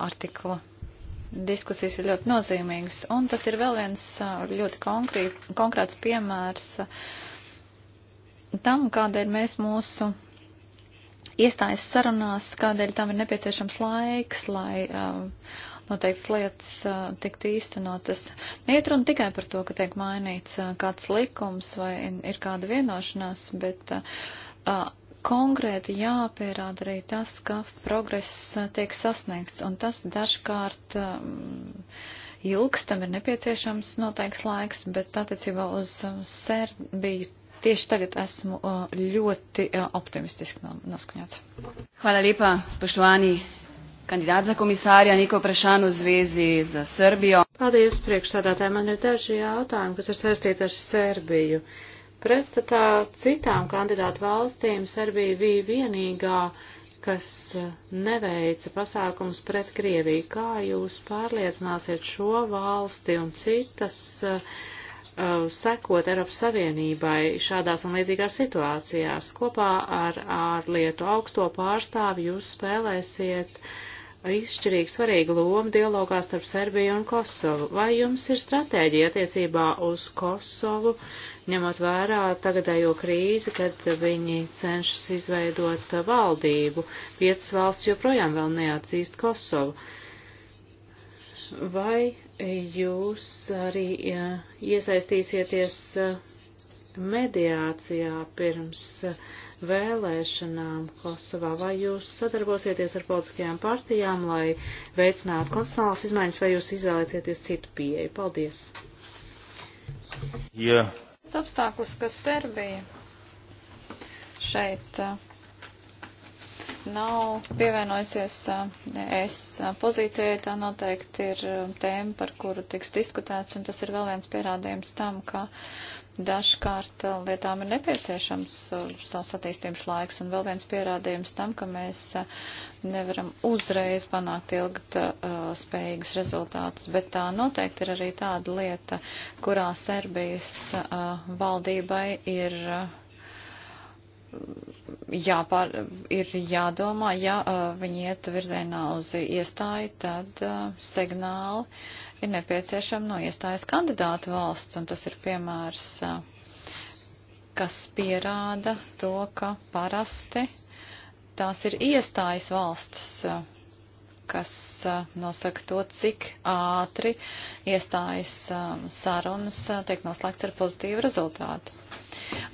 artikla diskusijas ir ļoti nozīmīgas. Un tas ir vēl viens ļoti konkrēt, konkrēts piemērs tam, kādēļ mēs mūsu iestājas sarunās, kādēļ tam ir nepieciešams laiks, lai uh, noteikts lietas uh, tiktu īstenotas. Neiet runa tikai par to, ka tiek mainīts uh, kāds likums vai ir kāda vienošanās, bet uh, konkrēti jāpierāda arī tas, ka progress eh, tiek sasniegts, un tas dažkārt ehm, ilgs, tam ir nepieciešams noteikts laiks, bet attiecībā uz ehm, Serbiju tieši tagad esmu eh, ļoti eh, optimistiski noskaņots. Hvala lepa, spoštovani kandidāt za komisāriju, Niko Prešanu zviezi za Srbiju. Paldies, priekšsādātāji. Man ir daži jautājumi, kas ir saistīti ar Serbiju. Uh, Pretstatā citām kandidātu valstīm Serbija bija vienīgā, kas eh, neveica pasākums pret Krieviju. Kā jūs pārliecināsiet šo valsti un citas uh, sekot Eiropas Savienībai šādās un līdzīgās situācijās? Kopā ar ārlietu augsto pārstāvi jūs spēlēsiet uh, izšķirīgi svarīga loma dialogā starp Serbiju un Kosovu. Vai jums ir stratēģija attiecībā uz Kosovu, ņemot vērā tagadējo krīzi, kad viņi cenšas izveidot valdību? Piecas valsts joprojām vēl neatzīst Kosovu. Vai jūs arī ja, iesaistīsieties eh, mediācijā pirms uh, vēlēšanām Kosovā. Vai jūs sadarbosieties ar politiskajām partijām, lai veicinātu konstitucionālas izmaiņas, vai jūs izvēlēties citu pieeju? Paldies! Jā. Yeah. Tas apstākļus, kas Serbija šeit uh, nav pievienojusies uh, es uh, pozīcijai, tā noteikti ir tēma, par kuru tiks diskutēts, un tas ir vēl viens pierādījums tam, ka dažkārt uh, lietām ir nepieciešams uh, savs attīstības laiks, un vēl viens pierādījums tam, ka mēs uh, nevaram uzreiz panākt ilgt spējīgus rezultātus, bet tā noteikti ir arī tāda lieta, kurā Serbijas valdībai ir jāpār, ir jādomā, ja uh, viņi iet virzienā uz iestāju, tad uh, signāli ir nepieciešami no iestājas kandidāta valsts, un tas ir piemērs, uh, kas pierāda to, ka parasti tās ir iestājas valsts, kas nosaka to, cik ātri iestājas sarunas tiek noslēgts ar pozitīvu rezultātu.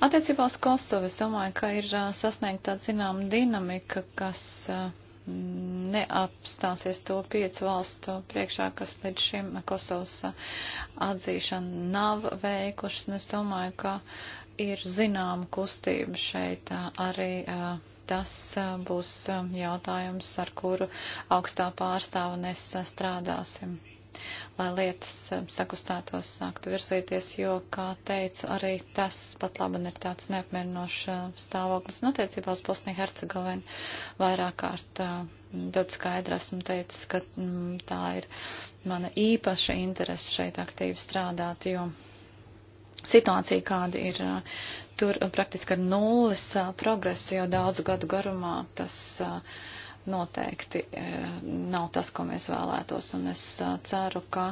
Attiecībā uz Kosovu es domāju, ka ir sasniegta tāda zināma dinamika, kas mm, neapstāsies to piecu valstu priekšā, kas līdz šim Kosovas atzīšana nav veikušas. Un es domāju, ka ir zināma kustība šeit arī. Tas būs jautājums, ar kuru augstā pārstāvnes strādāsim lai lietas eh, sakustētos, sāktu virzīties, jo, kā teicu, arī tas pat labi ir tāds neapmierinošs eh, stāvoklis. Nu, tiecībā uz Bosniju Hercegovinu vairāk kārt ļoti eh, skaidri esmu teicis, ka m, mm, tā ir mana īpaša interese šeit aktīvi strādāt, jo situācija, kāda ir tur praktiski ar nulles progresu jau daudzu gadu garumā, tas. Uh, noteikti e, nav tas, ko mēs vēlētos. Un es e, ceru, ka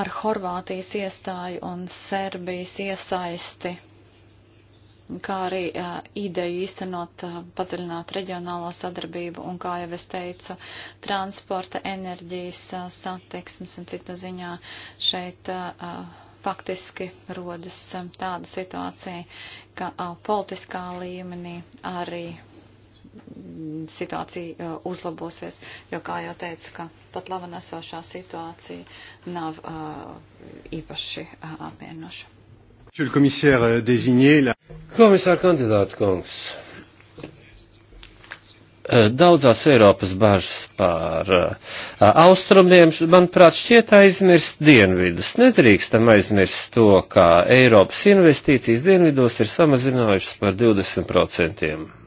ar Horvātijas iestāju un Serbijas iesaisti, kā arī e, ideju īstenot padziļināt reģionālo sadarbību un, kā jau es teicu, transporta, enerģijas, satiksmes un cita ziņā šeit. Uh, faktiski rodas tāda situācija, ka a, politiskā līmenī arī situācija e, uzlabosies, jo, kā jau teicu, ka pat laba nesošā situācija nav e, īpaši e, apvienoša. Euh, Komisāra kandidāta kungs. Daudzās Eiropas bažas pār austrumiem, manuprāt, šķiet aizmirst dienvidus. Nedrīkstam aizmirst to, ka Eiropas investīcijas dienvidos ir samazinājušas par 20%.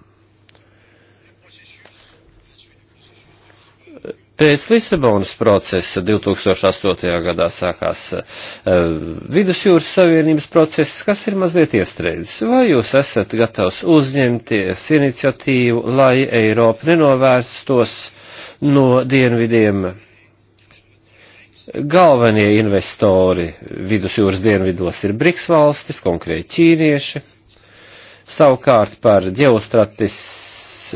Pēc Lisabonas procesa 2008. gadā sākās uh, Vidusjūras Savienības process, kas ir mazliet iestrēdzis. Vai jūs esat gatavs uzņemties iniciatīvu, lai Eiropa nenovērstos no dienvidiem? Galvenie investori Vidusjūras dienvidos ir Briks valstis, konkrēti ķīnieši. Savukārt par ģeostratis.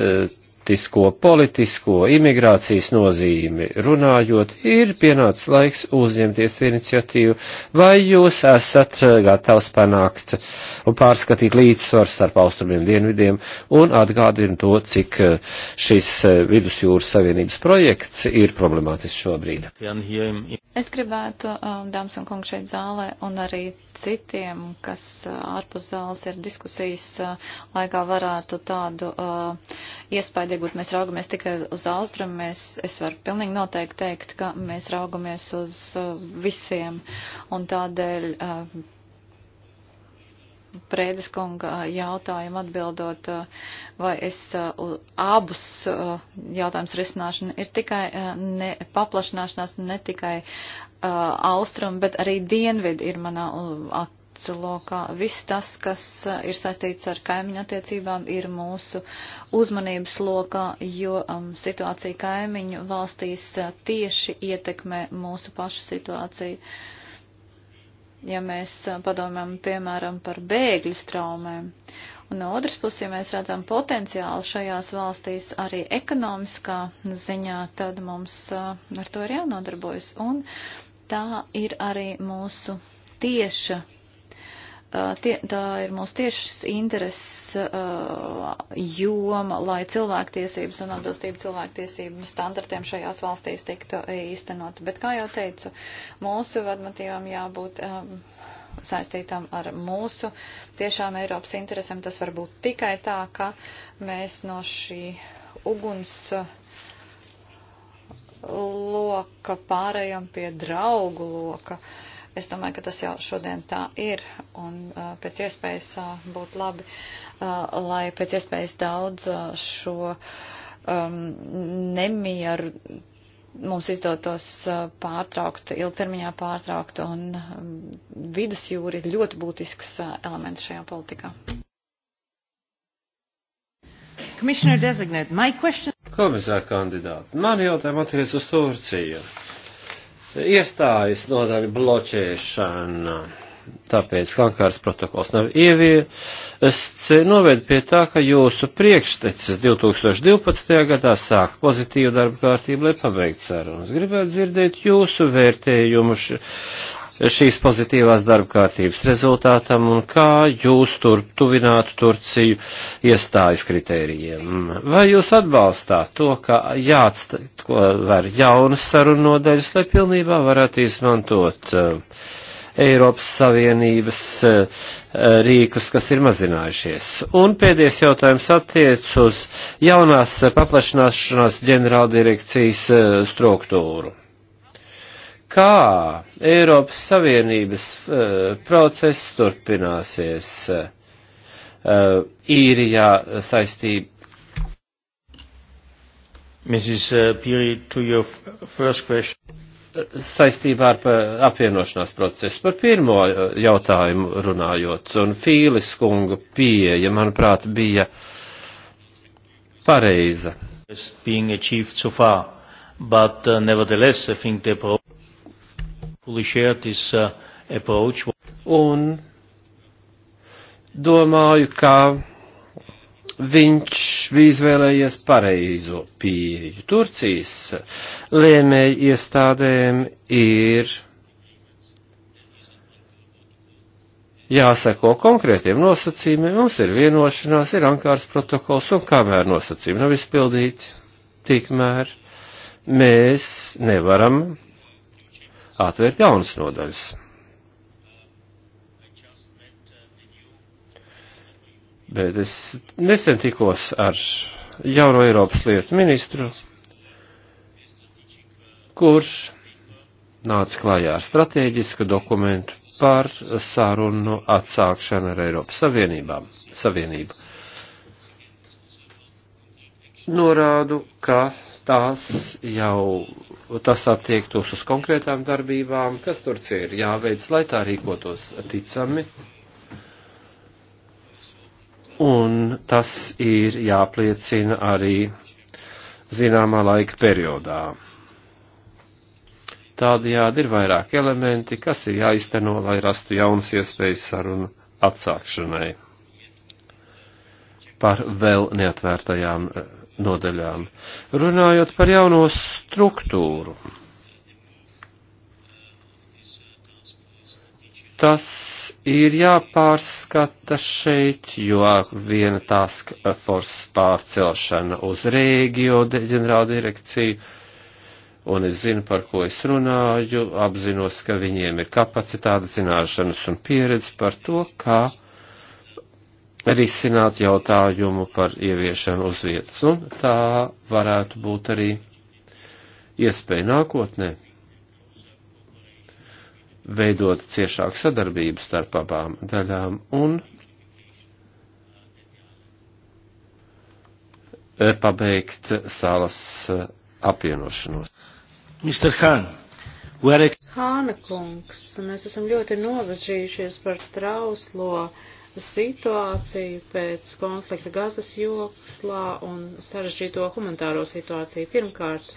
Uh, ētisko, politisko, imigrācijas nozīmi runājot, ir pienācis laiks uzņemties iniciatīvu, vai jūs esat eh, gatavs panākt un pārskatīt līdzsvaru starp austrumiem dienvidiem un atgādinu to, cik eh, šis eh, vidusjūras savienības projekts ir problemātisks šobrīd. Es gribētu, um, dāmas un kungi, šeit zālē un arī citiem, kas uh, ārpus zāles ir diskusijas uh, laikā varētu tādu uh, iespēju atbildīgi, bet mēs raugamies tikai uz Alstram. Mēs, es varu pilnīgi noteikti teikt, ka mēs raugamies uz uh, visiem. Un tādēļ uh, Prēdes kunga jautājumu atbildot, uh, vai es abus jautājumus risināšana ir tikai ne, paplašināšanās, ne tikai austrum, bet arī dienvidi ir manā aculokā. Viss tas, kas eh, ir saistīts ar kaimiņu attiecībām, ir mūsu uzmanības lokā, jo um, situācija kaimiņu valstīs eh, tieši ietekmē mūsu pašu situāciju. Ja mēs eh, padomājam, piemēram, par bēgļu straumēm, Un no otras puses, ja mēs redzam potenciālu šajās valstīs arī ekonomiskā ziņā, tad mums ar to ir jānodarbojas. Un tā ir arī mūsu tieša tie, tā ir mūsu tiešas intereses uh, joma, lai cilvēktiesības un atbilstība cilvēktiesību standartiem šajās valstīs tiktu īstenot. Bet, kā jau teicu, mūsu vadmatīvam jābūt um, saistītam ar mūsu tiešām Eiropas interesēm. Tas var būt tikai tā, ka mēs no šī uguns. Uh, loka pārējām pie draugu loka. Uh, Es domāju, ka tas jau šodien tā ir, un uh, pēc iespējas uh, būtu labi, uh, lai pēc iespējas daudz uh, šo um, nemieru mums izdotos uh, pārtraukt, ilgtermiņā pārtraukt, un um, vidusjūra ir ļoti būtisks uh, elements šajā politikā. Komisāra kandidāte, man jautājums attiecas uz Turciju iestājas nodaļa bloķēšana. Tāpēc Hankāras protokols nav ieviests, noved pie tā, ka jūsu priekštecis 2012. gadā sāk pozitīvu darbu kārtību, lai pabeigtu sarunas. Gribētu dzirdēt jūsu vērtējumu šīs pozitīvās darba kārtības rezultātam un kā jūs tur tuvinātu Turciju iestājas kritērijiem. Vai jūs atbalstāt to, ka jāatver jaunas sarunu nodaļas, lai pilnībā varētu izmantot eh, Eiropas Savienības eh, rīkus, kas ir mazinājušies. Un pēdējais jautājums attiec uz jaunās eh, paplašināšanās ģenerāldirekcijas struktūru kā Eiropas Savienības uh, process turpināsies uh, īrijā saistība. Mrs. Eh, Piri, to your first question. Saistībā ar apvienošanās procesu par pirmo jautājumu runājot, un Fīlis kunga pieeja, manuprāt, bija pareiza. Being achieved so far, but uh, nevertheless, I think the problem fully share this uh, approach. Un domāju, ka viņš bija izvēlējies pareizo pieeju. Turcijas lēmēji iestādēm ir jāseko konkrētiem nosacījumiem, mums ir vienošanās, ir Ankāras protokols, un kamēr nosacījumi nav izpildīti, tikmēr mēs nevaram atvērt jaunas nodaļas. Bet es nesen tikos ar jauno Eiropas lietu ministru, kurš nāca klājā ar strateģisku dokumentu par sārunu atsākšanu ar Eiropas Savienībām, Savienību norādu, ka tās jau tas attiektos uz konkrētām darbībām, kas Turcija ir jāveic, lai tā rīkotos ticami. Un tas ir jāpliecina arī zināmā laika periodā. Tādējādi ir vairāk elementi, kas ir jāizteno, lai rastu jaunas iespējas sarunu atsākšanai par vēl neatvērtajām nodaļām. Runājot par jauno struktūru, tas ir jāpārskata šeit, jo viena task force pārcelšana uz Rīgio ģenerāla direkciju, un es zinu, par ko es runāju, apzinos, ka viņiem ir kapacitāte, zināšanas un pieredze par to, kā ka risināt jautājumu par ieviešanu uz vietas, un tā varētu būt arī iespēja nākotnē veidot ciešāku sadarbību starp abām daļām un e, pabeigt salas e, apvienošanos. Mr. Khan, where... Hāna kungs, mēs esam ļoti novažījušies par trauslo uh, situāciju pēc konflikta Gazas jokslā un sarežģīto humanitāro situāciju. Pirmkārt,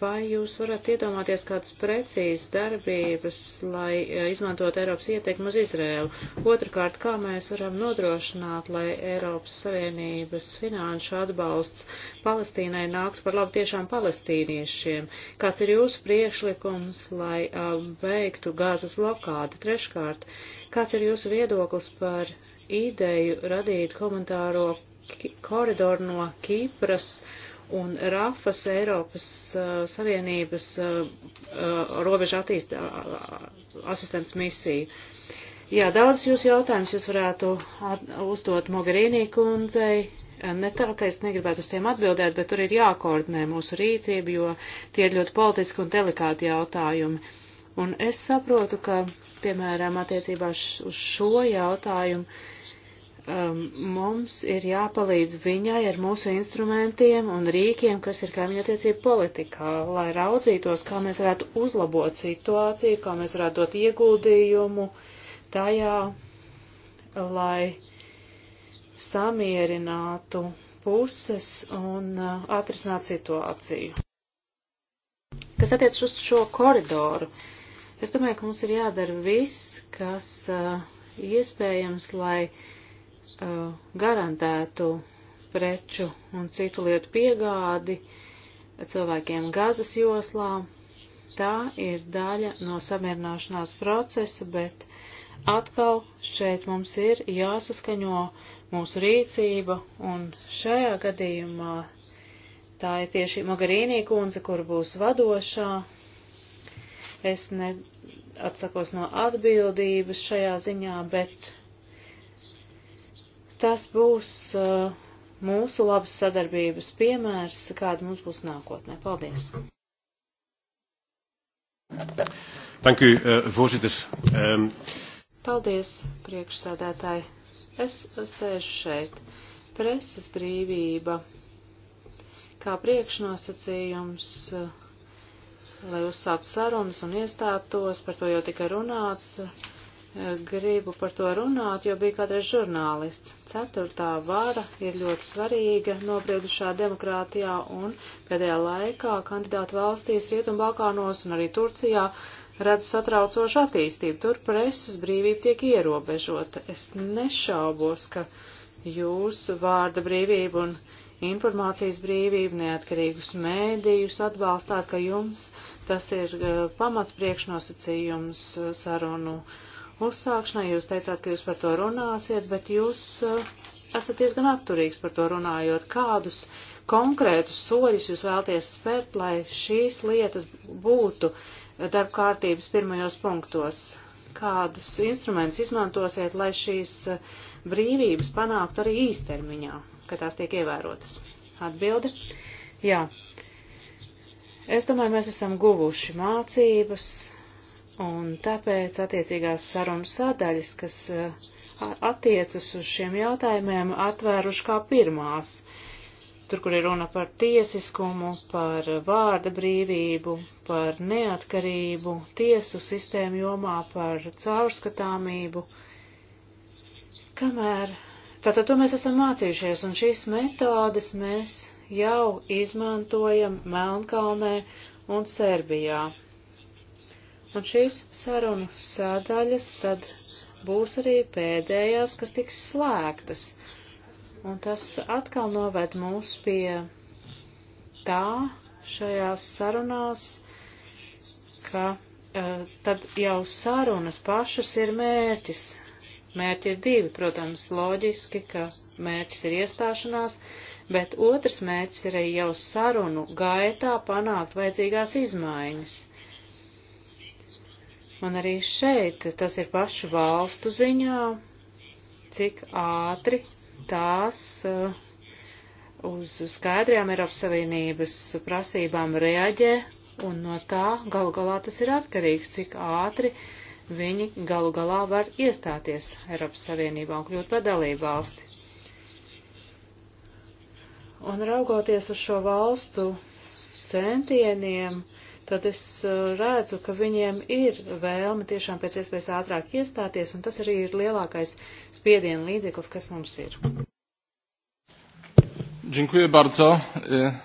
vai jūs varat iedomāties kādas precīzas darbības, lai eh, izmantot Eiropas ieteikumu uz Izrēlu? Otrakārt, kā mēs varam nodrošināt, lai Eiropas Savienības finanšu atbalsts Palestīnai nāktu par labu tiešām palestīniešiem? Kāds ir jūsu priekšlikums, lai beigtu eh, Gazas blokādi? Treškārt, Kāds ir jūsu viedoklis par ideju radīt komentāro koridoru no Kīpras un Rafas Eiropas uh, Savienības uh, uh, robeža attīst, uh, asistents misiju? Jā, daudz jūs jautājums jūs varētu at, uzdot Mogherīnī kundzei, uh, ne tā, ka es negribētu uz tiem atbildēt, bet tur ir jākoordinē mūsu rīcība, jo tie ir ļoti politiski un delikāti jautājumi. Un es saprotu, ka piemēram, attiecībā uz šo jautājumu, um, mums ir jāpalīdz viņai ar mūsu instrumentiem un rīkiem, kas ir kaimiņa attiecība politikā, lai raudzītos, kā mēs varētu uzlabot situāciju, kā mēs varētu dot ieguldījumu tajā, lai samierinātu puses un uh, atrisināt situāciju. Kas attiec uz šo koridoru, uh, Es domāju, ka mums ir jādara viss, kas uh, iespējams, lai uh, garantētu preču un citu lietu piegādi cilvēkiem gazas joslā. Tā ir daļa no samierināšanās procesa, bet atkal šeit mums ir jāsaskaņo mūsu rīcība, un šajā gadījumā tā ir tieši Magarīnī kundze, kur būs vadošā, Es neatsakos no atbildības šajā ziņā, bet tas būs uh, mūsu labas sadarbības piemērs, kāda mums būs nākotnē. Paldies! Dank u, uh, voorzitter. Um... Paldies, priekšsādātāji. Es sēžu šeit. Preses brīvība kā priekšnosacījums. Uh, lai uzsāktu sarunas un iestātos, par to jau tika runāts. Gribu par to runāt, jo bija kādreiz žurnālists. Ceturtā vara ir ļoti svarīga nobriedušā demokrātijā un pēdējā laikā kandidātu valstīs Rietumbalkānos un arī Turcijā redz satraucošu attīstību. Tur preses brīvība tiek ierobežota. Es nešaubos, ka jūs vārda brīvība un informācijas brīvību, neatkarīgus mēdījus atbalstāt, ka jums tas ir uh, pamatpriekšnosacījums uh, sarunu uzsākšanai. Jūs teicāt, ka jūs par to runāsiet, bet jūs uh, esat diezgan atturīgs par to runājot. Kādus konkrētus soļus jūs vēlties spērt, lai šīs lietas būtu darba kārtības pirmajos punktos? Kādus instrumentus izmantosiet, lai šīs brīvības panāktu arī īstermiņā? ka tās tiek ievērotas? Atbildi? Jā. Es domāju, mēs esam guvuši mācības, un tāpēc attiecīgās sarunas sadaļas, kas uh, attiecas uz šiem jautājumiem, atvēruši kā pirmās. Tur, kur ir runa par tiesiskumu, par vārda brīvību, par neatkarību, tiesu sistēmu jomā, par caurskatāmību, kamēr Tātad to mēs esam mācījušies, un šīs metodes mēs jau izmantojam Melnkalnē un Serbijā. Un šīs sarunu sadaļas tad būs arī pēdējās, kas tiks slēgtas. Un tas atkal noved mūs pie tā šajās sarunās, ka eh, tad jau sarunas pašas ir mērķis, Mērķi ir divi, protams, loģiski, ka mērķis ir iestāšanās, bet otrs mērķis ir arī jau sarunu gaitā panākt vajadzīgās izmaiņas. Un arī šeit tas ir pašu valstu ziņā, cik ātri tās uh, uz skaidrām Eiropas Savienības prasībām reaģē, un no tā gal galā tas ir atkarīgs, cik ātri uh, viņi galu galā var iestāties Eiropas Savienībā un kļūt par dalību valsti. Un raugoties uz šo valstu centieniem, tad es uh, redzu, ka viņiem ir vēlme tiešām pēc iespējas ātrāk iestāties, un tas arī ir lielākais spiediena līdzeklis, kas mums ir. Dziękuję bardzo. E,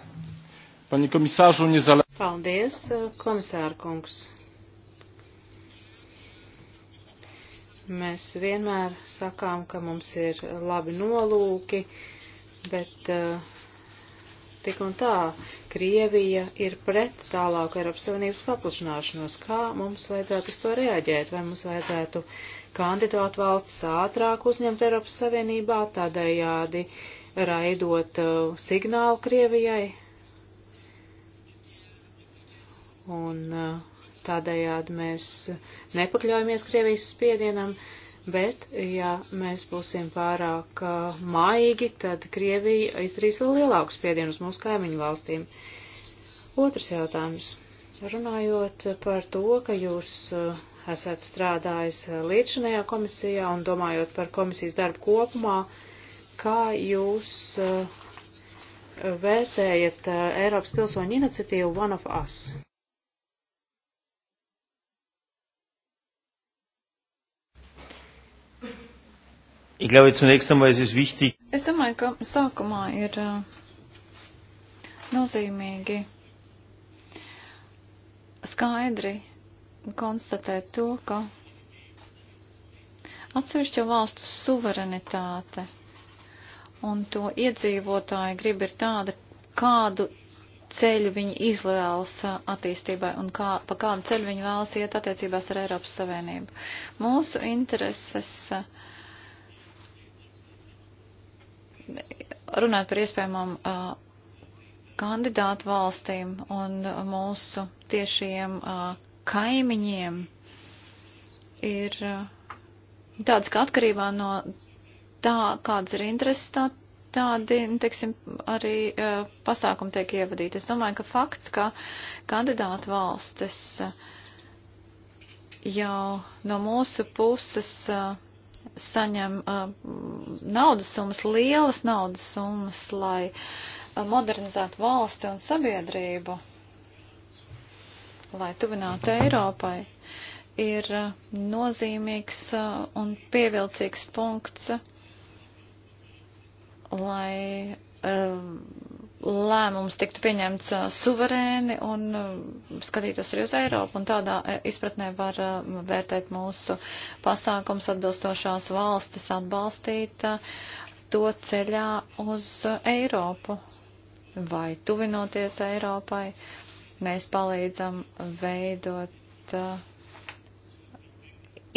panie komisarzu, niezależnie. Paldies, e, komisārkungs. Mēs vienmēr sakām, ka mums ir labi nolūki, bet uh, tik un tā Krievija ir pret tālāku Eiropas Savienības paplašanāšanos. Kā mums vajadzētu uz to reaģēt? Vai mums vajadzētu kandidātu valstis ātrāk uzņemt Eiropas Savienībā, tādējādi raidot uh, signālu Krievijai? Un uh, Tādējādi mēs nepakļaujamies Krievijas spiedienam, bet ja mēs būsim pārāk maigi, tad Krievija izdarīs vēl lielāku spiedienu uz mūsu kaimiņu valstīm. Otrs jautājums. Runājot par to, ka jūs esat strādājis līdzinējā komisijā un domājot par komisijas darbu kopumā, kā jūs vērtējat Eiropas pilsoņu iniciatīvu One of Us? Ich glaube, zunächst einmal ist es wichtig. Es domāju, ka sākumā ir nozīmīgi skaidri konstatēt to, ka atsevišķo valstu suverenitāte un to iedzīvotāju grib ir tāda, kādu ceļu viņi izvēlas attīstībai un kā, pa kādu ceļu viņi vēlas iet attiecībās ar Eiropas Savienību. Mūsu intereses uh, runāt par iespējamām kandidātu valstīm un mūsu tiešiem kaimiņiem ir tāds, ka atkarībā no tā, kādas ir intereses, tā, tādi, nu, teiksim, arī pasākumi tiek ievadīti. Es domāju, ka fakts, ka kandidātu valstis jau no mūsu puses uh, saņem uh, naudas summas, lielas naudas summas, lai uh, modernizētu valsti un sabiedrību, lai tuvinātu Eiropai, ir uh, nozīmīgs uh, un pievilcīgs punkts, lai uh, lēmums tiktu pieņemts suverēni un skatītos arī uz Eiropu. Un tādā izpratnē var vērtēt mūsu pasākums atbilstošās valstis atbalstīt to ceļā uz Eiropu vai tuvinoties Eiropai. Mēs palīdzam veidot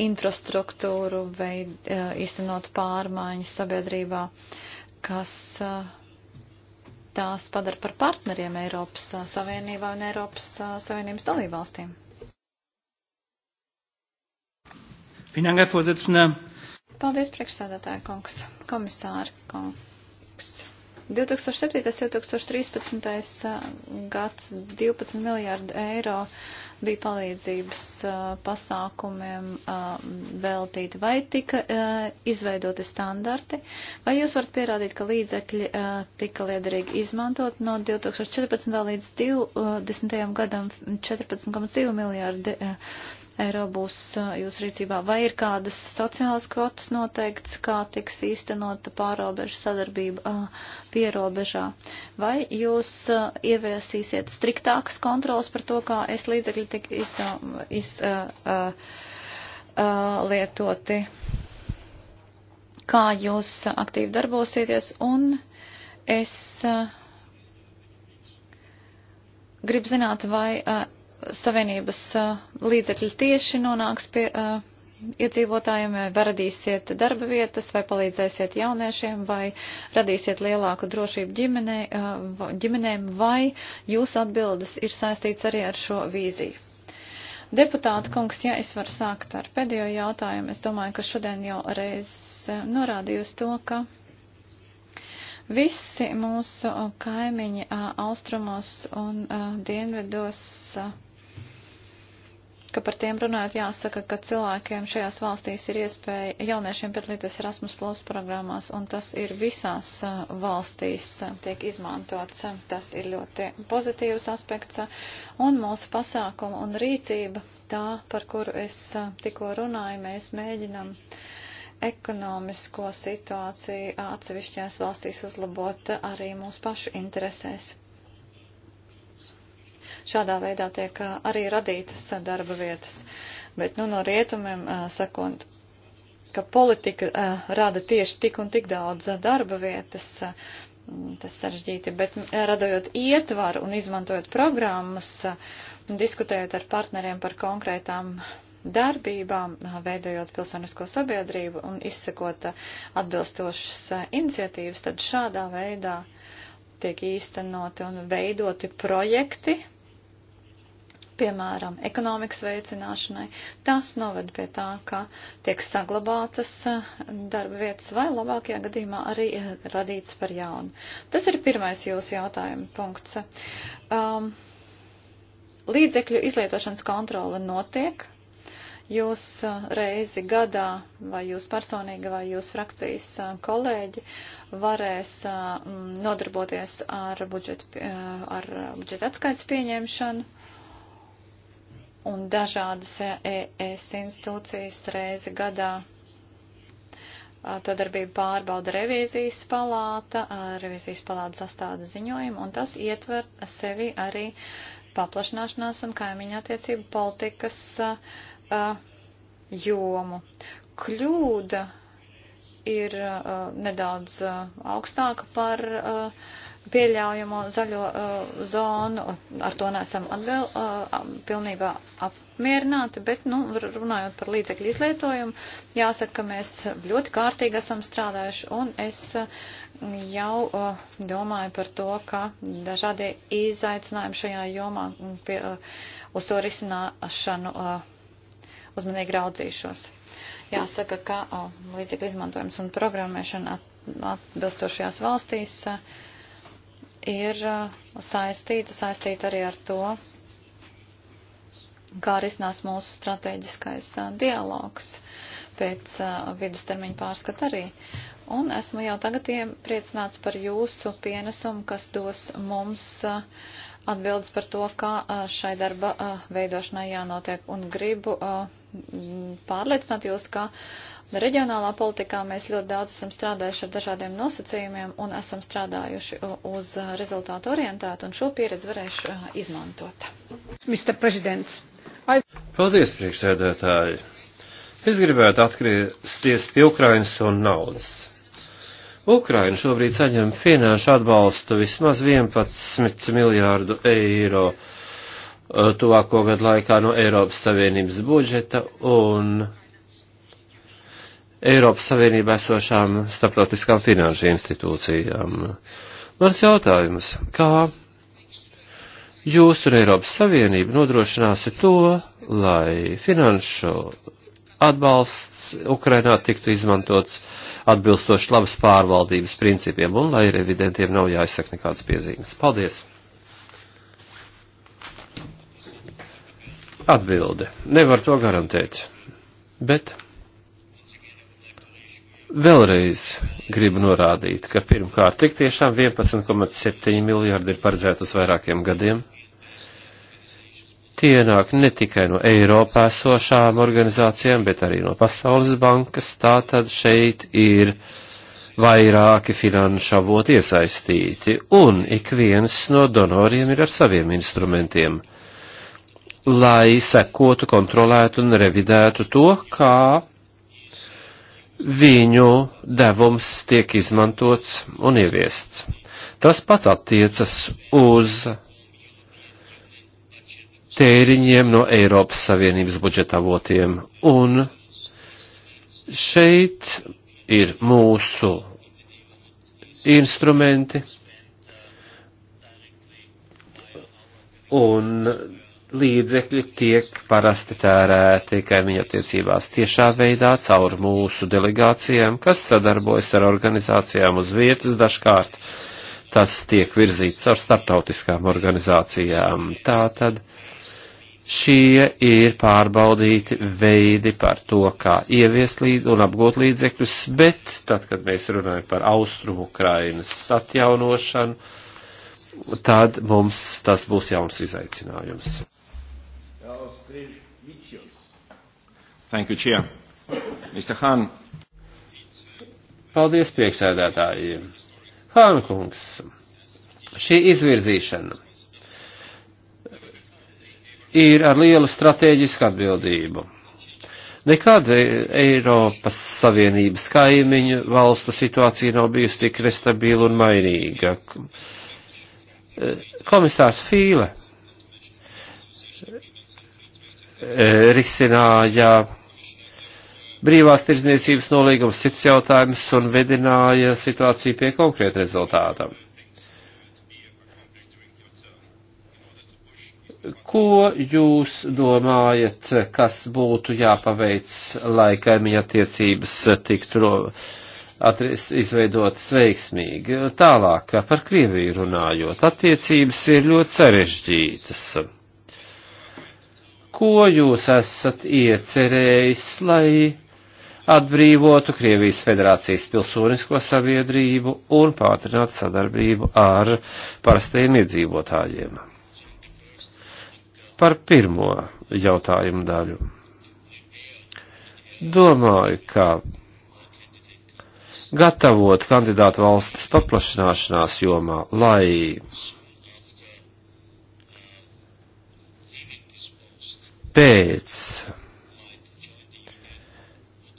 infrastruktūru, veid, īstenot pārmaiņas sabiedrībā, kas uh, tās padara par partneriem Eiropas Savienībā un Eiropas Savienības dalībvalstīm. Paldies, priekšsēdētāja kungs, komisāri kungs. 2007. 2013. gads 12 miljārdu eiro bija palīdzības pasākumiem veltīti. Vai tika izveidoti standarti, vai jūs varat pierādīt, ka līdzekļi tika liederīgi izmantot no 2014. līdz 2020. gadam 14,2 miljārdi eiro? eiro būs eh, jūsu rīcībā. Vai ir kādas sociālas kvotas noteikts, kā tiks īstenota pārobežu sadarbība eh, pierobežā? Vai jūs eh, ieviesīsiet striktākas kontrolas par to, kā es līdzekļi tik izlietoti? Kā jūs aktīvi darbosieties? Un es gribu zināt, vai Savienības uh, līdzekļi tieši nonāks pie uh, iedzīvotājiem, vai radīsiet darba vietas, vai palīdzēsiet jauniešiem, vai radīsiet lielāku drošību ģimenē, uh, ģimenēm, vai jūsu atbildes ir saistīts arī ar šo vīziju. Deputāta kungs, ja es varu sākt ar pēdējo jautājumu, es domāju, ka šodien jau reiz norādījusi to, ka visi mūsu kaimiņi austrumos un dienvedos ka par tiem runājot jāsaka, ka cilvēkiem šajās valstīs ir iespēja jauniešiem piedalīties Erasmus Plus programmās, un tas ir visās valstīs tiek izmantots. Tas ir ļoti pozitīvs aspekts, un mūsu pasākuma un rīcība, tā, par kuru es tikko runāju, mēs mēģinam ekonomisko situāciju atsevišķās valstīs uzlabot arī mūsu pašu interesēs. Šādā veidā tiek arī radītas darba vietas. Bet nu, no rietumiem sakot, ka politika rada tieši tik un tik daudz darba vietas, mm, tas sarežģīti, bet radojot ietvaru un izmantojot programmas, diskutējot ar partneriem par konkrētām darbībām, veidojot pilsonisko sabiedrību un izsekot atbilstošas iniciatīvas, tad šādā veidā tiek īstenoti un veidoti projekti, piemēram, ekonomikas veicināšanai, tas noved pie tā, ka tiek saglabātas eh, darba vietas vai labākajā gadījumā arī eh, radīts par jaunu. Tas ir pirmais jūsu jautājuma punkts. Um, līdzekļu izlietošanas kontrole notiek. Jūs eh, reizi gadā, vai jūs personīgi, vai jūs frakcijas kolēģi varēs nodarboties ar budžeta, ar budžeta atskaits pieņemšanu un dažādas ES institūcijas reizi gadā. To darbību pārbauda revīzijas palāta, revīzijas palāta sastāda ziņojumu, un tas ietver sevi arī paplašināšanās un kaimiņa attiecību politikas jomu. Kļūda ir nedaudz augstāka par uh, pieļaujamo zaļo uh, zonu, ar to nesam atgal, uh, pilnībā apmierināti, bet, nu, runājot par līdzekļu izlietojumu, jāsaka, ka mēs ļoti kārtīgi esam strādājuši, un es uh, jau uh, domāju par to, ka dažādie izaicinājumi šajā jomā mm, pie, uh, uz to risināšanu uh, uzmanīgi raudzīšos. Jāsaka, ka uh, līdzekļu izmantojums un programmēšana at, atbilstošajās valstīs. Uh, ir saistīta, saistīta arī ar to, kā arī iznās mūsu strateģiskais dialogs pēc vidustermiņa pārskata arī. Un esmu jau tagad iepriecināts par jūsu pienesumu, kas dos mums atbildes par to, kā šai darba veidošanai jānotiek. Un gribu pārliecināt jūs, ka Reģionālā politikā mēs ļoti daudz esam strādājuši ar dažādiem nosacījumiem un esam strādājuši uz uh, rezultātu orientētu, un šo pieredzi varēšu uh, izmantot. Mr. Presidents. I... Paldies, priekšsēdētāji. Es gribētu atgriezties pie Ukrainas un naudas. Ukraina šobrīd saņem finanšu atbalstu vismaz 11 miljārdu eiro uh, tuvāko gadu laikā no Eiropas Savienības budžeta un Eiropas Savienībā esošām starptautiskām finanšu institūcijām. Mans jautājums, kā jūs un Eiropas Savienība nodrošināsiet to, lai finanšu atbalsts Ukrainā tiktu izmantots atbilstoši labas pārvaldības principiem un lai revidentiem nav jāizsaka nekādas piezīmes? Paldies! Atbilde. Nevar to garantēt. Bet Vēlreiz gribu norādīt, ka pirmkārt tik tiešām 11,7 miljārdi ir paredzēti uz vairākiem gadiem. Tie nāk ne tikai no Eiropā esošām organizācijām, bet arī no Pasaules bankas. Tātad šeit ir vairāki finanšu avoti iesaistīti, un ik viens no donoriem ir ar saviem instrumentiem, lai sekotu, kontrolētu un revidētu to, kā viņu devums tiek izmantots un ieviests. Tas pats attiecas uz tēriņiem no Eiropas Savienības budžeta avotiem. Un šeit ir mūsu instrumenti un līdzekļi tiek parasti tērēti kaimiņa attiecībās tiešā veidā caur mūsu delegācijām, kas sadarbojas ar organizācijām uz vietas dažkārt. Tas tiek virzīts ar starptautiskām organizācijām. Tātad šie ir pārbaudīti veidi par to, kā ieviest līd un apgūt līdzekļus, bet tad, kad mēs runājam par austrumu Ukrainas atjaunošanu, tad mums tas būs jauns izaicinājums. Thank you, Chair. Mr. Han. Paldies priekšsēdētāji. Hankungs, šī izvirzīšana ir ar lielu strateģisku atbildību. Nekad e- Eiropas Savienības kaimiņu valstu situācija nav bijusi tik nestabila un mainīga. Komisārs Fīle E, risināja brīvās tirdzniecības nolīgums cits jautājums un vedināja situāciju pie konkrēta rezultāta. Ko jūs domājat, kas būtu jāpaveic, lai kaimiņa attiecības tiktu atris, izveidotas veiksmīgi? Tālāk par Krieviju runājot, attiecības ir ļoti sarežģītas ko jūs esat iecerējis, lai atbrīvotu Krievijas federācijas pilsonisko sabiedrību un pātrinātu sadarbību ar parastajiem iedzīvotājiem. Par pirmo jautājumu daļu. Domāju, ka gatavot kandidātu valstis paplašināšanās jomā, lai pēc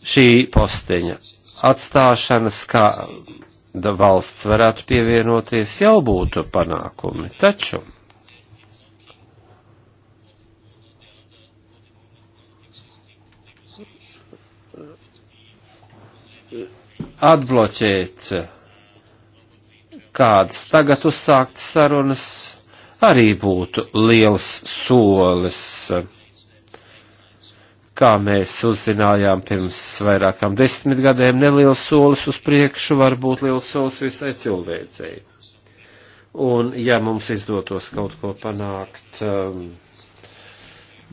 šī posteņa atstāšanas, kā valsts varētu pievienoties, jau būtu panākumi. Taču atbloķēt kādas tagad uzsāktas sarunas arī būtu liels solis kā mēs uzzinājām pirms vairākām desmitgadēm, neliels solis uz priekšu var būt liels solis visai cilvēcei. Un ja mums izdotos kaut ko panākt um,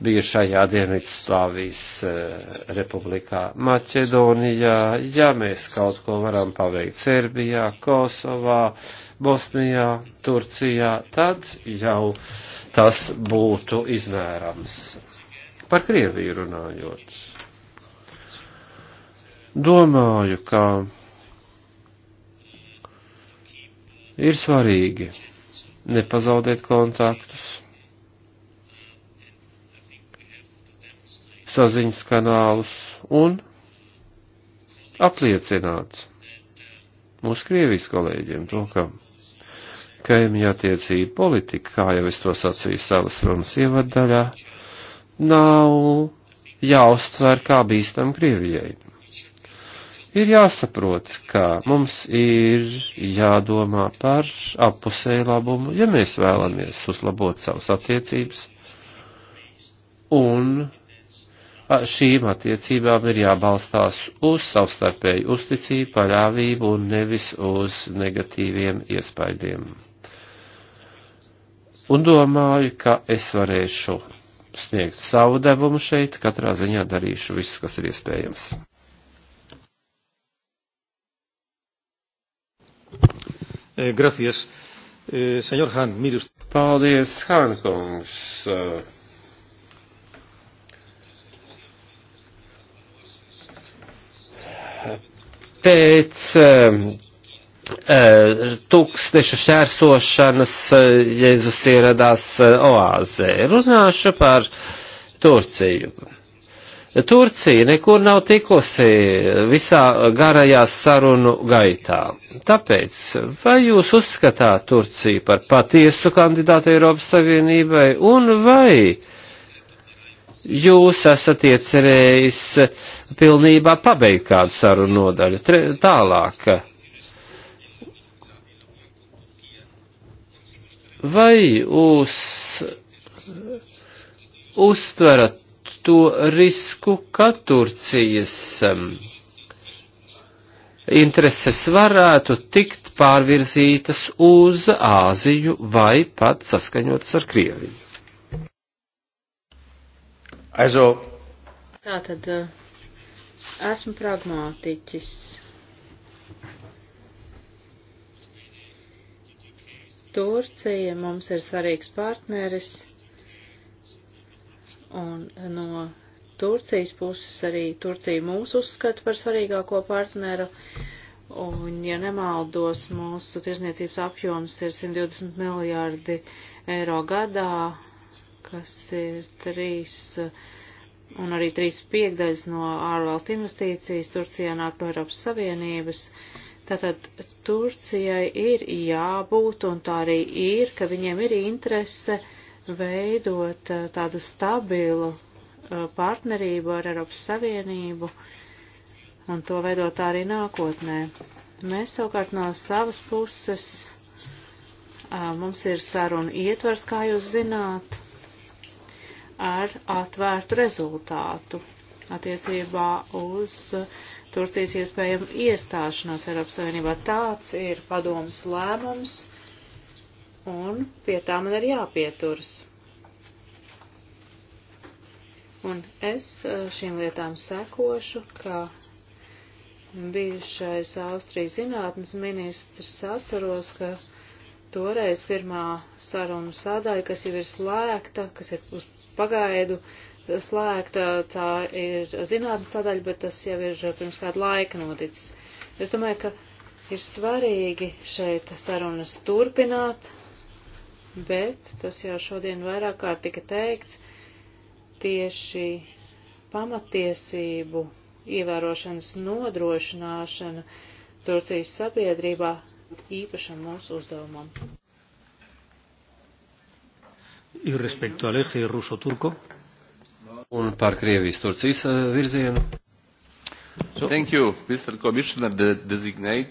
bijušajā Dienvidslāvijas uh, republikā Maķedonijā, ja mēs kaut ko varam paveikt Serbijā, Kosovā, Bosnijā, Turcijā, tad jau tas būtu izmērams Par Krieviju runājot. Domāju, ka ir svarīgi nepazaudēt kontaktus, saziņas kanālus un apliecināt mūsu Krievijas kolēģiem to, ka kaimiņa attiecība politika, kā jau es to sacīju savas runas ievadaļā, nav jāuztver kā bīstam Krievijai. Ir jāsaprot, ka mums ir jādomā par apusēju labumu, ja mēs vēlamies uzlabot savas attiecības, un šīm attiecībām ir jābalstās uz savstarpēju uzticību, paļāvību un nevis uz negatīviem iespaidiem. Un domāju, ka es varēšu sniegt savu devumu šeit, katrā ziņā darīšu visu, kas ir iespējams. Eh, gracias. Eh, Senor Han, mirus. Paldies, Han kungs. Pēc eh, Eh, tūkstneša šķērsošanas eh, Jēzus ieradās eh, oāzē. Runāšu par Turciju. Turcija nekur nav tikusi visā garajā sarunu gaitā. Tāpēc, vai jūs uzskatāt Turciju par patiesu kandidātu Eiropas Savienībai un vai jūs esat iecerējis pilnībā pabeigt kādu sarunu nodaļu Tre, tālāk? Vai jūs uztverat to risku, ka Turcijas intereses varētu tikt pārvirzītas uz Āziju vai pat saskaņotas ar Krieviju? Aizo. Tā tad eh, esmu pragmātiķis Turcija mums ir svarīgs partneris, un no Turcijas puses arī Turcija mūs uzskata par svarīgāko partneru. Un, ja nemaldos, mūsu tirzniecības apjoms ir 120 miljārdi eiro gadā, kas ir trīs un arī trīs piekdaļas no ārvalstu investīcijas Turcijā nāk no Eiropas Savienības. Uh, Tātad Turcijai ir jābūt, un tā arī ir, ka viņiem ir interese veidot eh, tādu stabilu eh, partnerību ar Eiropas Savienību, un to veidot arī nākotnē. Mēs savukārt no savas puses, eh, mums ir saruna ietvers, kā jūs zināt, ar atvērtu rezultātu attiecībā uz Turcijas iespējamu iestāšanos Eiropas Savienībā. Tāds ir padomas lēmums, un pie tā man ir jāpieturas. Un es eh, šīm lietām sekošu, ka bijušais Austrijas zinātnes ministrs atceros, ka toreiz pirmā saruna sadaļa, kas jau ir slēgta, kas ir uz pagaidu, uh, slēgta, tā ir zinātnes sadaļa, bet tas jau ir pirms kāda laika noticis. Es domāju, ka ir svarīgi šeit sarunas turpināt, bet tas jau šodien vairāk kārt tika teikts tieši pamatiesību ievērošanas nodrošināšana Turcijas sabiedrībā īpašam mūsu uzdevumam. Y respecto al eje ruso-turco, un par Krievijas Turcijas eh, virzienu. So, Thank you, Mr. Commissioner designate.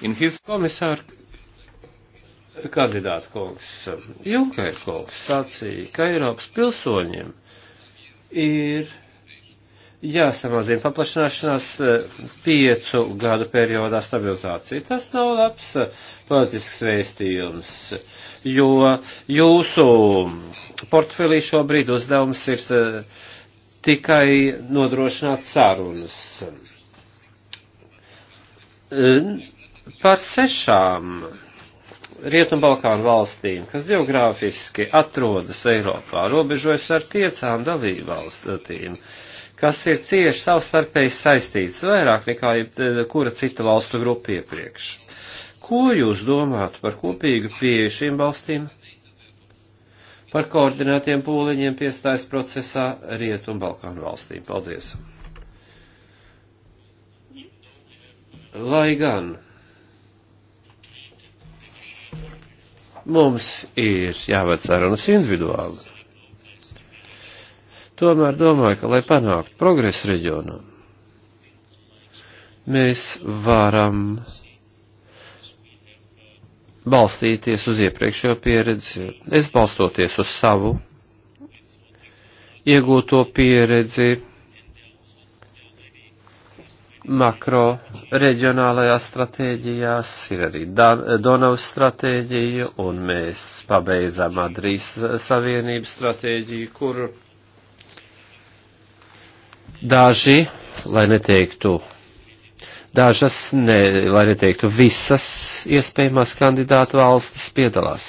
In his... Komisār kandidāta kungs, Junker kungs sacīja, ka Eiropas pilsoņiem ir jāsamazina paplašināšanās eh, piecu gadu periodā stabilizācija. Tas nav labs eh, politisks vēstījums, jo jūsu portfelī šobrīd uzdevums ir eh, tikai nodrošināt sarunas. Par sešām Rietumbalkānu valstīm, kas geogrāfiski atrodas Eiropā, robežojas ar piecām dalībvalstīm. valstīm kas ir cieši savstarpēji saistītas vairāk nekā jebkura cita valstu grupa iepriekš. Ko jūs domātu par kopīgu pieeju šīm valstīm? Par koordinētiem pūliņiem piestājas procesā Rietu un Balkānu valstīm. Paldies! Lai gan mums ir jāved sarunas individuāli Tomēr domāju, ka, lai panāktu progresu reģionā, mēs varam balstīties uz iepriekšējo pieredzi, es balstoties uz savu iegūto pieredzi makro reģionālajās stratēģijās, ir arī Donavas stratēģija, un mēs pabeidzām Adrijas Savienības stratēģiju, kur Daži, lai neteiktu, dažas, ne, lai neteiktu visas iespējamās kandidātu valstis piedalās.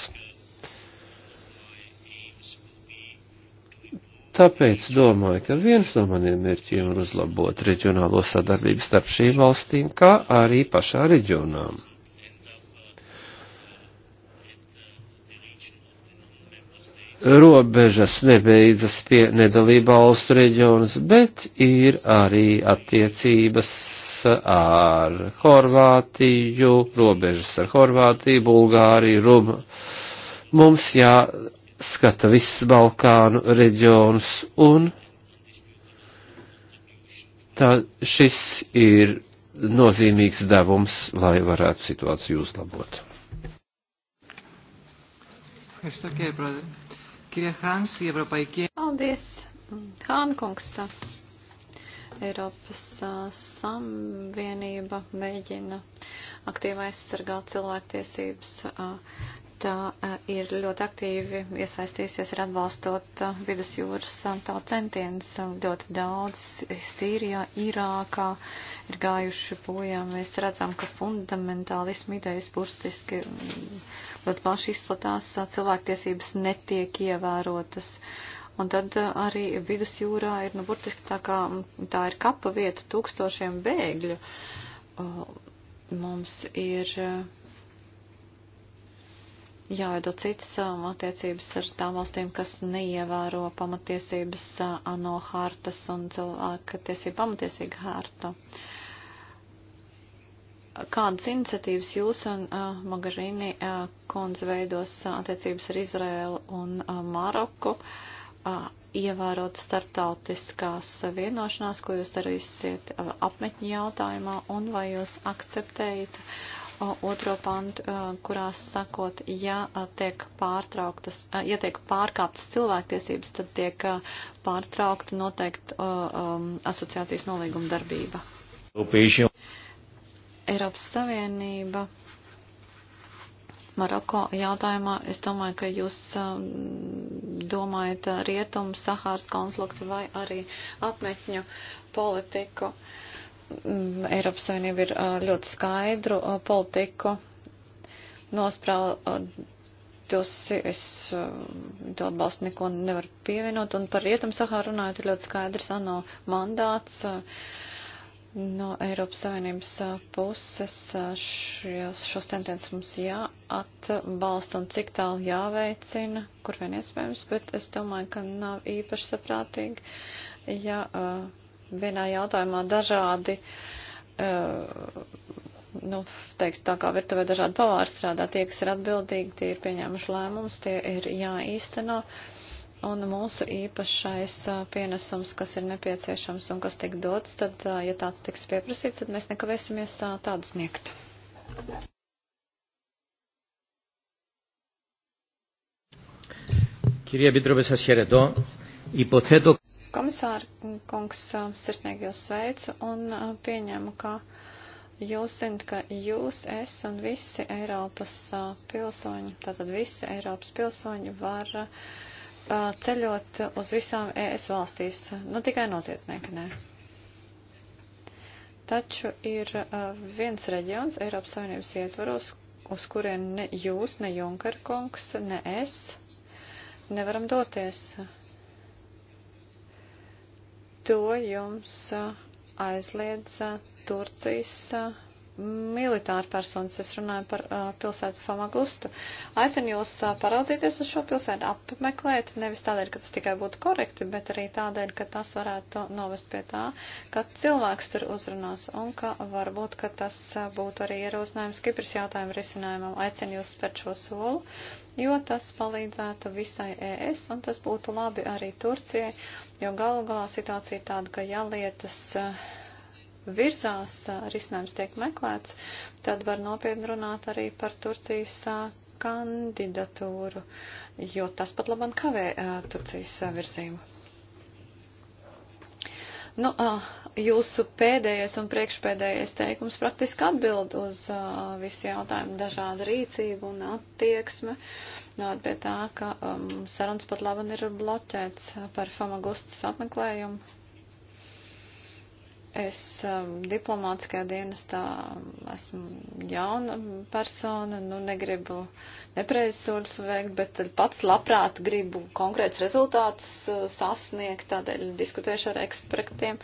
Tāpēc domāju, ka viens no maniem mērķiem ir uzlabot reģionālo sadarbību starp šīm valstīm, kā arī pašā reģionām. robežas nebeidzas pie nedalība valstu reģionas, bet ir arī attiecības ar Horvātiju, robežas ar Horvātiju, Bulgāriju, Rumu. Mums jāskata viss Balkānu reģions un tā šis ir nozīmīgs devums, lai varētu situāciju uzlabot. Ευχαριστώ κύριε Πρόεδρε. Kirja Hāns, Eiropaikie. Paldies, Hānkungs. Eiropas Savienība mēģina aktīvi aizsargāt cilvēktiesības. Tā ir ļoti aktīvi iesaistīsies ar atbalstot vidusjūras tā centienus. Ļoti daudz Sīrijā, Irākā ir gājuši bojā. Mēs redzam, ka fundamentālismu idejas burstiski ļoti plaši izplatās, cilvēktiesības netiek ievērotas. Un tad arī vidusjūrā ir, nu, burtiski tā kā tā ir kapa vieta tūkstošiem bēgļu. Mums ir jāveido citas attiecības ar tām valstīm, kas neievēro pamatiesības ANO hartas un cilvēka tiesību pamatiesīgu hartu. Uh, Kādas iniciatīvas jūs un uh, Magarini uh, kundze veidos uh, attiecības ar Izraēlu un uh, Maroku, uh, ievērot starptautiskās vienošanās, ko jūs darīsiet uh, apmetņu jautājumā, un vai jūs akceptējat uh, otro pantu, uh, kurās sakot, ja uh, tiek pārtrauktas, uh, ja tiek pārkāptas cilvēktiesības, tad tiek uh, pārtraukta noteikti uh, um, asociācijas nolīguma darbība? Upīši. Eiropas Savienība Maroko jautājumā, es domāju, ka jūs um, domājat rietumu, Sahāras konfliktu vai arī apmetņu politiku. Mm, Eiropas Savienība ir uh, ļoti skaidru uh, politiku nospraudusi. Es uh, to atbalstu neko nevaru pievienot. Un par rietumu Sahāru runājot ir ļoti skaidrs ANO mandāts. Uh, No Eiropas Savienības puses šos, šos tendences mums jāatbalsta un cik tālu jāveicina, kur vien iespējams, bet es domāju, ka nav īpaši saprātīgi, ja vienā jautājumā dažādi nu, teikt, tā kā virtuvē dažādi pavāri strādā, tie, kas ir atbildīgi, tie ir pieņēmuši lēmumus, tie ir jāīsteno. Uh, un mūsu īpašais pienesums, kas ir nepieciešams un kas tiek dots, tad, ja tāds tiks pieprasīts, tad mēs nekavēsimies tādu sniegt. Kirija Bidrube, es hieredo. Ipotheto. Komisāra kungs sirsnīgi jūs sveicu un pieņēmu, ka jūs zinat, ka jūs, es un visi Eiropas pilsoņi, tātad visi Eiropas pilsoņi var uh, Uh, ceļot uz visām ES valstīs, nu tikai noziedznieki nē. Taču ir uh, viens reģions Eiropas Savienības ietvaros, uz kurien ne jūs, ne Junker kungs, ne es nevaram doties. To jums uh, aizliedz Turcijas militāru personas, es runāju par uh, pilsētu Famagustu. Aicinu jūs uh, paraudzīties uz šo pilsētu, apmeklēt, nevis tādēļ, ka tas tikai būtu korekti, bet arī tādēļ, ka tas varētu novest pie tā, ka cilvēks tur uzrunās un ka varbūt, ka tas uh, būtu arī ierosinājums Kipras jautājumu risinājumam. Aicinu jūs spērt šo solu, jo tas palīdzētu visai ES un tas būtu labi arī Turcijai, jo galu galā situācija ir tāda, ka ja lietas. Uh, virzās, risinājums tiek meklēts, tad var nopietni runāt arī par Turcijas kandidatūru, jo tas pat labam kavē Turcijas virzību. Nu, jūsu pēdējais un priekšpēdējais teikums praktiski atbild uz visu jautājumu dažāda rīcība un attieksme. Nāc pie tā, ka um, sarunas pat labi ir bloķēts par Famagustas apmeklējumu Es um, diplomātiskajā dienestā um, esmu jauna persona, nu negribu nepreiz soļus veikt, bet pats labprāt gribu konkrēts rezultāts uh, sasniegt, tādēļ diskutēšu ar ekspertiem,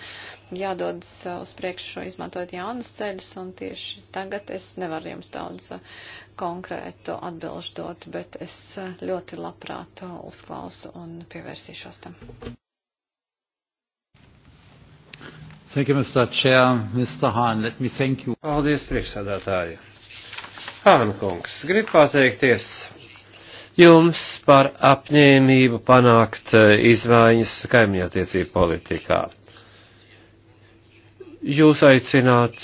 jādodas uh, uz priekšu izmantojot jaunus ceļus, un tieši tagad es nevaru jums daudz uh, konkrētu atbilžu dot, bet es uh, ļoti labprāt uh, uzklausu un pievērsīšos tam. Thank you, Mr. Chair, Mr. Hahn. Let me thank you. Paldies, priekšsādātāji. Hahn kungs, grib pateikties jums par apņēmību panākt eh, izmaiņas kaimiņattiecību politikā. Jūs aicināt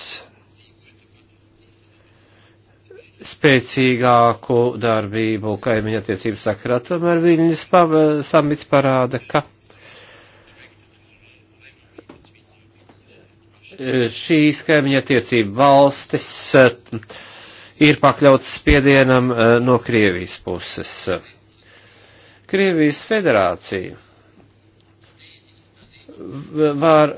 spēcīgāku darbību kaimiņattiecību sakarā, tomēr viņas samits parāda, ka šīs kaimiņa attiecība valstis eh, ir pakļauts spiedienam eh, no Krievijas puses. Krievijas federācija var,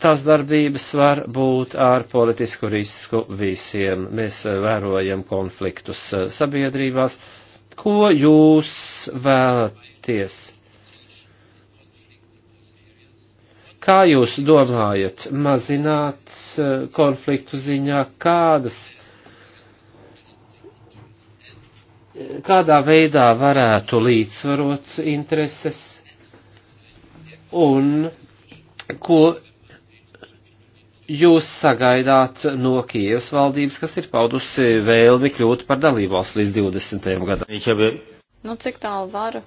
tās darbības var būt ar politisku risku visiem. Mēs eh, vērojam konfliktus sabiedrībās. Ko jūs vēlaties? Kā jūs domājat, mazināt eh, konfliktu ziņā, kādas, eh, kādā veidā varētu līdzsvarot intereses un ko jūs sagaidāt no Kievas valdības, kas ir paudusi vēlmi kļūt par dalībvalsts līdz 20. gadam? Nu, cik tālu varu?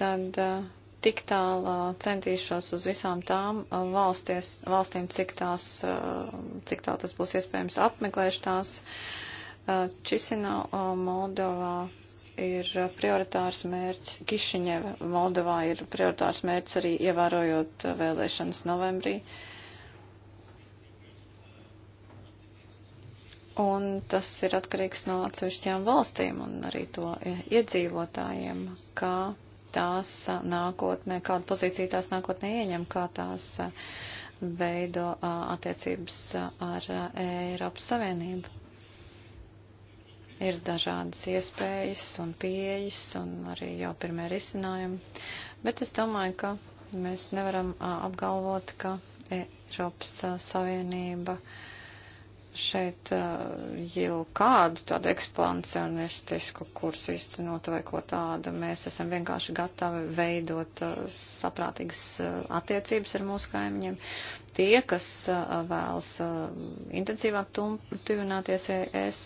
Tad. Uh tik tālu uh, centīšos uz visām tām uh, valsties, valstīm, cik, tās, uh, cik tā tas būs iespējams, apmeklēšu tās. Čisina Moldovā ir prioritārs mērķis, Kišiņeva Moldovā ir prioritārs mērķis arī ievērojot vēlēšanas novembrī. Un tas ir atkarīgs no atsevišķām valstīm un arī to iedzīvotājiem, kā tās nākotnē, kādu pozīciju tās nākotnē ieņem, kā tās veido attiecības ar Eiropas Savienību. Ir dažādas iespējas un pieejas un arī jau pirmie risinājumi, bet es domāju, ka mēs nevaram apgalvot, ka Eiropas Savienība uh, šeit eh, jau kādu tādu ekspansionistisku kursu iztenot vai ko tādu. Mēs esam vienkārši gatavi veidot eh, saprātīgas eh, attiecības ar mūsu kaimiņiem. Tie, kas vēlas intensīvāk tuvināties ES,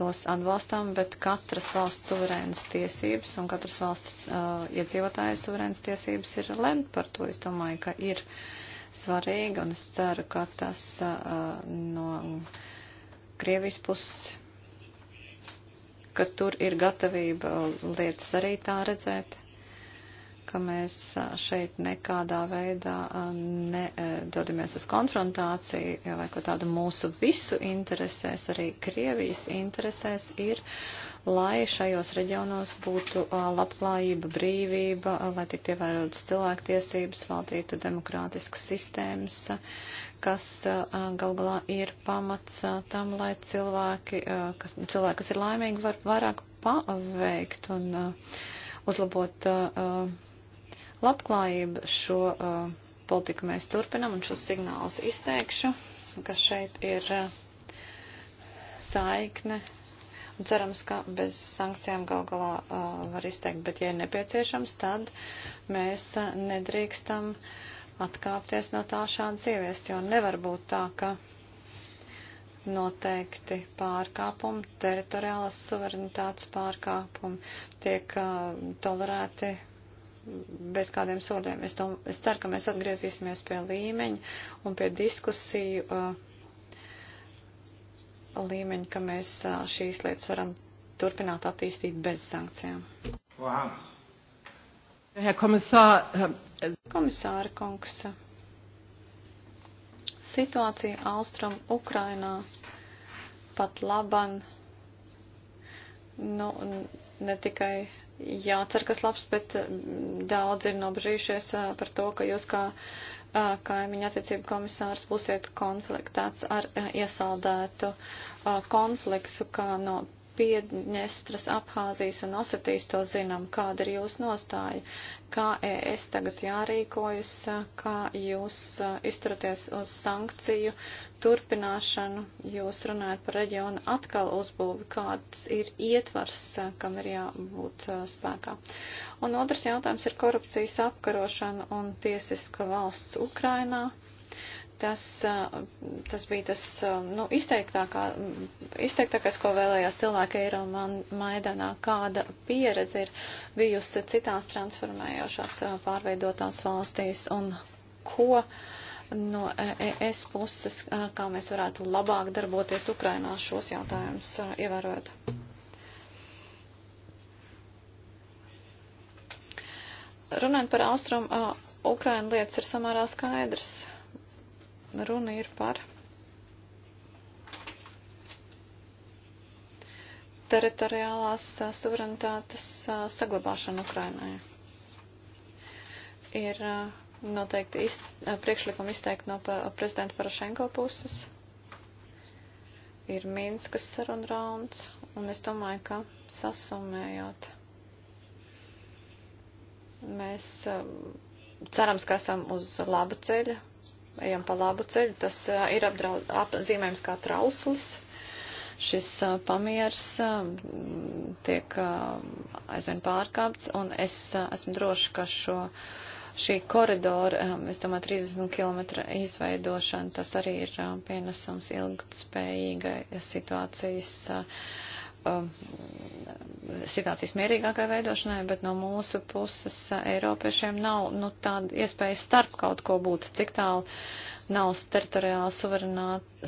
tos atbalstām, bet katras valsts suverēnas tiesības un katras valsts iedzīvotāja suverēnas tiesības ir lemt par to. Es domāju, ka ir. Uh, svarīga, un es ceru, ka tas uh, no Krievijas puses, ka tur ir gatavība lietas arī tā redzēt, ka mēs uh, šeit nekādā veidā uh, nedodamies uz konfrontāciju vai ko tādu mūsu visu interesēs, arī Krievijas interesēs ir lai šajos reģionos būtu labklājība, brīvība, lai tiktu ievērotas cilvēktiesības, valdītu demokrātiskas sistēmas, kas gal galā ir pamats tam, lai cilvēki, kas, cilvēki, kas ir laimīgi, var vairāk paveikt un uzlabot labklājību. Šo politiku mēs turpinam un šos signālus izteikšu, ka šeit ir saikne Cerams, ka bez sankcijām gal galā uh, var izteikt, bet ja ir nepieciešams, tad mēs uh, nedrīkstam atkāpties no tā šādas ieviest, jo nevar būt tā, ka noteikti pārkāpumi, teritoriālas suverenitātes pārkāpumi tiek uh, tolerēti bez kādiem soļiem. Es, dom, es ceru, ka mēs atgriezīsimies pie līmeņa un pie diskusiju. Uh, līmeņa, ka mēs šīs lietas varam turpināt attīstīt bez sankcijām. Wow. Herr Kommissar, Herr... Komisāra kungs, situācija Austrum Ukrainā pat laban, nu, ne tikai jācer, kas labs, bet daudz ir nobrīšies par to, ka jūs kā kaimiņa attiecību komisārs būsiet konfliktēts ar iesaldētu konfliktu, kā no Piedņestras, Abhāzijas un Osetijas to zinām, kāda ir jūsu nostāja, kā ES tagad jārīkojas, kā jūs uh, izturaties uz sankciju turpināšanu, jūs runājat par reģionu atkal uzbūvi, kāds ir ietvars, uh, kam ir jābūt uh, spēkā. Un otrs jautājums ir korupcijas apkarošana un tiesiska valsts Ukrainā. Tas, tas bija tas nu, izteiktākā, izteiktākais, ko vēlējās cilvēki Eiro Maidanā, kāda pieredze ir bijusi citās transformējošās pārveidotās valstīs un ko no ES puses, kā mēs varētu labāk darboties Ukrainā šos jautājumus ievērot. Runājot par austrumu, Ukraina lietas ir samērā skaidrs. Runa ir par teritoriālās suverenitātes saglabāšanu Ukrainai. Ir noteikti iz, priekšlikumi izteikti no prezidenta Parašenko puses. Ir Minskas saruna rauns, un es domāju, ka sasumējot, mēs cerams, ka esam uz laba ceļa, ejam pa labu ceļu. Tas ir apdraud, apzīmējums kā trauslis. Šis pamiers tiek aizvien pārkāpts, un es esmu droši, ka šo, šī koridora, es domāju, 30 km izveidošana, tas arī ir pienesums ilgtspējīgai situācijas Um, situācijas mierīgākai veidošanai, bet no mūsu puses uh, Eiropiešiem nav nu, tāda iespēja starp kaut ko būt, cik tālu nav teritoriāla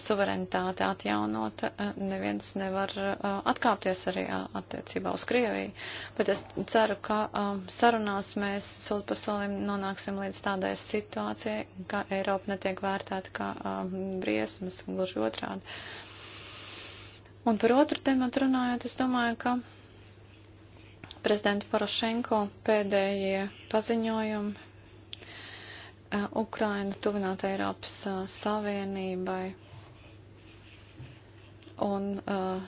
suverenitāte atjaunota, uh, neviens nevar uh, atkāpties arī attiecībā uz Krieviju. Bet es ceru, ka um, sarunās mēs soli pa solim nonāksim līdz tādai situācijai, ka Eiropa netiek vērtēta kā um, briesmas, gluži otrādi Un par otru tematu runājot, es domāju, ka prezidenta Porošenko pēdējie paziņojumi eh, Ukraina tuvināt Eiropas eh, Savienībai un eh,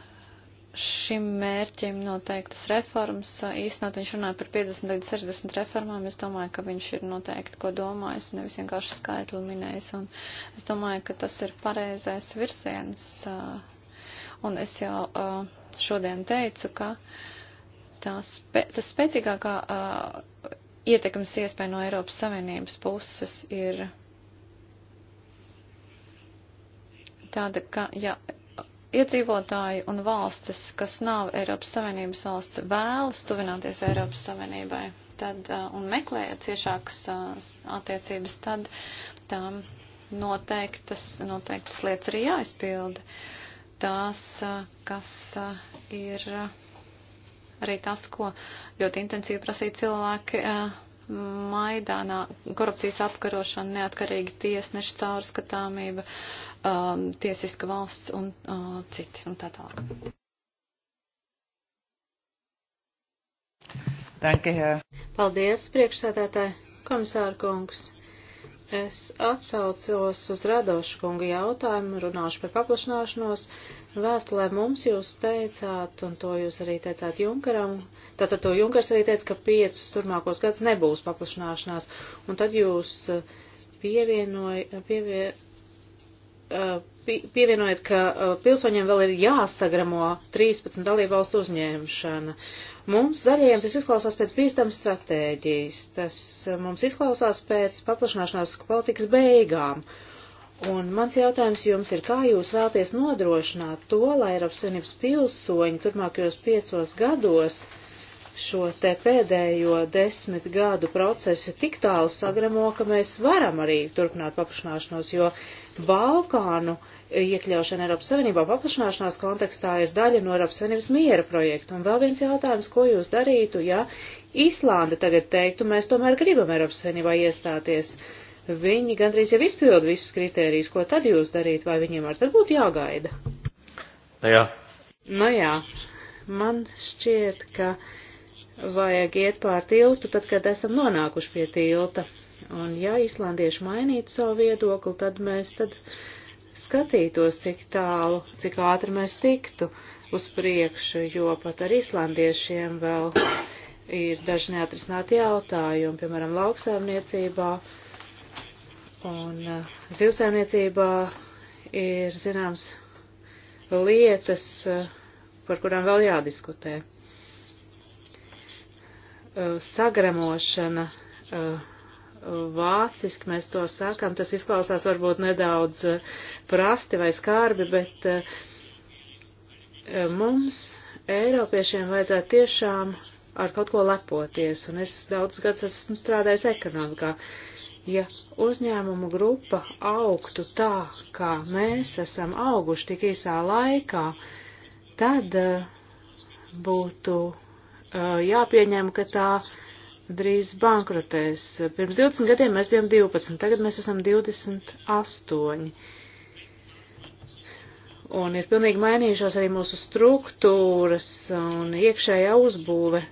šim mērķim noteiktas reformas. Īstenot viņš runāja par 50 līdz 60 reformām. Es domāju, ka viņš ir noteikti ko domājis, nevis vienkārši skaitli minējis. Un es domāju, ka tas ir pareizais virsiens. Uh, Un es jau uh, šodien teicu, ka tās, spe, tas spēcīgākā uh, ietekmes iespēja no Eiropas Savienības puses ir tāda, ka ja iedzīvotāji un valstis, kas nav Eiropas Savienības valsts, vēlas tuvināties Eiropas Savienībai tad, uh, un meklē ciešākas uh, attiecības, tad tām noteiktas, noteiktas lietas arī jāizpilda. Uh, tās, kas eh, ir eh, arī tas, ko ļoti intensīvi prasīja cilvēki eh, Maidānā korupcijas apkarošana, neatkarīgi tiesneša caurskatāmība, um, tiesiska valsts un uh, citi un tā tālāk. Danke, Paldies, priekšsēdētāji, komisāra kungs. Es atsaucos uz Radošu kunga jautājumu, runāšu par paplašināšanos. Vēstulē mums jūs teicāt, un to jūs arī teicāt Junkaram, tātad to Junkars arī teica, ka piecus turmākos gadus nebūs paplašināšanās, un tad jūs pievienoj, pievie, Uh, pievienojiet, ka uh, pilsoņiem vēl ir jāsagramo 13 dalībvalstu uzņemšana. Mums zaļajiem tas izklausās pēc bīstamas stratēģijas, tas uh, mums izklausās pēc paplašanāšanās politikas beigām. Un mans jautājums jums ir, kā jūs vēlties nodrošināt to, lai Eiropas Savienības pilsoņi turpmākajos piecos gados šo te pēdējo desmit gadu procesu tik tālu sagramo, ka mēs varam arī turpināt paplašanāšanos, jo uh, Balkānu iekļaušana Eiropas Savienībā paplašanāšanās kontekstā ir daļa no Eiropas Savienības miera projekta. Un vēl viens jautājums, ko jūs darītu, ja Īslanda tagad teiktu, mēs tomēr gribam Eiropas Savienībā iestāties. Viņi gandrīz jau izpildu visus kritērijus, ko tad jūs darītu, vai viņiem ar tad būtu jāgaida? Nu jā. Nu jā, man šķiet, ka vajag iet pār tiltu, tad, kad esam nonākuši pie tilta. Un ja islandieši mainītu savu viedokli, tad mēs tad skatītos, cik tālu, cik ātri mēs tiktu uz priekšu, jo pat ar islandiešiem vēl ir daži neatrisināti jautājumi, piemēram, lauksaimniecībā un eh, zivsaimniecībā ir zināms lietas, eh, par kurām vēl jādiskutē. Eh, Sagremošana vāciski mēs to sakam, tas izklausās varbūt nedaudz eh, prasti vai skārbi, bet eh, mums, Eiropiešiem, vajadzētu tiešām ar kaut ko lepoties, un es daudz gadus esmu strādājis ekonomikā. Ja uzņēmumu grupa augtu tā, kā mēs esam auguši tik īsā laikā, tad eh, būtu jāpieņem, ka tā drīz bankrotēs. Pirms 20 gadiem mēs bijām 12, tagad mēs esam 28. Un ir pilnīgi mainījušās arī mūsu struktūras un iekšējā uzbūve.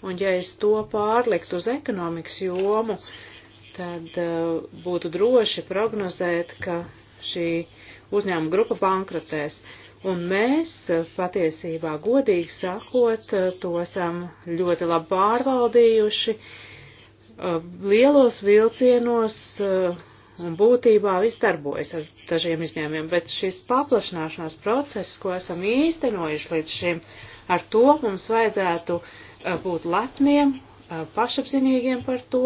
Un ja es to pārliktu uz ekonomikas jomu, tad uh, būtu droši prognozēt, ka šī uzņēmuma grupa bankrotēs. Uh, Un mēs patiesībā, godīgi sakot, to esam ļoti labi pārvaldījuši lielos vilcienos un būtībā viss darbojas ar dažiem izņēmumiem, bet šis paplašināšanās process, ko esam īstenojuši līdz šim, ar to mums vajadzētu būt lepniem, pašapziņīgiem par to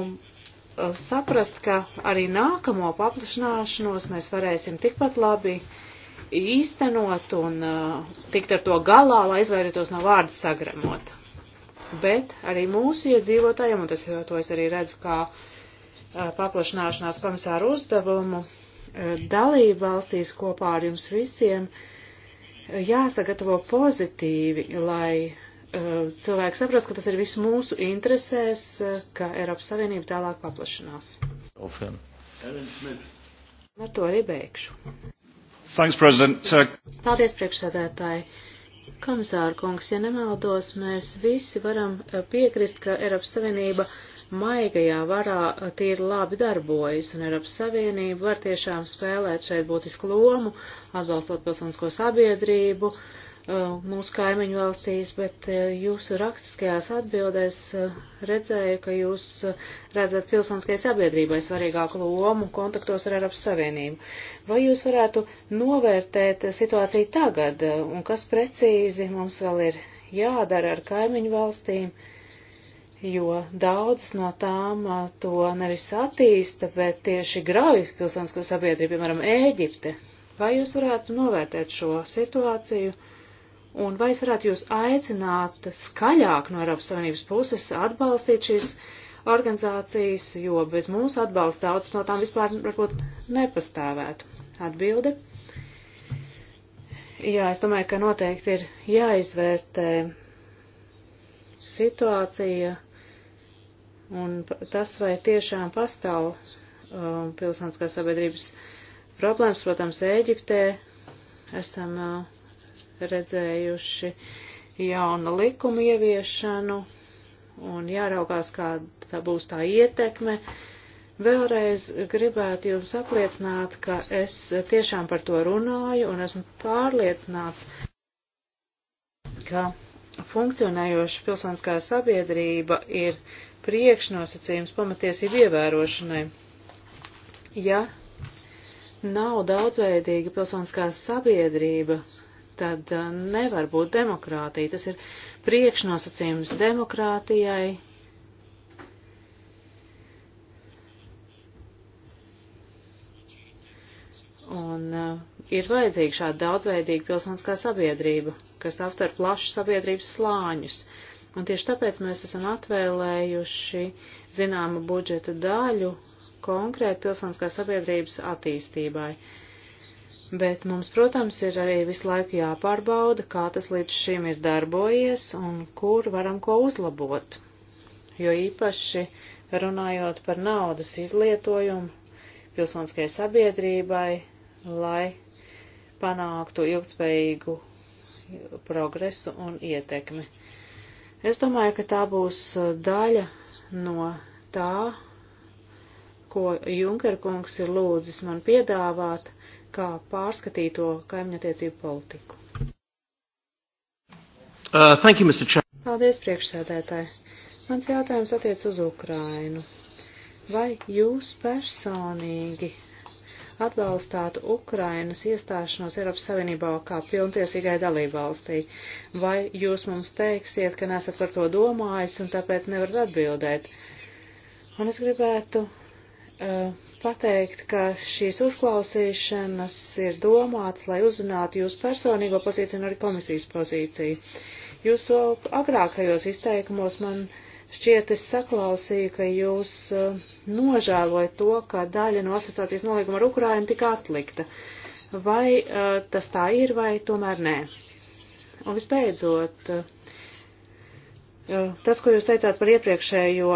un saprast, ka arī nākamo paplašināšanos mēs varēsim tikpat labi uh, īstenot un uh, tikt ar to galā, lai izvairītos no vārda sagremot. Bet arī mūsu iedzīvotājiem, un tas jau to es arī redzu kā uh, paplašināšanās komisāru uzdevumu, uh, dalību valstīs kopā ar jums visiem uh, jāsagatavo pozitīvi, lai uh, cilvēki saprast, ka tas ir viss mūsu interesēs, uh, ka Eiropas Savienība tālāk paplašinās. Ofen. Ar to arī beigšu. Thanks, President. Uh, Paldies, priekšsēdētāji. Komisāra kungs, ja nemaldos, mēs visi varam uh, piekrist, ka Eiropas Savienība maigajā varā uh, tīri labi darbojas, un Eiropas Savienība var tiešām spēlēt šeit būtisku lomu, atbalstot pilsonisko sabiedrību, uh, Uh, mūsu kaimiņu valstīs, bet uh, jūsu rakstiskajās atbildēs uh, redzēju, ka jūs redzat pilsoniskajai sabiedrībai svarīgāku lomu kontaktos ar Eiropas Savienību. Vai jūs varētu novērtēt situāciju tagad un kas precīzi mums vēl ir jādara ar kaimiņu valstīm, jo daudzas no tām to nevis attīsta, bet tieši grauj pilsonisko sabiedrību, piemēram, Ēģipte? Vai jūs varētu novērtēt šo situāciju? Un vai es varētu jūs aicināt skaļāk no Eiropas Savienības puses atbalstīt šīs organizācijas, jo bez mūsu atbalsta daudz no tām vispār varbūt nepastāvētu? Atbildi. Jā, es domāju, ka noteikti ir jāizvērtē situācija un tas, vai tiešām pastāv uh, pilsoniskās sabiedrības problēmas, protams, Ēģiptē esam uh, redzējuši jauna likuma ieviešanu un jāraugās, kāda būs tā ietekme. Vēlreiz gribētu jums apliecināt, ka es tiešām par to runāju un esmu pārliecināts, ka funkcionējoša pilsoniskā sabiedrība ir priekšnosacījums pamatiesību ievērošanai. Ja nav daudzveidīga pilsoniskā sabiedrība, tad eh, nevar būt demokrātija. Tas ir priekšnosacījums demokrātijai. Un uh, ir vajadzīga šāda daudzveidīga pilsoniskā sabiedrība, kas aptver plašus sabiedrības slāņus. Un tieši tāpēc mēs esam atvēlējuši zināmu budžeta daļu konkrēti pilsoniskās sabiedrības attīstībai. Uh, bet mums, protams, ir arī visu laiku jāpārbauda, kā tas līdz šim ir darbojies un kur varam ko uzlabot. Jo īpaši runājot par naudas izlietojumu pilsoniskajai sabiedrībai, lai panāktu ilgtspējīgu progresu un ietekmi. Es domāju, ka tā būs uh, daļa no tā, ko Junkerkungs ir lūdzis man piedāvāt, kā pārskatīto kaimiņattiecību politiku. Uh, thank you, Mr. Chair. Paldies, priekšsēdētājs. Mans jautājums attiec uz Ukrainu. Vai jūs personīgi atbalstāt Ukrainas iestāšanos Eiropas Savienībā kā pilntiesīgai dalībvalstī? Vai jūs mums teiksiet, ka nesat par to domājis un tāpēc nevarat atbildēt? Un es gribētu uh, pateikt, ka šīs uzklausīšanas ir domāts, lai uzzinātu jūsu personīgo pozīciju un arī komisijas pozīciju. Jūsu agrākajos izteikumos man šķiet es saklausīju, ka jūs eh, nožēlojat to, ka daļa no asociācijas nolīguma ar Ukrainu tika atlikta. Vai uh, tas tā ir, vai tomēr nē? Un visbeidzot, uh, tas, ko jūs teicāt par iepriekšējo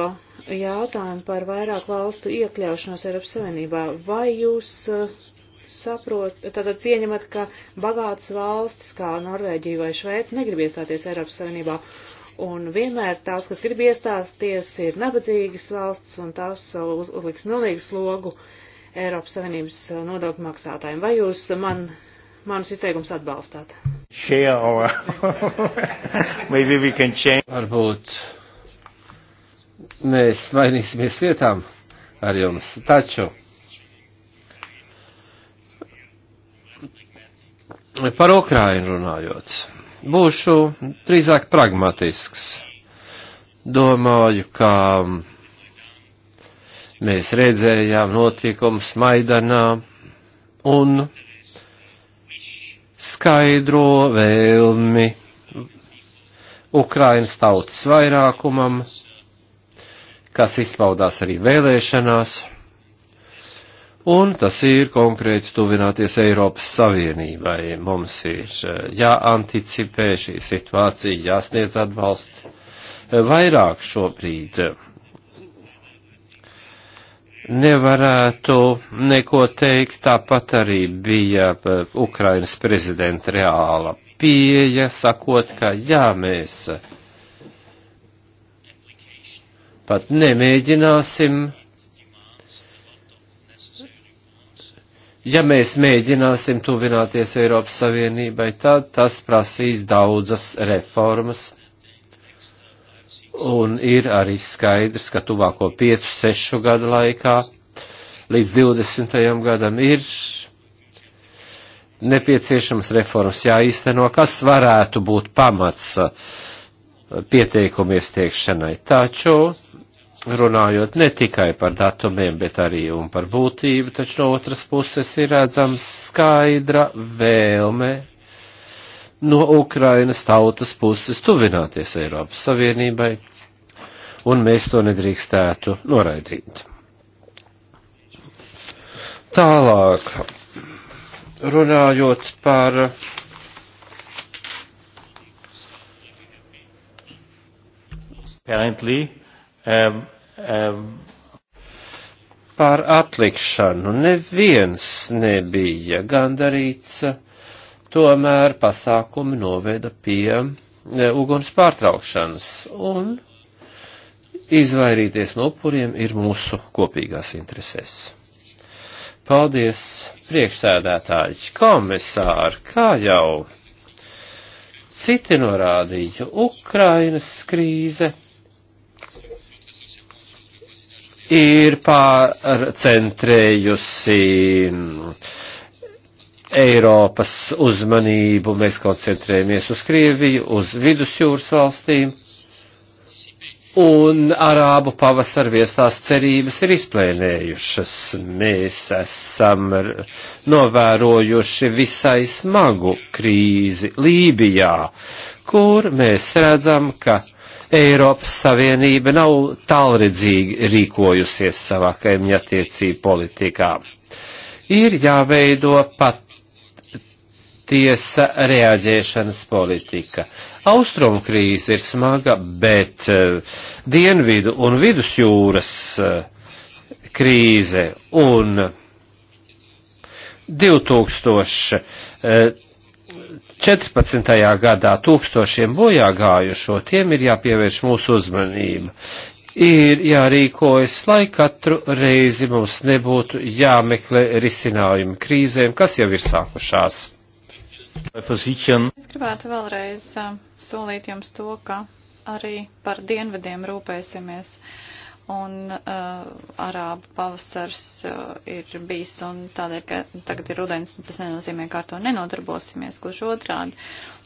jautājumu par vairāk valstu iekļaušanos Eiropas Savienībā. Vai jūs eh, saprot, tad pieņemat, ka bagātas valstis kā Norvēģija vai Šveica negrib iestāties Eiropas Savienībā, un vienmēr tās, kas grib iestāties, ir nabadzīgas valsts, un tās uz, uzliks milzīgu slogu Eiropas Savienības eh, nodokļu maksātājiem. Vai jūs man, manus izteikumus atbalstāt? Šie, or... maybe we can change. Varbūt mēs mainīsimies vietām ar jums. Taču par Ukrainu runājot, būšu drīzāk pragmatisks. Domāju, ka mēs redzējām notikums Maidanā un skaidro vēlmi Ukrainas tautas vairākumam kas izpaudās arī vēlēšanās, un tas ir konkrēti tuvināties Eiropas Savienībai. Mums ir eh, jāanticipē šī situācija, jāsniedz atbalsts eh, vairāk šobrīd eh, nevarētu neko teikt, tāpat arī bija Ukrainas prezidenta reāla pieeja, sakot, ka jā, mēs pat nemēģināsim. Ja mēs mēģināsim tuvināties Eiropas Savienībai, tad tas prasīs daudzas reformas. Un ir arī skaidrs, ka tuvāko 5-6 gadu laikā līdz 20. gadam ir nepieciešamas reformas jāīsteno, kas varētu būt pamats uh, pieteikumu iestiekšanai. Taču, runājot ne tikai par datumiem, bet arī un par būtību, taču no otras puses ir redzams skaidra vēlme no Ukrainas tautas puses tuvināties Eiropas Savienībai, un mēs to nedrīkstētu noraidīt. Tālāk, runājot par apparently um, um, par atlikšanu neviens nebija gandarīts, tomēr pasākumi noveda pie e, uguns pārtraukšanas, un izvairīties no upuriem ir mūsu kopīgās interesēs. Paldies, priekšsēdētāji, komisāri, kā jau citi norādīja, Ukrainas krīze ir pārcentrējusi mm, Eiropas uzmanību, mēs koncentrējamies uz Krieviju, uz vidusjūras valstīm, un arābu pavasar viestās cerības ir izplēnējušas. Mēs esam novērojuši visai smagu krīzi Lībijā, kur mēs redzam, ka Eiropas Savienība nav tālredzīgi rīkojusies savā kaimiņa attiecību politikā. Ir jāveido pat tiesa reaģēšanas politika. Austrumu krīze ir smaga, bet eh, dienvidu un vidusjūras eh, krīze un 2000 eh, 14. gadā tūkstošiem bojā gājušo, tiem ir jāpievērš mūsu uzmanība. Ir jārīkojas, lai katru reizi mums nebūtu jāmeklē risinājumi krīzēm, kas jau ir sākušās. Es gribētu vēlreiz solīt jums to, ka arī par dienvediem rūpēsimies. Uh, un uh, arābu pavasars uh, ir bijis, un tādēļ, ka tagad ir rudens, tas nenozīmē, ka ar to nenodarbosimies, kurš otrādi.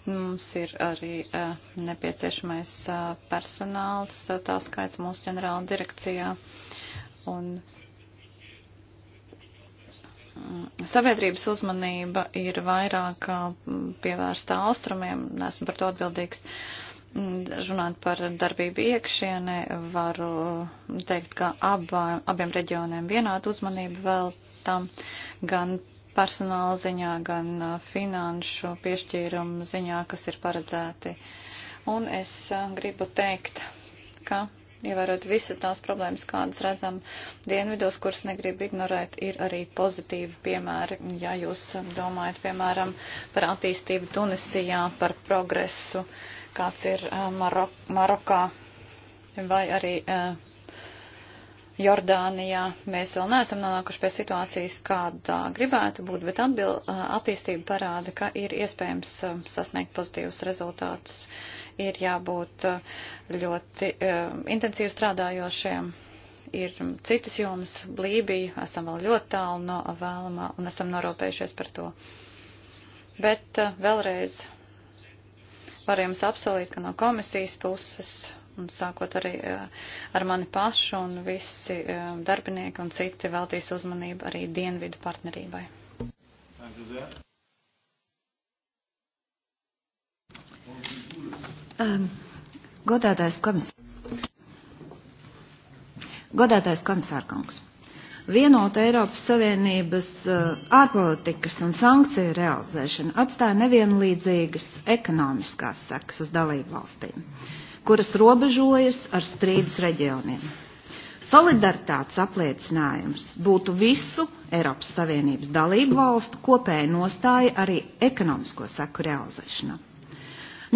Mums ir arī uh, nepieciešamais uh, personāls, uh, tā skaits mūsu ģenerāla direkcijā, un mm, Sabiedrības uzmanība ir vairāk uh, pievērsta austrumiem, nesmu par to atbildīgs. Uh, Runāt par darbību iekšienē, varu teikt, ka abā, abiem reģioniem vienādu uzmanību vēl tam, gan personāla ziņā, gan finanšu piešķīrumu ziņā, kas ir paredzēti. Un es gribu teikt, ka ievērot visas tās problēmas, kādas redzam dienvidos, kuras negrib ignorēt, ir arī pozitīvi piemēri. Ja jūs domājat, piemēram, par attīstību Tunisijā, par progresu, uh, kāds ir Marok Marokā vai arī Jordānijā. Mēs vēl neesam nonākuši pie situācijas, kādā gribētu būt, bet atbil, attīstība parāda, ka ir iespējams sasniegt pozitīvus rezultātus. Ir jābūt ļoti intensīvi strādājošiem ir citas jomas, Lībija, esam vēl ļoti tālu no vēlamā un esam norūpējušies par to. Bet vēlreiz Var jums apsolīt, ka no komisijas puses un sākot arī eh, ar mani pašu un visi eh, darbinieki un citi veltīs uzmanību arī dienvidu partnerībai. Um, godātais komisār. Godātais komisārkungs vienota Eiropas Savienības eh, ārpolitikas un sankciju realizēšana atstāja nevienlīdzīgas ekonomiskās sekas uz dalību valstīm, kuras robežojas ar strīdus reģioniem. Solidaritātes apliecinājums būtu visu Eiropas Savienības dalību valstu kopēja nostāja arī ekonomisko seku realizēšanā.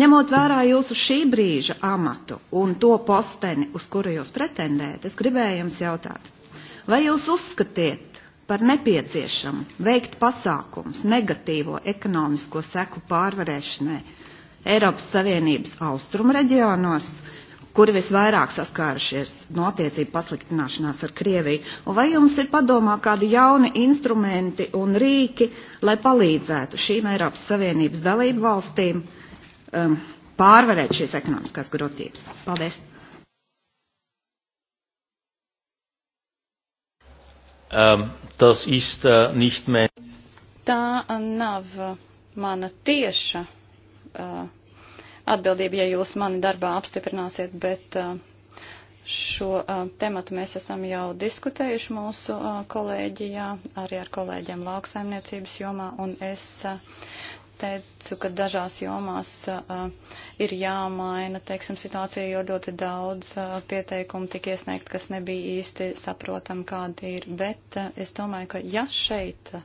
Ņemot vērā jūsu šī brīža amatu un to posteni, uz kuru jūs pretendējat, es gribēju jums jautāt, Vai jūs uzskatiet par nepieciešamu veikt pasākums negatīvo ekonomisko seku pārvarēšanai Eiropas Savienības austrumu reģionos, kuri visvairāk saskārušies no attiecību pasliktināšanās ar Krieviju, un vai jums ir padomā kādi jauni instrumenti un rīki, lai palīdzētu šīm Eiropas Savienības dalību valstīm um, pārvarēt šīs ekonomiskās grotības? Paldies! Tas ähm, ist äh, nicht mein. Tā nav mana tieša äh, atbildība, ja jūs mani darbā apstiprināsiet, bet äh, šo tematu mēs esam jau diskutējuši mūsu kolēģijā, arī ar kolēģiem lauksaimniecības jomā, un es teicu, ka dažās jomās uh, ir jāmaina, teiksim, situācija, jo ļoti daudz uh, pieteikumu tika iesniegt, kas nebija īsti saprotam, kāda ir. Bet uh, es domāju, ka ja šeit uh,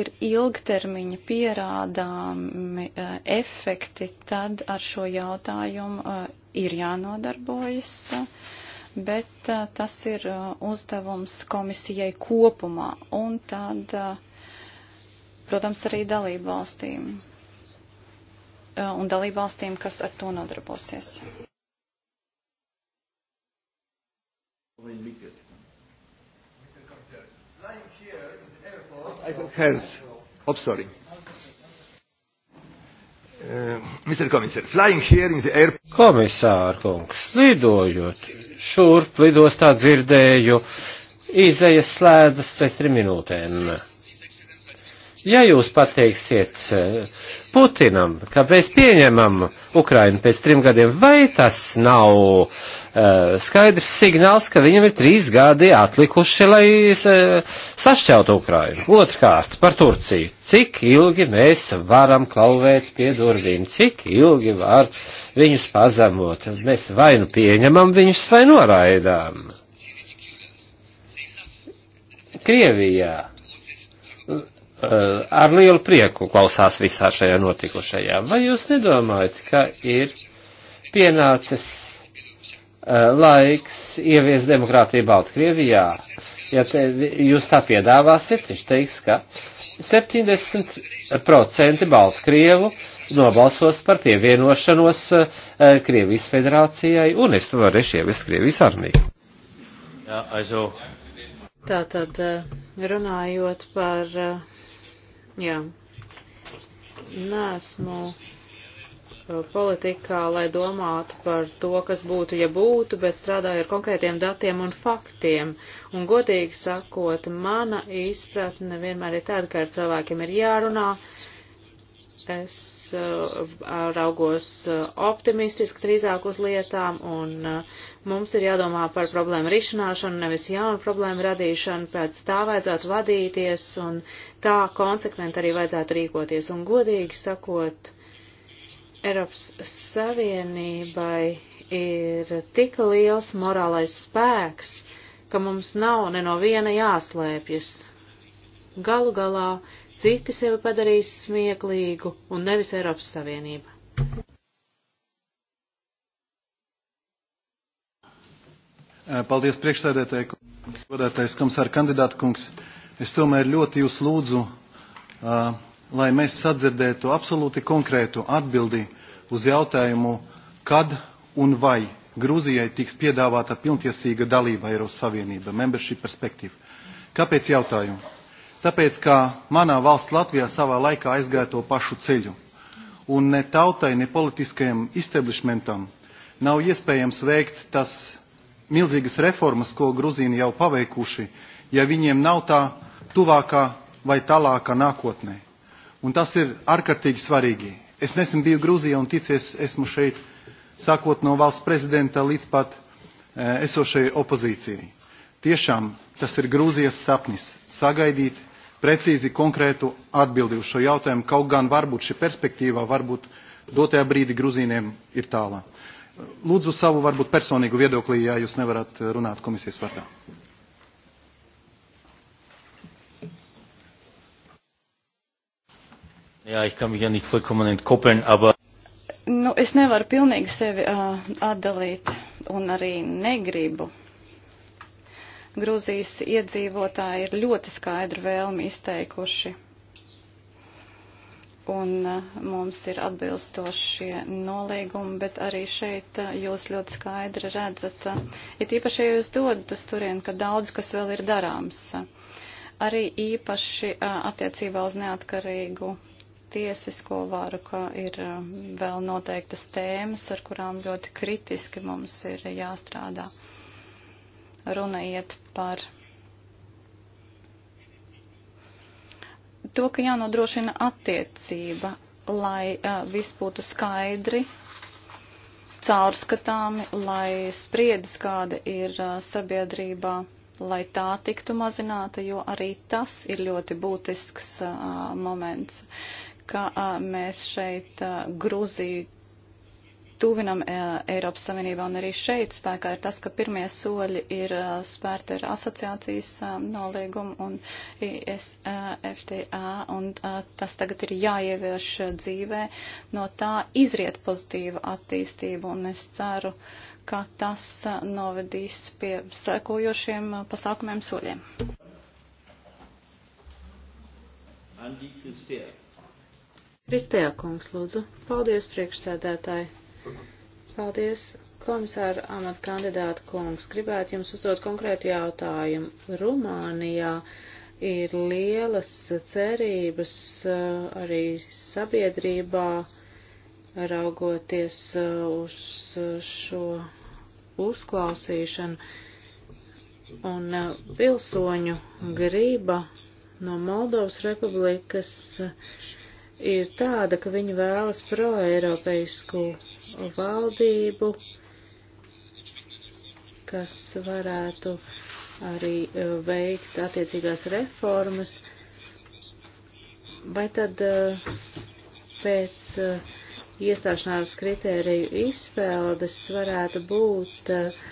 ir ilgtermiņa pierādāmi uh, efekti, tad ar šo jautājumu uh, ir jānodarbojas. Uh, bet uh, tas ir uh, uzdevums komisijai kopumā. Un tad uh, protams, arī dalību valstīm un dalību valstīm, kas ar to nodarbosies. Hands. Oh, sorry. Uh, Mr. Komisār, flying here in the air. Komisār kungs, lidojot šurp lidostā dzirdēju izējas slēdzas pēc trim minūtēm. Ja jūs pateiksiet eh, Putinam, ka mēs pieņemam Ukrainu pēc trim gadiem, vai tas nav uh, skaidrs signāls, ka viņam ir trīs gadi atlikuši, lai uh, sašķeltu Ukrainu? Otrkārt, par Turciju. Cik ilgi mēs varam klauvēt pie durvīm? Cik ilgi var viņus pazemot? Mēs vai nu pieņemam viņus, vai noraidām. Krievijā Eh, ar lielu prieku klausās visā šajā notikušajā. Vai jūs nedomājat, ka ir pienācis eh, laiks ievies demokrātiju Baltkrievijā? Ja te, jūs tā piedāvāsiet, viņš teiks, ka 70% Baltkrievu nobalsos par pievienošanos eh, Krievijas federācijai, un es to varēšu ievest Krievijas armiju. Jā, aizo. Tātad runājot par Jā. Nesmu uh, politikā, lai domātu par to, kas būtu, ja būtu, bet strādāju ar konkrētiem datiem un faktiem. Un godīgi sakot, mana izpratne vienmēr ir tāda, ka ar cilvēkiem ir jārunā. Es uh, raugos uh, optimistiski drīzāk uz lietām un uh, Mums ir jādomā par problēmu risināšanu, nevis jaunu problēmu radīšanu, pēc tā vajadzētu vadīties un tā konsekventi arī vajadzētu rīkoties. Un godīgi sakot, Eiropas Savienībai ir tik liels morālais spēks, ka mums nav ne no viena jāslēpjas. Galu galā citi sevi padarīs smieklīgu un nevis Eiropas Savienība. Eh, paldies priekšsēdētāji, godētais komisāra kandidāta kungs. Es tomēr ļoti jūs lūdzu, eh, lai mēs sadzirdētu absolūti konkrētu atbildi uz jautājumu, kad un vai Grūzijai tiks piedāvāta pilntiesīga dalība Eiropas Savienība, membership perspektīva. Kāpēc jautājumu? Tāpēc, ka manā valsts Latvijā savā laikā aizgāja to pašu ceļu. Un ne tautai, ne politiskajam establishmentam nav iespējams veikt tas milzīgas reformas, ko Gruzīni jau paveikuši, ja viņiem nav tā tuvākā vai tālākā nākotnē. Un tas ir ārkārtīgi svarīgi. Es nesen biju Grūzijā un ticies esmu šeit, sākot no valsts prezidenta līdz pat eh, esošajai opozīcijai. Tiešām tas ir Grūzijas sapnis - sagaidīt precīzi konkrētu atbildi uz šo jautājumu, kaut gan varbūt šī perspektīva varbūt dotajā brīdī Grūzīniem ir tālā. Lūdzu savu varbūt personīgu viedoklī, ja jūs nevarat eh, runāt komisijas vārdā. Jā, ich kann mich ja nicht vollkommen entkoppeln, aber. Nu, es nevaru pilnīgi sevi uh, atdalīt un arī negribu. Grūzijas iedzīvotāji ir ļoti skaidru vēlmi izteikuši un eh, mums ir atbilstošie nolīgumi, bet arī šeit eh, jūs ļoti skaidri redzat, eh, it īpaši, ja jūs dodat uz turien, ka daudz kas vēl ir darāms. Arī īpaši attiecībā uz neatkarīgu tiesisko varu, ka ir vēl noteiktas tēmas, ar kurām ļoti kritiski mums ir jāstrādā. Runa iet par to, ka jānodrošina attiecība, lai uh, viss būtu skaidri, caurskatāmi, lai spriedis, kāda ir uh, sabiedrībā, lai tā tiktu mazināta, jo arī tas ir ļoti būtisks uh, moments, ka a, mēs šeit a, Gruziju tuvinam e, Eiropas Savienībā un arī šeit spēkā ir tas, ka pirmie soļi ir e, spērti ar asociācijas e, nolīgumu un ISFTA, un tas tagad ir jāievieš dzīvē. No tā izriet pozitīva attīstība, un es ceru, ka tas novedīs pie sekojošiem pasākumiem soļiem. Andy Kristē. Kristējā kungs, lūdzu. Paldies, priekšsēdētāji. Paldies, komisāra amata kandidāta kungs. Gribētu jums uzdot konkrētu jautājumu. Rumānijā ir lielas cerības eh, arī sabiedrībā raugoties eh, uz eh, šo uzklausīšanu un pilsoņu grība no Moldovas republikas uh, ir tāda, ka viņi vēlas proeiropeisku valdību, kas varētu arī eh, veikt attiecīgās reformas, vai tad eh, pēc eh, iestāšanās kritēriju izpildes varētu būt uh,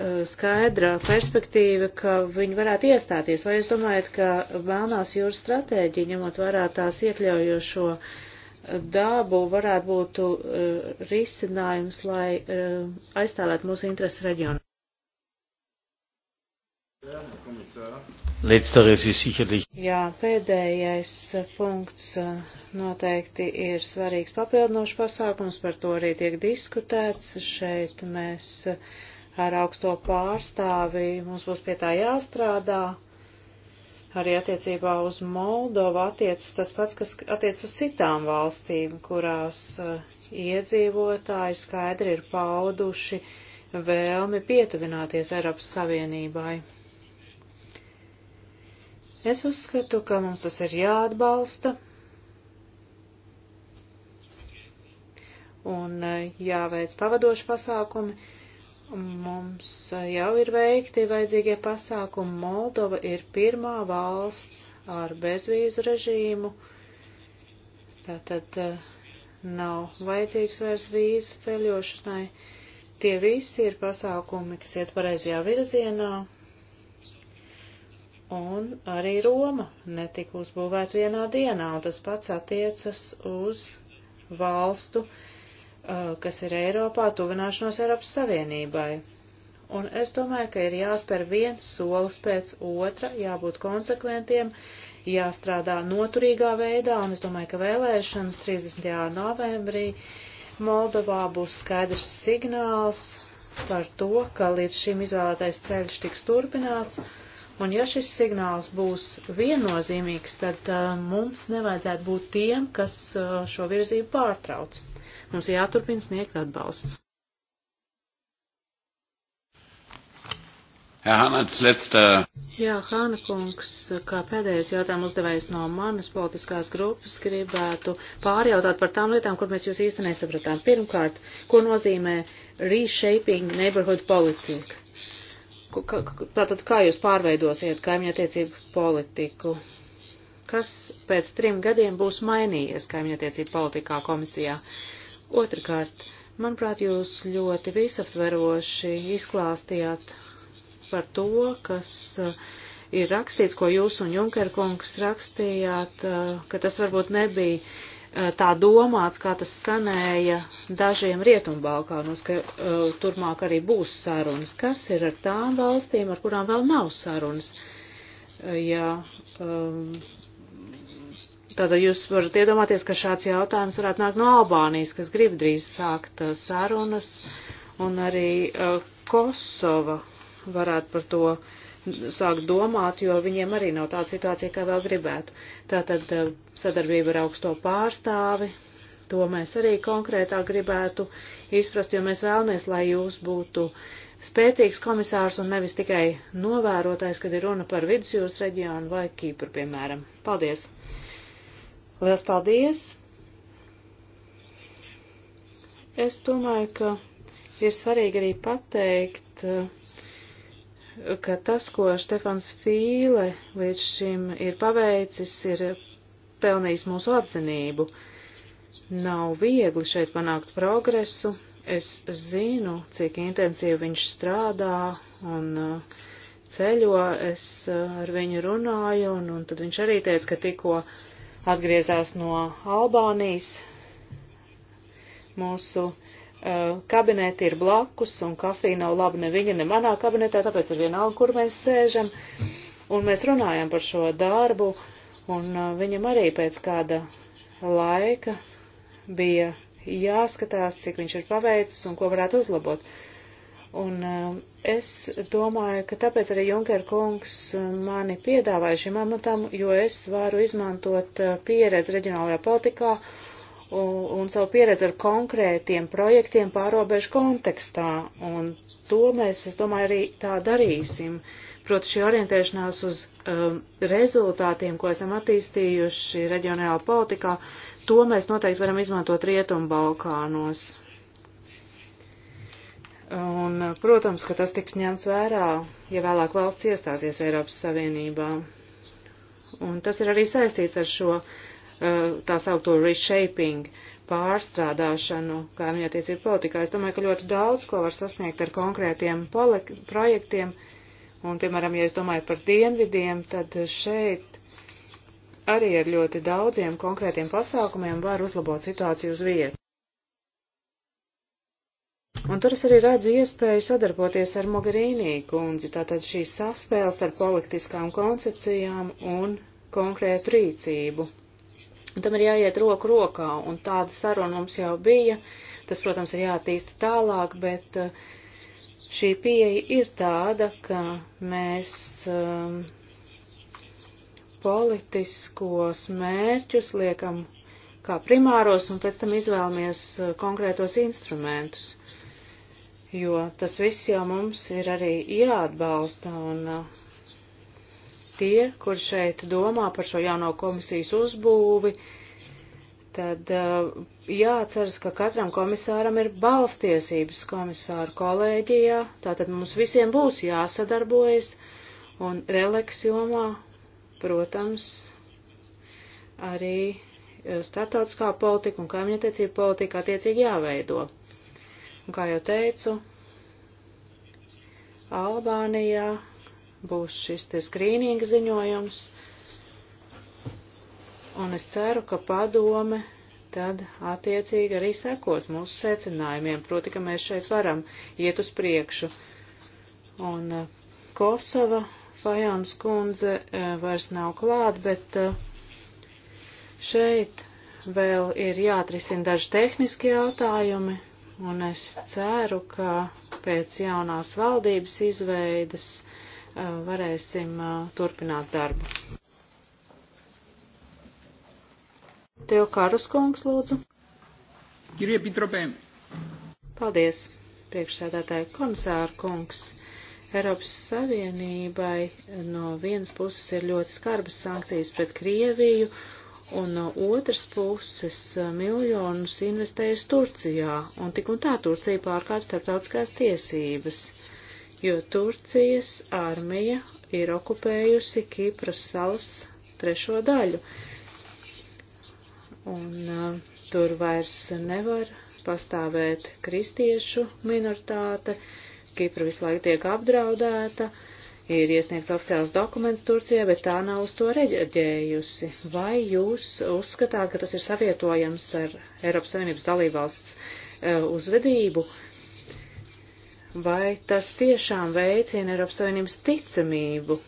Eh, skaidra perspektīva, ka viņi varētu iestāties. Vai jūs domājat, ka Melnās jūras stratēģija, ņemot vērā tās iekļaujošo eh, dabu, varētu būt uh, risinājums, lai uh, aizstāvētu mūsu interesu reģionu? Letzteres ist sicherlich. Jā, pēdējais punkts noteikti ir svarīgs papildinošs pasākums, par to arī tiek diskutēts. Šeit mēs uh, ar augsto pārstāvi. Mums būs pie tā jāstrādā. Arī attiecībā uz Moldovu attiecas tas pats, kas attiec uz citām valstīm, kurās eh, iedzīvotāji skaidri ir pauduši vēlmi pietuvināties Eiropas Savienībai. Es uzskatu, ka mums tas ir jāatbalsta, un eh, jāveic pavadoši pasākumi, Mums jau ir veikti vajadzīgie pasākumi. Moldova ir pirmā valsts ar bezvīzu režīmu. Tātad eh, nav vajadzīgs vairs vīzas ceļošanai. Tie visi ir pasākumi, kas iet pareizajā virzienā. Un arī Roma netika uzbūvēta vienā dienā, un tas pats attiecas uz valstu uh, Eh, kas ir Eiropā, tuvināšanos Eiropas Savienībai. Un es domāju, ka ir jāspēr viens solis pēc otra, jābūt konsekventiem, jāstrādā noturīgā veidā, un es domāju, ka vēlēšanas 30. novembrī Moldovā būs skaidrs signāls par to, ka līdz šim izvēlētais ceļš tiks turpināts, un ja šis signāls būs viennozīmīgs, tad uh, mums nevajadzētu būt tiem, kas uh, šo virzību pārtrauc. Mums jāturpina sniegt atbalsts. Jā, Hānats, letzter. Jā, Hāna kungs, kā pēdējais jautājums uzdevējs no manas politiskās grupas, gribētu pārjautāt par tām lietām, kur mēs jūs īsti nesapratām. Pirmkārt, ko nozīmē reshaping neighborhood politika? Tātad, kā jūs pārveidosiet kaimiņattiecību politiku? Kas pēc trim gadiem būs mainījies kaimiņattiecību politikā komisijā? Uh, Otrakārt, manuprāt, jūs ļoti visaptveroši izklāstījāt par to, kas uh, ir rakstīts, ko jūs un Junkerkungs rakstījāt, uh, ka tas varbūt nebija uh, tā domāts, kā tas skanēja dažiem Rietumbalkānos, ka uh, turmāk arī būs sarunas. Kas ir ar tām valstīm, ar kurām vēl nav sarunas? Uh, ja um, Tātad jūs varat iedomāties, ka šāds jautājums varētu nākt no Albānijas, kas grib drīz sākt uh, sarunas, un arī uh, Kosova varētu par to sākt domāt, jo viņiem arī nav tāda situācija, kā vēl gribētu. Tātad uh, sadarbība ar augsto pārstāvi, to mēs arī konkrētā gribētu izprast, jo mēs vēlamies, lai jūs būtu spēcīgs komisārs un nevis tikai novērotājs, kad ir runa par vidusjūras reģionu vai Kīpru, piemēram. Paldies! Liels paldies! Es domāju, ka ir svarīgi arī pateikt, eh, ka tas, ko Štefans Fīle līdz šim ir paveicis, ir pelnījis mūsu atzinību. Nav viegli šeit panākt progresu. Es zinu, cik intensīvi viņš strādā un eh, ceļo. Es eh, ar viņu runāju, un, un tad viņš arī teica, ka tikko atgriezās no Albānijas. Mūsu uh, kabineti ir blakus, un kafija nav laba ne viņa, ne manā kabinetā, tāpēc ir vienalga, kur mēs sēžam. Un mēs runājam par šo darbu, un uh, viņam arī pēc kāda laika bija jāskatās, cik viņš ir paveicis un ko varētu uzlabot. Uh, Un um, es domāju, ka tāpēc arī Junker kungs um, mani piedāvāja šim amatam, jo es varu izmantot uh, pieredzi reģionālajā politikā un, un savu pieredzi ar konkrētiem projektiem pārobežu kontekstā. Un to mēs, es domāju, arī tā darīsim. Proti šī orientēšanās uz um, rezultātiem, ko esam attīstījuši reģionālajā politikā, to mēs noteikti varam izmantot Rietumbalkānos. Balkānos. Un, protams, ka tas tiks ņemts vērā, ja vēlāk valsts iestāsies Eiropas Savienībā. Un tas ir arī saistīts ar šo eh, tā saukto reshaping, pārstrādāšanu kaimiņattiecību politikā. Es domāju, ka ļoti daudz ko var sasniegt ar konkrētiem projektiem. Un, piemēram, ja es domāju par dienvidiem, tad šeit arī ar ļoti daudziem konkrētiem pasākumiem var uzlabot situāciju uz vietas. Un tur es arī redzu iespēju sadarboties ar Mogherīnī kundzi, tātad šī saspēles starp politiskām koncepcijām un konkrētu rīcību. Un tam ir jāiet roku rokā, un tāda saruna mums jau bija. Tas, protams, ir jātīsta tālāk, bet eh, šī pieeja ir tāda, ka mēs um, politiskos mērķus liekam kā primāros, un pēc tam izvēlamies eh, konkrētos instrumentus jo tas viss jau mums ir arī jāatbalsta un uh, tie, kur šeit domā par šo jauno komisijas uzbūvi, tad uh, jāatceras, ka katram komisāram ir balstiesības komisāru kolēģijā, tātad mums visiem būs jāsadarbojas un releks jomā, protams, arī uh, startautiskā politika un kaimiņatiecība politika attiecīgi jāveido. Un, kā jau teicu, Albānijā būs šis te skrīninga ziņojums, un es ceru, ka padome tad attiecīgi arī sekos mūsu secinājumiem, proti, ka mēs šeit varam iet uz priekšu. Un uh, Kosova Fajons kundze uh, vairs nav klāt, bet uh, šeit vēl ir jāatrisina daži tehniski jautājumi, un es ceru, ka pēc jaunās valdības izveidas uh, varēsim uh, turpināt darbu. Tev Karus kungs, lūdzu. Kirie Pitropē. Paldies, priekšsēdētāji komisāra kungs. Eiropas Savienībai no vienas puses ir ļoti skarbas sankcijas pret Krieviju un no uh, otras puses uh, miljonus investējusi Turcijā, un tik un tā Turcija pārkāpj starptautiskās tiesības, jo Turcijas armija ir okupējusi Kipras salas trešo daļu, un uh, tur vairs nevar pastāvēt kristiešu minoritāte, Kipra visu laiku tiek apdraudēta, uh, ir iesniegts oficiāls dokuments Turcijai, bet tā nav uz to reģējusi. Vai jūs uzskatāt, ka tas ir savietojams ar Eiropas Savienības dalībvalsts e, uzvedību? Vai tas tiešām veicina Eiropas Savienības ticamību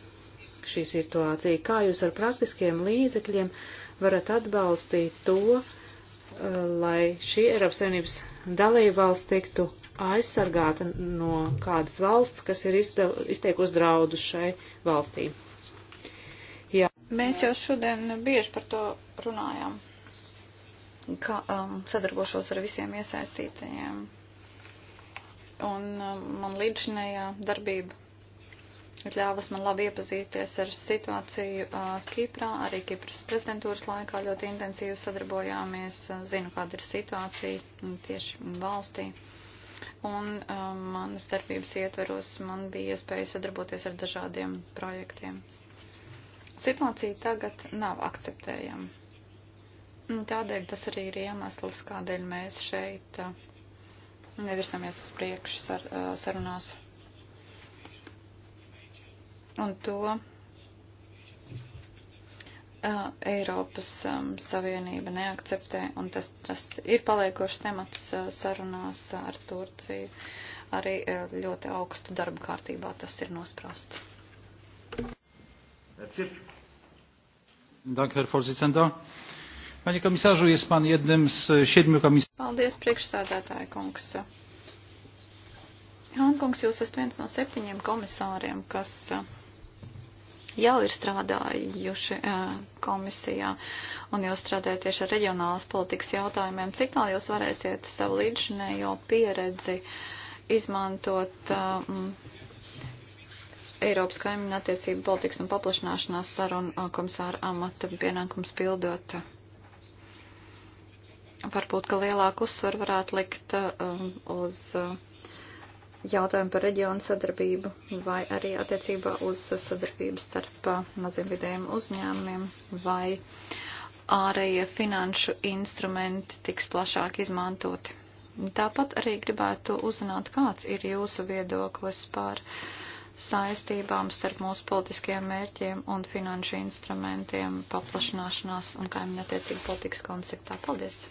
šī situācija? Kā jūs ar praktiskiem līdzekļiem varat atbalstīt to, e, lai šī Eiropas Savienības dalībvalsts tiktu aizsargāta no kādas valsts, kas ir izteikusi draudu šai valstī. Jā. Mēs jau šodien bieži par to runājām, ka um, sadarbošos ar visiem iesaistītajiem. Un um, man līdzinējā darbība ir ļāvas man labi iepazīties ar situāciju uh, Kiprā. Arī Kipras prezidentūras laikā ļoti intensīvi sadarbojāmies. Uh, zinu, kāda ir situācija tieši valstī. Uh, Un um, manas darbības ietveros man bija iespēja sadarboties ar dažādiem projektiem. Situācija tagad nav akceptējama. Un tādēļ tas arī ir iemesls, kādēļ mēs šeit uh, nevirsamies uz priekšu sar, uh, sarunās. Un to uh, Eiropas um, Savienība neakceptē, un tas, tas ir paliekošs temats uh, sarunās ar Turciju. Arī uh, ļoti augstu darba kārtībā tas ir nosprosts. Dank, Herr Vorsitzender. Panie komisarzu, jest pan jednym z siedmiu komisarzy. Paldies, priekšsēdētāja kungs. Hankungs, jūs esat viens no septiņiem komisāriem, kas uh, jau ir strādājuši komisijā un jūs strādājat tieši ar reģionālas politikas jautājumiem. Cik tālu jūs varēsiet savu līdzinējo pieredzi izmantot um, Eiropas kaimiņu attiecību politikas un paplašanāšanās sarunu komisāra amata pienākums pildot? Varbūt, ka lielāku uzsvaru varētu likt um, uz. Uh, jautājumu par reģionu sadarbību vai arī attiecībā uz sadarbību starp uh, maziem vidējiem uzņēmumiem vai ārējie finanšu instrumenti tiks plašāk izmantoti. Tāpat arī gribētu uzzināt, kāds ir jūsu viedoklis par saistībām starp mūsu politiskajiem mērķiem un finanšu instrumentiem paplašanāšanās un kaimiņattiecību politikas konceptā. Paldies!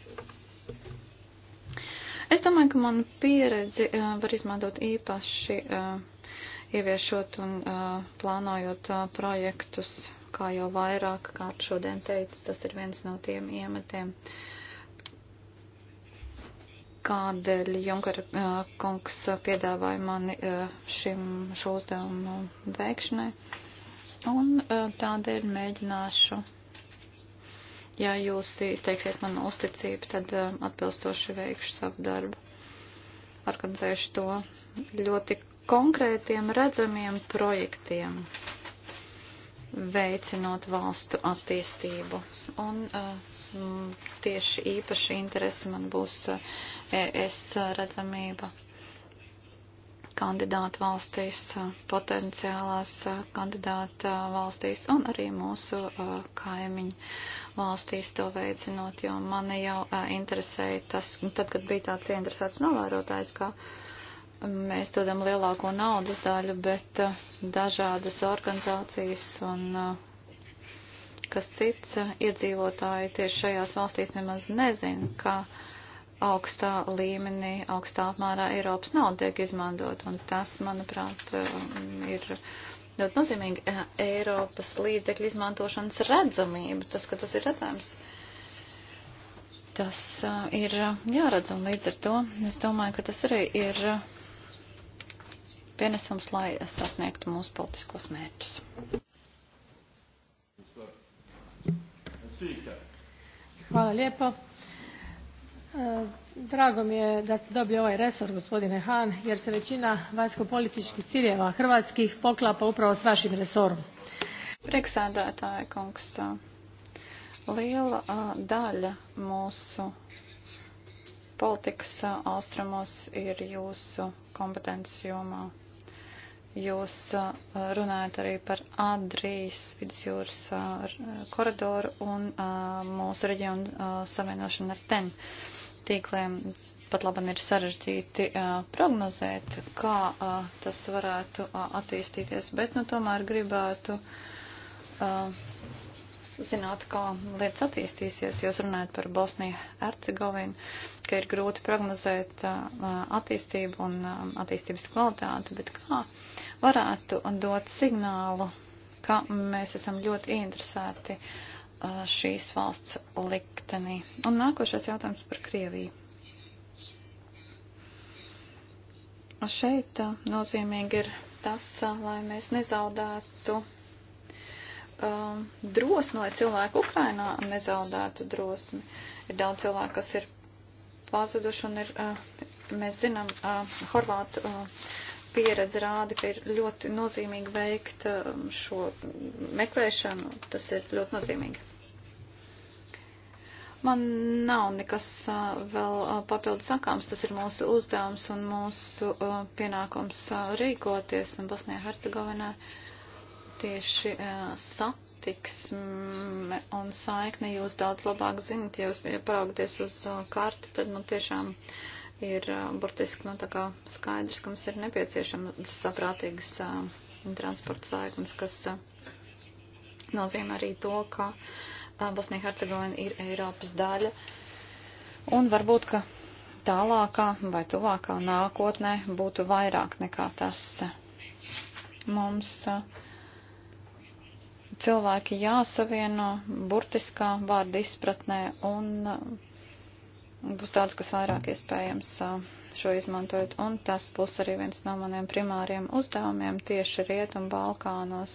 Es domāju, ka manu pieredzi uh, eh, var izmantot īpaši uh, ieviešot un uh, plānojot uh, projektus, kā jau vairāk kārt šodien teicu, tas ir viens no tiem iemetiem. Kādēļ Junkara uh, kungs piedāvāja mani uh, šim šo uzdevumu veikšanai? Un uh, tādēļ mēģināšu Ja jūs izteiksiet man uzticību, tad um, atbilstoši veikšu savu darbu. Organizēšu to ļoti konkrētiem redzamiem projektiem, veicinot valstu attīstību. Un uh, tieši īpaši interesi man būs uh, ES redzamība kandidāta valstīs, uh, potenciālās uh, kandidāta uh, valstīs un arī mūsu uh, kaimiņu valstīs to veicinot, jo mani jau interesēja tas, tad, kad bija tāds ieinteresēts novērotājs, ka um, mēs dodam lielāko naudas daļu, bet dažādas organizācijas un kas cits iedzīvotāji tieši šajās valstīs nemaz nezina, ka augstā līmenī, augstā apmērā Eiropas nauda tiek izmantot, un tas, manuprāt, ir ļoti nozīmīgi eh, Eiropas līdzekļu izmantošanas redzamība, tas, ka tas ir redzams. Tas eh, ir eh, jāredz un līdz ar to es domāju, ka tas arī ir pienesums, lai sasniegtu mūsu politiskos mērķus. Hvala lijepo. Eh, drago mi je da ste dobili ovaj resor gospodine hahn jer se većina vanjskopolitičkih ciljeva hrvatskih poklapa upravo s vašim resorom. Priekšsēdētāja kungs, liela daļa mūsu politikas austrumos ir jūsu kompetences jomā. Jūs runājat arī par Adrijas vidusjūras koridoru un mūsu reģionu savienošanu ar TEN. Uh, tīkliem pat labam ir sarežģīti uh, prognozēt, kā uh, tas varētu uh, attīstīties, bet nu tomēr gribētu uh, zināt, kā lietas attīstīsies. Jūs runājat par Bosniju Hercegovinu, ka ir grūti prognozēt uh, attīstību un uh, attīstības kvalitāti, bet kā varētu dot signālu, ka mēs esam ļoti interesēti uh, šīs valsts likteni. Un nākošais jautājums par Krieviju. Šeit nozīmīgi ir tas, lai mēs nezaudētu um, drosmi, lai cilvēki Ukrainā nezaudētu drosmi. Ir daudz cilvēku, kas ir pazuduši un ir, uh, mēs zinām, uh, Horvātu. Uh, pieredze rāda, ka ir ļoti nozīmīgi veikt šo meklēšanu. Tas ir ļoti nozīmīgi. Man nav nekas vēl papildu sakāms, tas ir mūsu uzdevums un mūsu pienākums rīkoties un Bosnijā Hercegovinā tieši satiksme un saikne jūs daudz labāk zinat, ja jūs paraugaties uz karti, tad nu tiešām ir burtiski nu tā kā skaidrs, ka mums ir nepieciešama saprātīgas transporta saiknes, kas nozīmē arī to, ka uh, Bosnija Hercegovina ir Eiropas daļa. Un varbūt, ka tālākā vai tuvākā nākotnē būtu vairāk nekā tas. Mums cilvēki jāsavieno burtiskā vārda izpratnē un būs tāds, kas vairāk iespējams šo izmantojot. Un tas būs arī viens no maniem primāriem uzdevumiem tieši Rietum Balkānos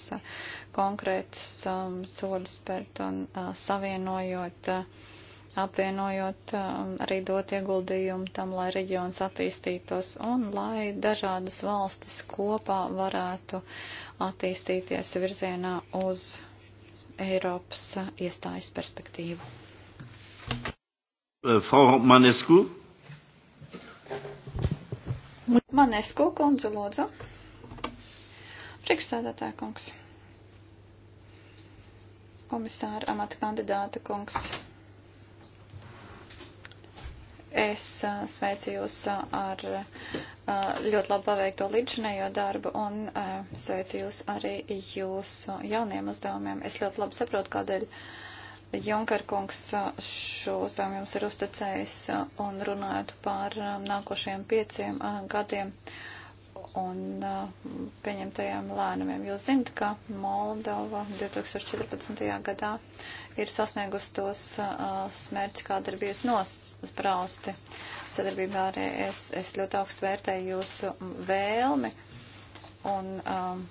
konkrēts um, solis spērt un uh, savienojot, uh, apvienojot um, arī dot ieguldījumu tam, lai reģions attīstītos un lai dažādas valstis kopā varētu attīstīties virzienā uz Eiropas uh, iestājas perspektīvu. Euh, Frau Manescu. Manescu, kundze, lūdzu. Priekšsēdētāja kungs. Komisāra amata kandidāta kungs. Es sveicu jūs ar ļoti labi paveikto līdzinējo darbu un sveicu jūs arī jūsu jauniem uzdevumiem. Es ļoti labi saprotu, kādēļ. Uh, Junkarkungs šo uzdevumu jums ir uzticējis un runājot par nākošajiem pieciem gadiem un pieņemtajiem lēnumiem. Jūs zinat, ka Moldova 2014. gadā ir sasniegusi tos smērķus, kāda ir bijusi nosprausti sadarbībā ar ES. Es ļoti augstu vērtēju jūsu vēlmi un. Um,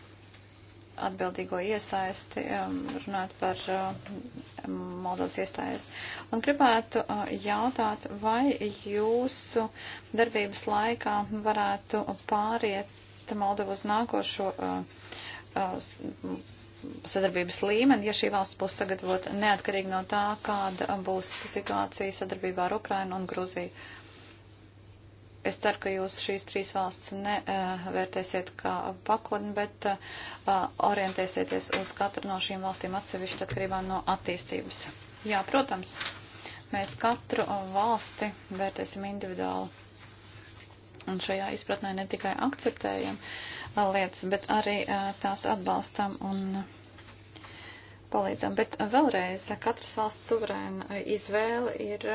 atbildīgo iesaisti, um, runāt par uh, Moldovas iestājas. Un gribētu uh, jautāt, vai jūsu darbības laikā varētu pāriet Moldovu uz nākošo uh, sadarbības līmeni, ja šī valsts būs sagatavot neatkarīgi no tā, kāda būs situācija sadarbībā ar Ukrainu un Gruziju. Es ceru, ka jūs šīs trīs valsts nevērtēsiet kā pakotni, bet uh, orientēsieties uz katru no šīm valstīm atsevišķi atkarībā no attīstības. Jā, protams, mēs katru valsti vērtēsim individuāli. Un šajā izpratnē ne tikai akceptējam uh, lietas, bet arī uh, tās atbalstam un palīdzam. Bet vēlreiz, katras valsts suverēna izvēle ir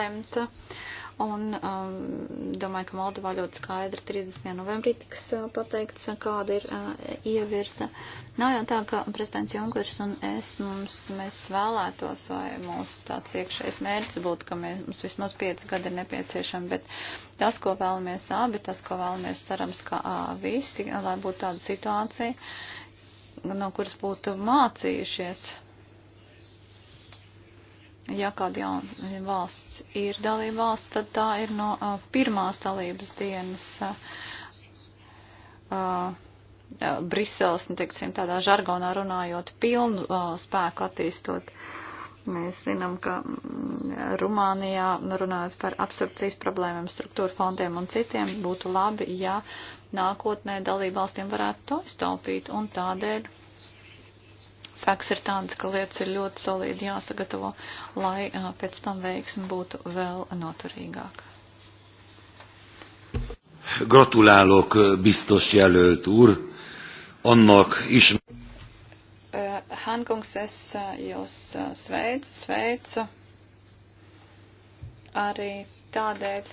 lemta. Uh, Un um, domāju, ka Moldovā ļoti skaidri 30. novembrī tiks uh, pateikts, uh, kāda ir uh, ievirsa. Nav jau tā, ka prezidents Junkers un es, mums, mēs vēlētos, vai mūsu tāds iekšējais mērķis būtu, ka mēs, mums vismaz 5 gadi ir nepieciešami, bet tas, ko vēlamies abi, tas, ko vēlamies cerams, ka uh, visi, lai būtu tāda situācija, no kuras būtu mācījušies ja kāda jauna valsts ir dalība valsts, tad tā ir no uh, pirmās dalības dienas uh, uh, Briseles, nu, teiksim, tādā žargonā runājot, pilnu uh, spēku attīstot. Mēs zinām, ka mm, Rumānijā, runājot par absorpcijas problēmām, struktūra fondiem un citiem, būtu labi, ja nākotnē dalībvalstīm varētu to iztaupīt un tādēļ Sāks ir tāds, ka lietas ir ļoti solīdi jāsagatavo, lai pēc tam veiksmi būtu vēl noturīgāka. Gratulálok, biztos jelölt úr, annak is. Hankungs, es jūs sveicu, sveicu arī tādēļ,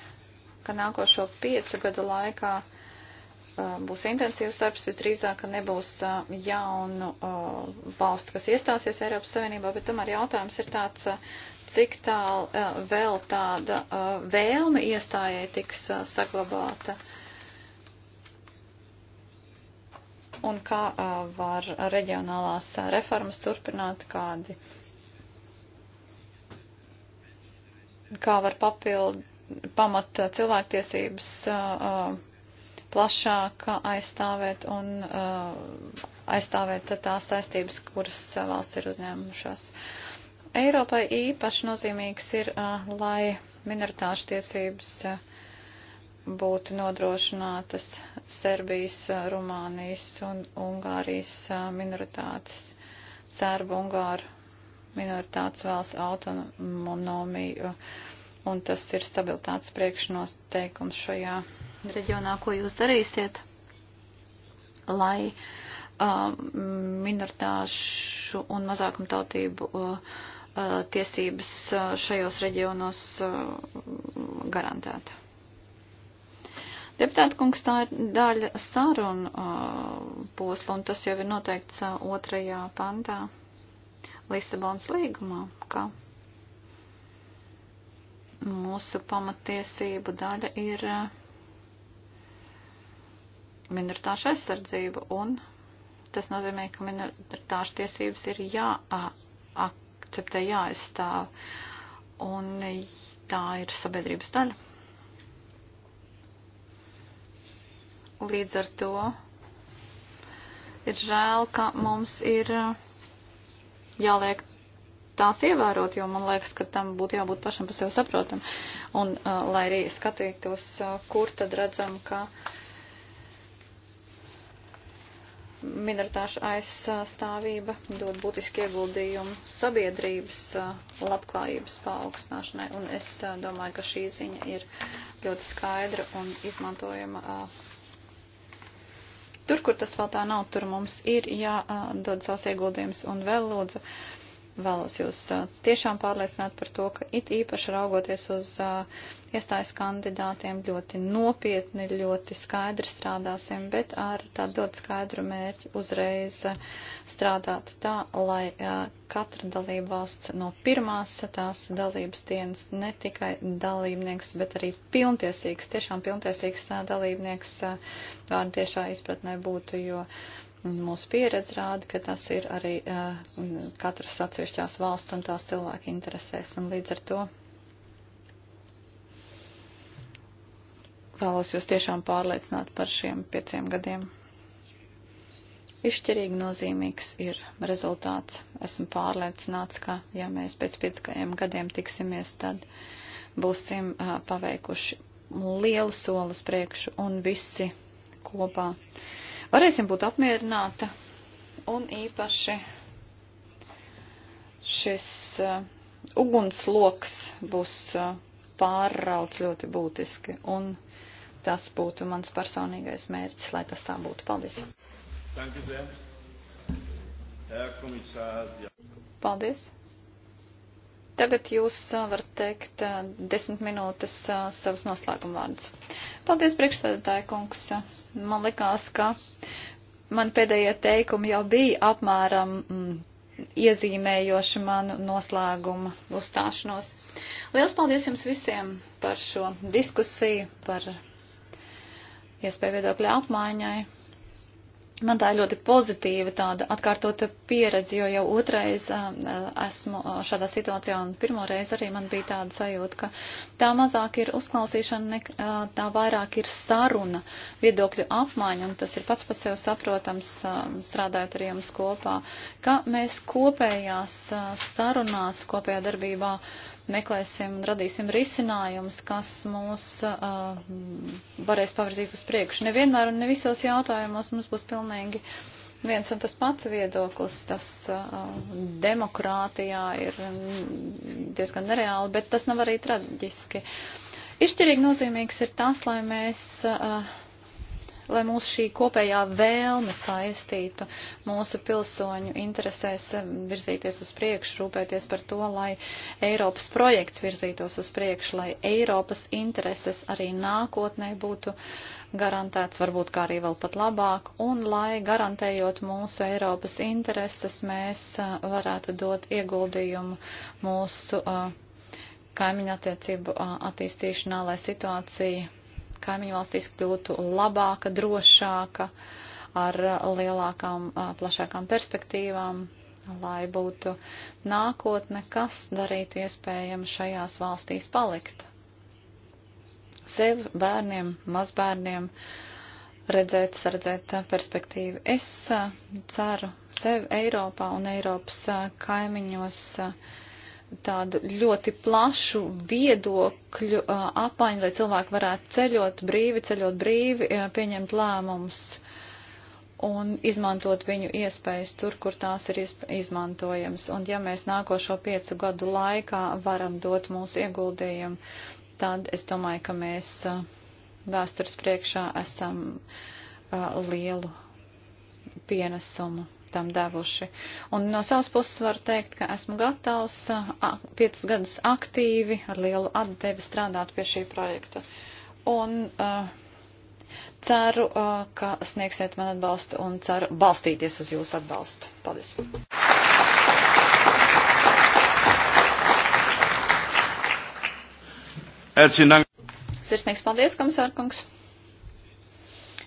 ka nākošo piecu gadu laikā Uh, būs intensīvs darbs, visdrīzāk nebūs uh, jaunu uh, valstu, kas iestāsies Eiropas Savienībā, bet tomēr jautājums ir tāds, cik tālu vēl tāda vēlme iestājai tiks saglabāta un kā var reģionālās reformas turpināt kādi, kā var papildu pamat cilvēktiesības. Uh, plašāk aizstāvēt un uh, aizstāvēt tās saistības, kuras valsts ir uzņēmušās. Eiropai īpaši nozīmīgs ir, uh, lai minoritāšu tiesības uh, būtu nodrošinātas Serbijas, uh, Rumānijas un Ungārijas uh, minoritātes, Sērbu, Ungāru minoritātes vēlas autonomiju, uh, un tas ir stabilitātes priekšnoteikums šajā reģionā, ko jūs darīsiet, lai uh, minoritāšu un mazākumtautību uh, uh tiesības uh, šajos reģionos uh, garantētu. Deputāta kungs tā ir daļa saruna posla, un tas jau ir noteikts otrajā pantā Lisabonas līgumā, ka mūsu pamatiesību daļa ir. Uh, minoritāšu aizsardzību, un tas nozīmē, ka minoritāšu tiesības ir jāakceptē, jāaizstāv, un tā ir sabiedrības daļa. Līdz ar to ir žēl, ka mums ir jāliek tās ievērot, jo man liekas, ka tam būtu jābūt pašam par sevi saprotam. Un, uh, lai arī skatītos, uh, kur tad redzam, ka uh, minoritāšu aizstāvība dod būtiski ieguldījumu sabiedrības labklājības paaugstināšanai, un es domāju, ka šī ziņa ir ļoti skaidra un izmantojama. Tur, kur tas vēl tā nav, tur mums ir jādod savus ieguldījumus, un vēl lūdzu vēlos jūs tiešām pārliecināt par to, ka it īpaši raugoties uz iestājas kandidātiem ļoti nopietni, ļoti skaidri strādāsim, bet ar tādu ļoti skaidru mērķi uzreiz strādāt tā, lai katra dalība valsts no pirmās tās dalības dienas ne tikai dalībnieks, bet arī pilntiesīgs, tiešām pilntiesīgs dalībnieks vārdu tiešā izpratnē būtu, jo. Uh, Mūsu pieredze rāda, ka tas ir arī eh, katras atsevišķās valsts un tās cilvēku interesēs. Un līdz ar to vēlos jūs tiešām pārliecināt par šiem pieciem gadiem. Išķirīgi nozīmīgs ir rezultāts. Esmu pārliecināts, ka ja mēs pēc pieciem gadiem tiksimies, tad būsim uh, paveikuši lielu solus priekšu un visi kopā. Uh, varēsim būt apmierināta un īpaši šis uh, ugunsloks būs uh, pārrauc ļoti būtiski un tas būtu mans personīgais mērķis, lai tas tā būtu. Paldies! Paldies! tagad jūs varat teikt desmit minūtes savus noslēguma vārdus. Paldies, priekšstādātāja kungs. Man likās, ka man pēdējie teikumi jau bija apmēram mm, iezīmējoši manu noslēguma uzstāšanos. Liels paldies jums visiem par šo diskusiju, par iespēju viedokļu apmaiņai. Man tā ir ļoti pozitīva tāda atkārtota pieredze, jo jau otrais esmu šādā situācijā un pirmoreiz arī man bija tāda sajūta, ka tā mazāk ir uzklausīšana, tā vairāk ir saruna, viedokļu apmaiņa, un tas ir pats par sevi saprotams, strādājot ar jums kopā, ka mēs kopējās sarunās, kopējā darbībā uh, meklēsim un radīsim risinājumus, kas mūs uh, varēs pavirzīt uz priekšu. Nevienmēr un ne visos jautājumos mums būs pilnīgi viens un tas pats viedoklis. Tas uh, demokrātijā ir diezgan nereāli, bet tas nav arī traģiski. Išķirīgi nozīmīgs ir tas, lai mēs. Uh, lai mūs šī kopējā vēlme saistītu mūsu pilsoņu interesēs eh, virzīties uz priekšu, rūpēties par to, lai Eiropas projekts virzītos uz priekšu, lai Eiropas intereses arī nākotnē būtu garantēts, varbūt kā arī vēl pat labāk, un lai garantējot mūsu Eiropas intereses, mēs eh, varētu dot ieguldījumu mūsu eh, kaimiņu attiecību attīstīšanā, lai situācija kaimiņu valstīs kļūtu labāka, drošāka, ar lielākām, plašākām perspektīvām, lai būtu nākotne, kas darītu iespējami šajās valstīs palikt. Sev, bērniem, mazbērniem redzēt, saredzēt perspektīvu. Es ceru sev Eiropā un Eiropas kaimiņos. Uh, tādu ļoti plašu viedokļu uh, apaņu, lai cilvēki varētu ceļot brīvi, ceļot brīvi, uh, pieņemt lēmumus un izmantot viņu iespējas tur, kur tās ir izmantojams. Un ja mēs nākošo piecu gadu laikā varam dot mūsu ieguldījumu, tad es domāju, ka mēs uh, vēstures priekšā esam lielu pienesumu tam devuši. Un no savas puses varu teikt, ka esmu gatavs piecas gadus aktīvi ar lielu atdevi strādāt pie šī projekta. Un uh, ceru, uh, ka sniegsiet man atbalstu un ceru balstīties uz jūsu atbalstu. Paldies! Sirsnīgs paldies, komisārkungs!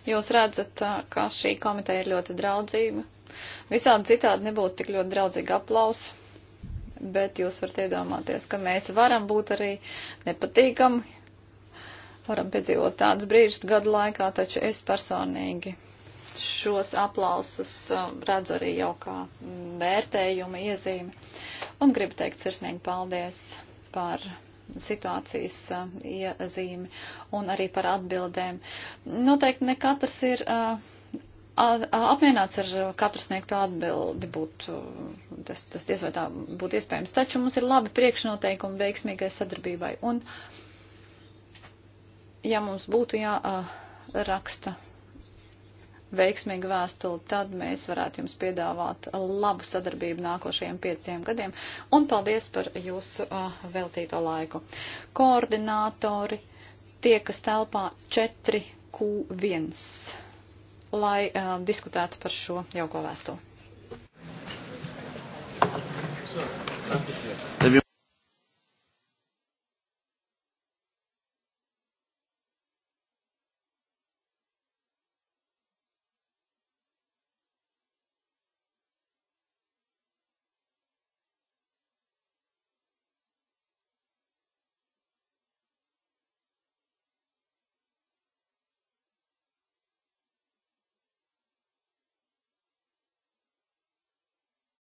Jūs redzat, ka šī komiteja ir ļoti draudzība Visādi citādi nebūtu tik ļoti draudzīgi aplaus, bet jūs varat iedomāties, ka mēs varam būt arī nepatīkami, varam piedzīvot tādus brīžus gadu laikā, taču es personīgi šos aplausus um, redzu arī jau kā vērtējuma iezīme. Un gribu teikt sirsnīgi paldies par situācijas um, iezīmi un arī par atbildēm. Noteikti ne katrs ir. Uh, apmienāts ar uh, katru sniegto atbildi būtu, uh, tas, tas diez vai tā būtu iespējams. Taču mums ir labi priekšnoteikumi veiksmīgai sadarbībai. Un, ja mums būtu jāraksta veiksmīga vēstule, tad mēs varētu jums piedāvāt labu sadarbību nākošajiem pieciem gadiem. Un paldies par jūsu veltīto laiku. Koordinātori tie, kas telpā 4Q1 lai uh, diskutētu par šo jauko vēstuli.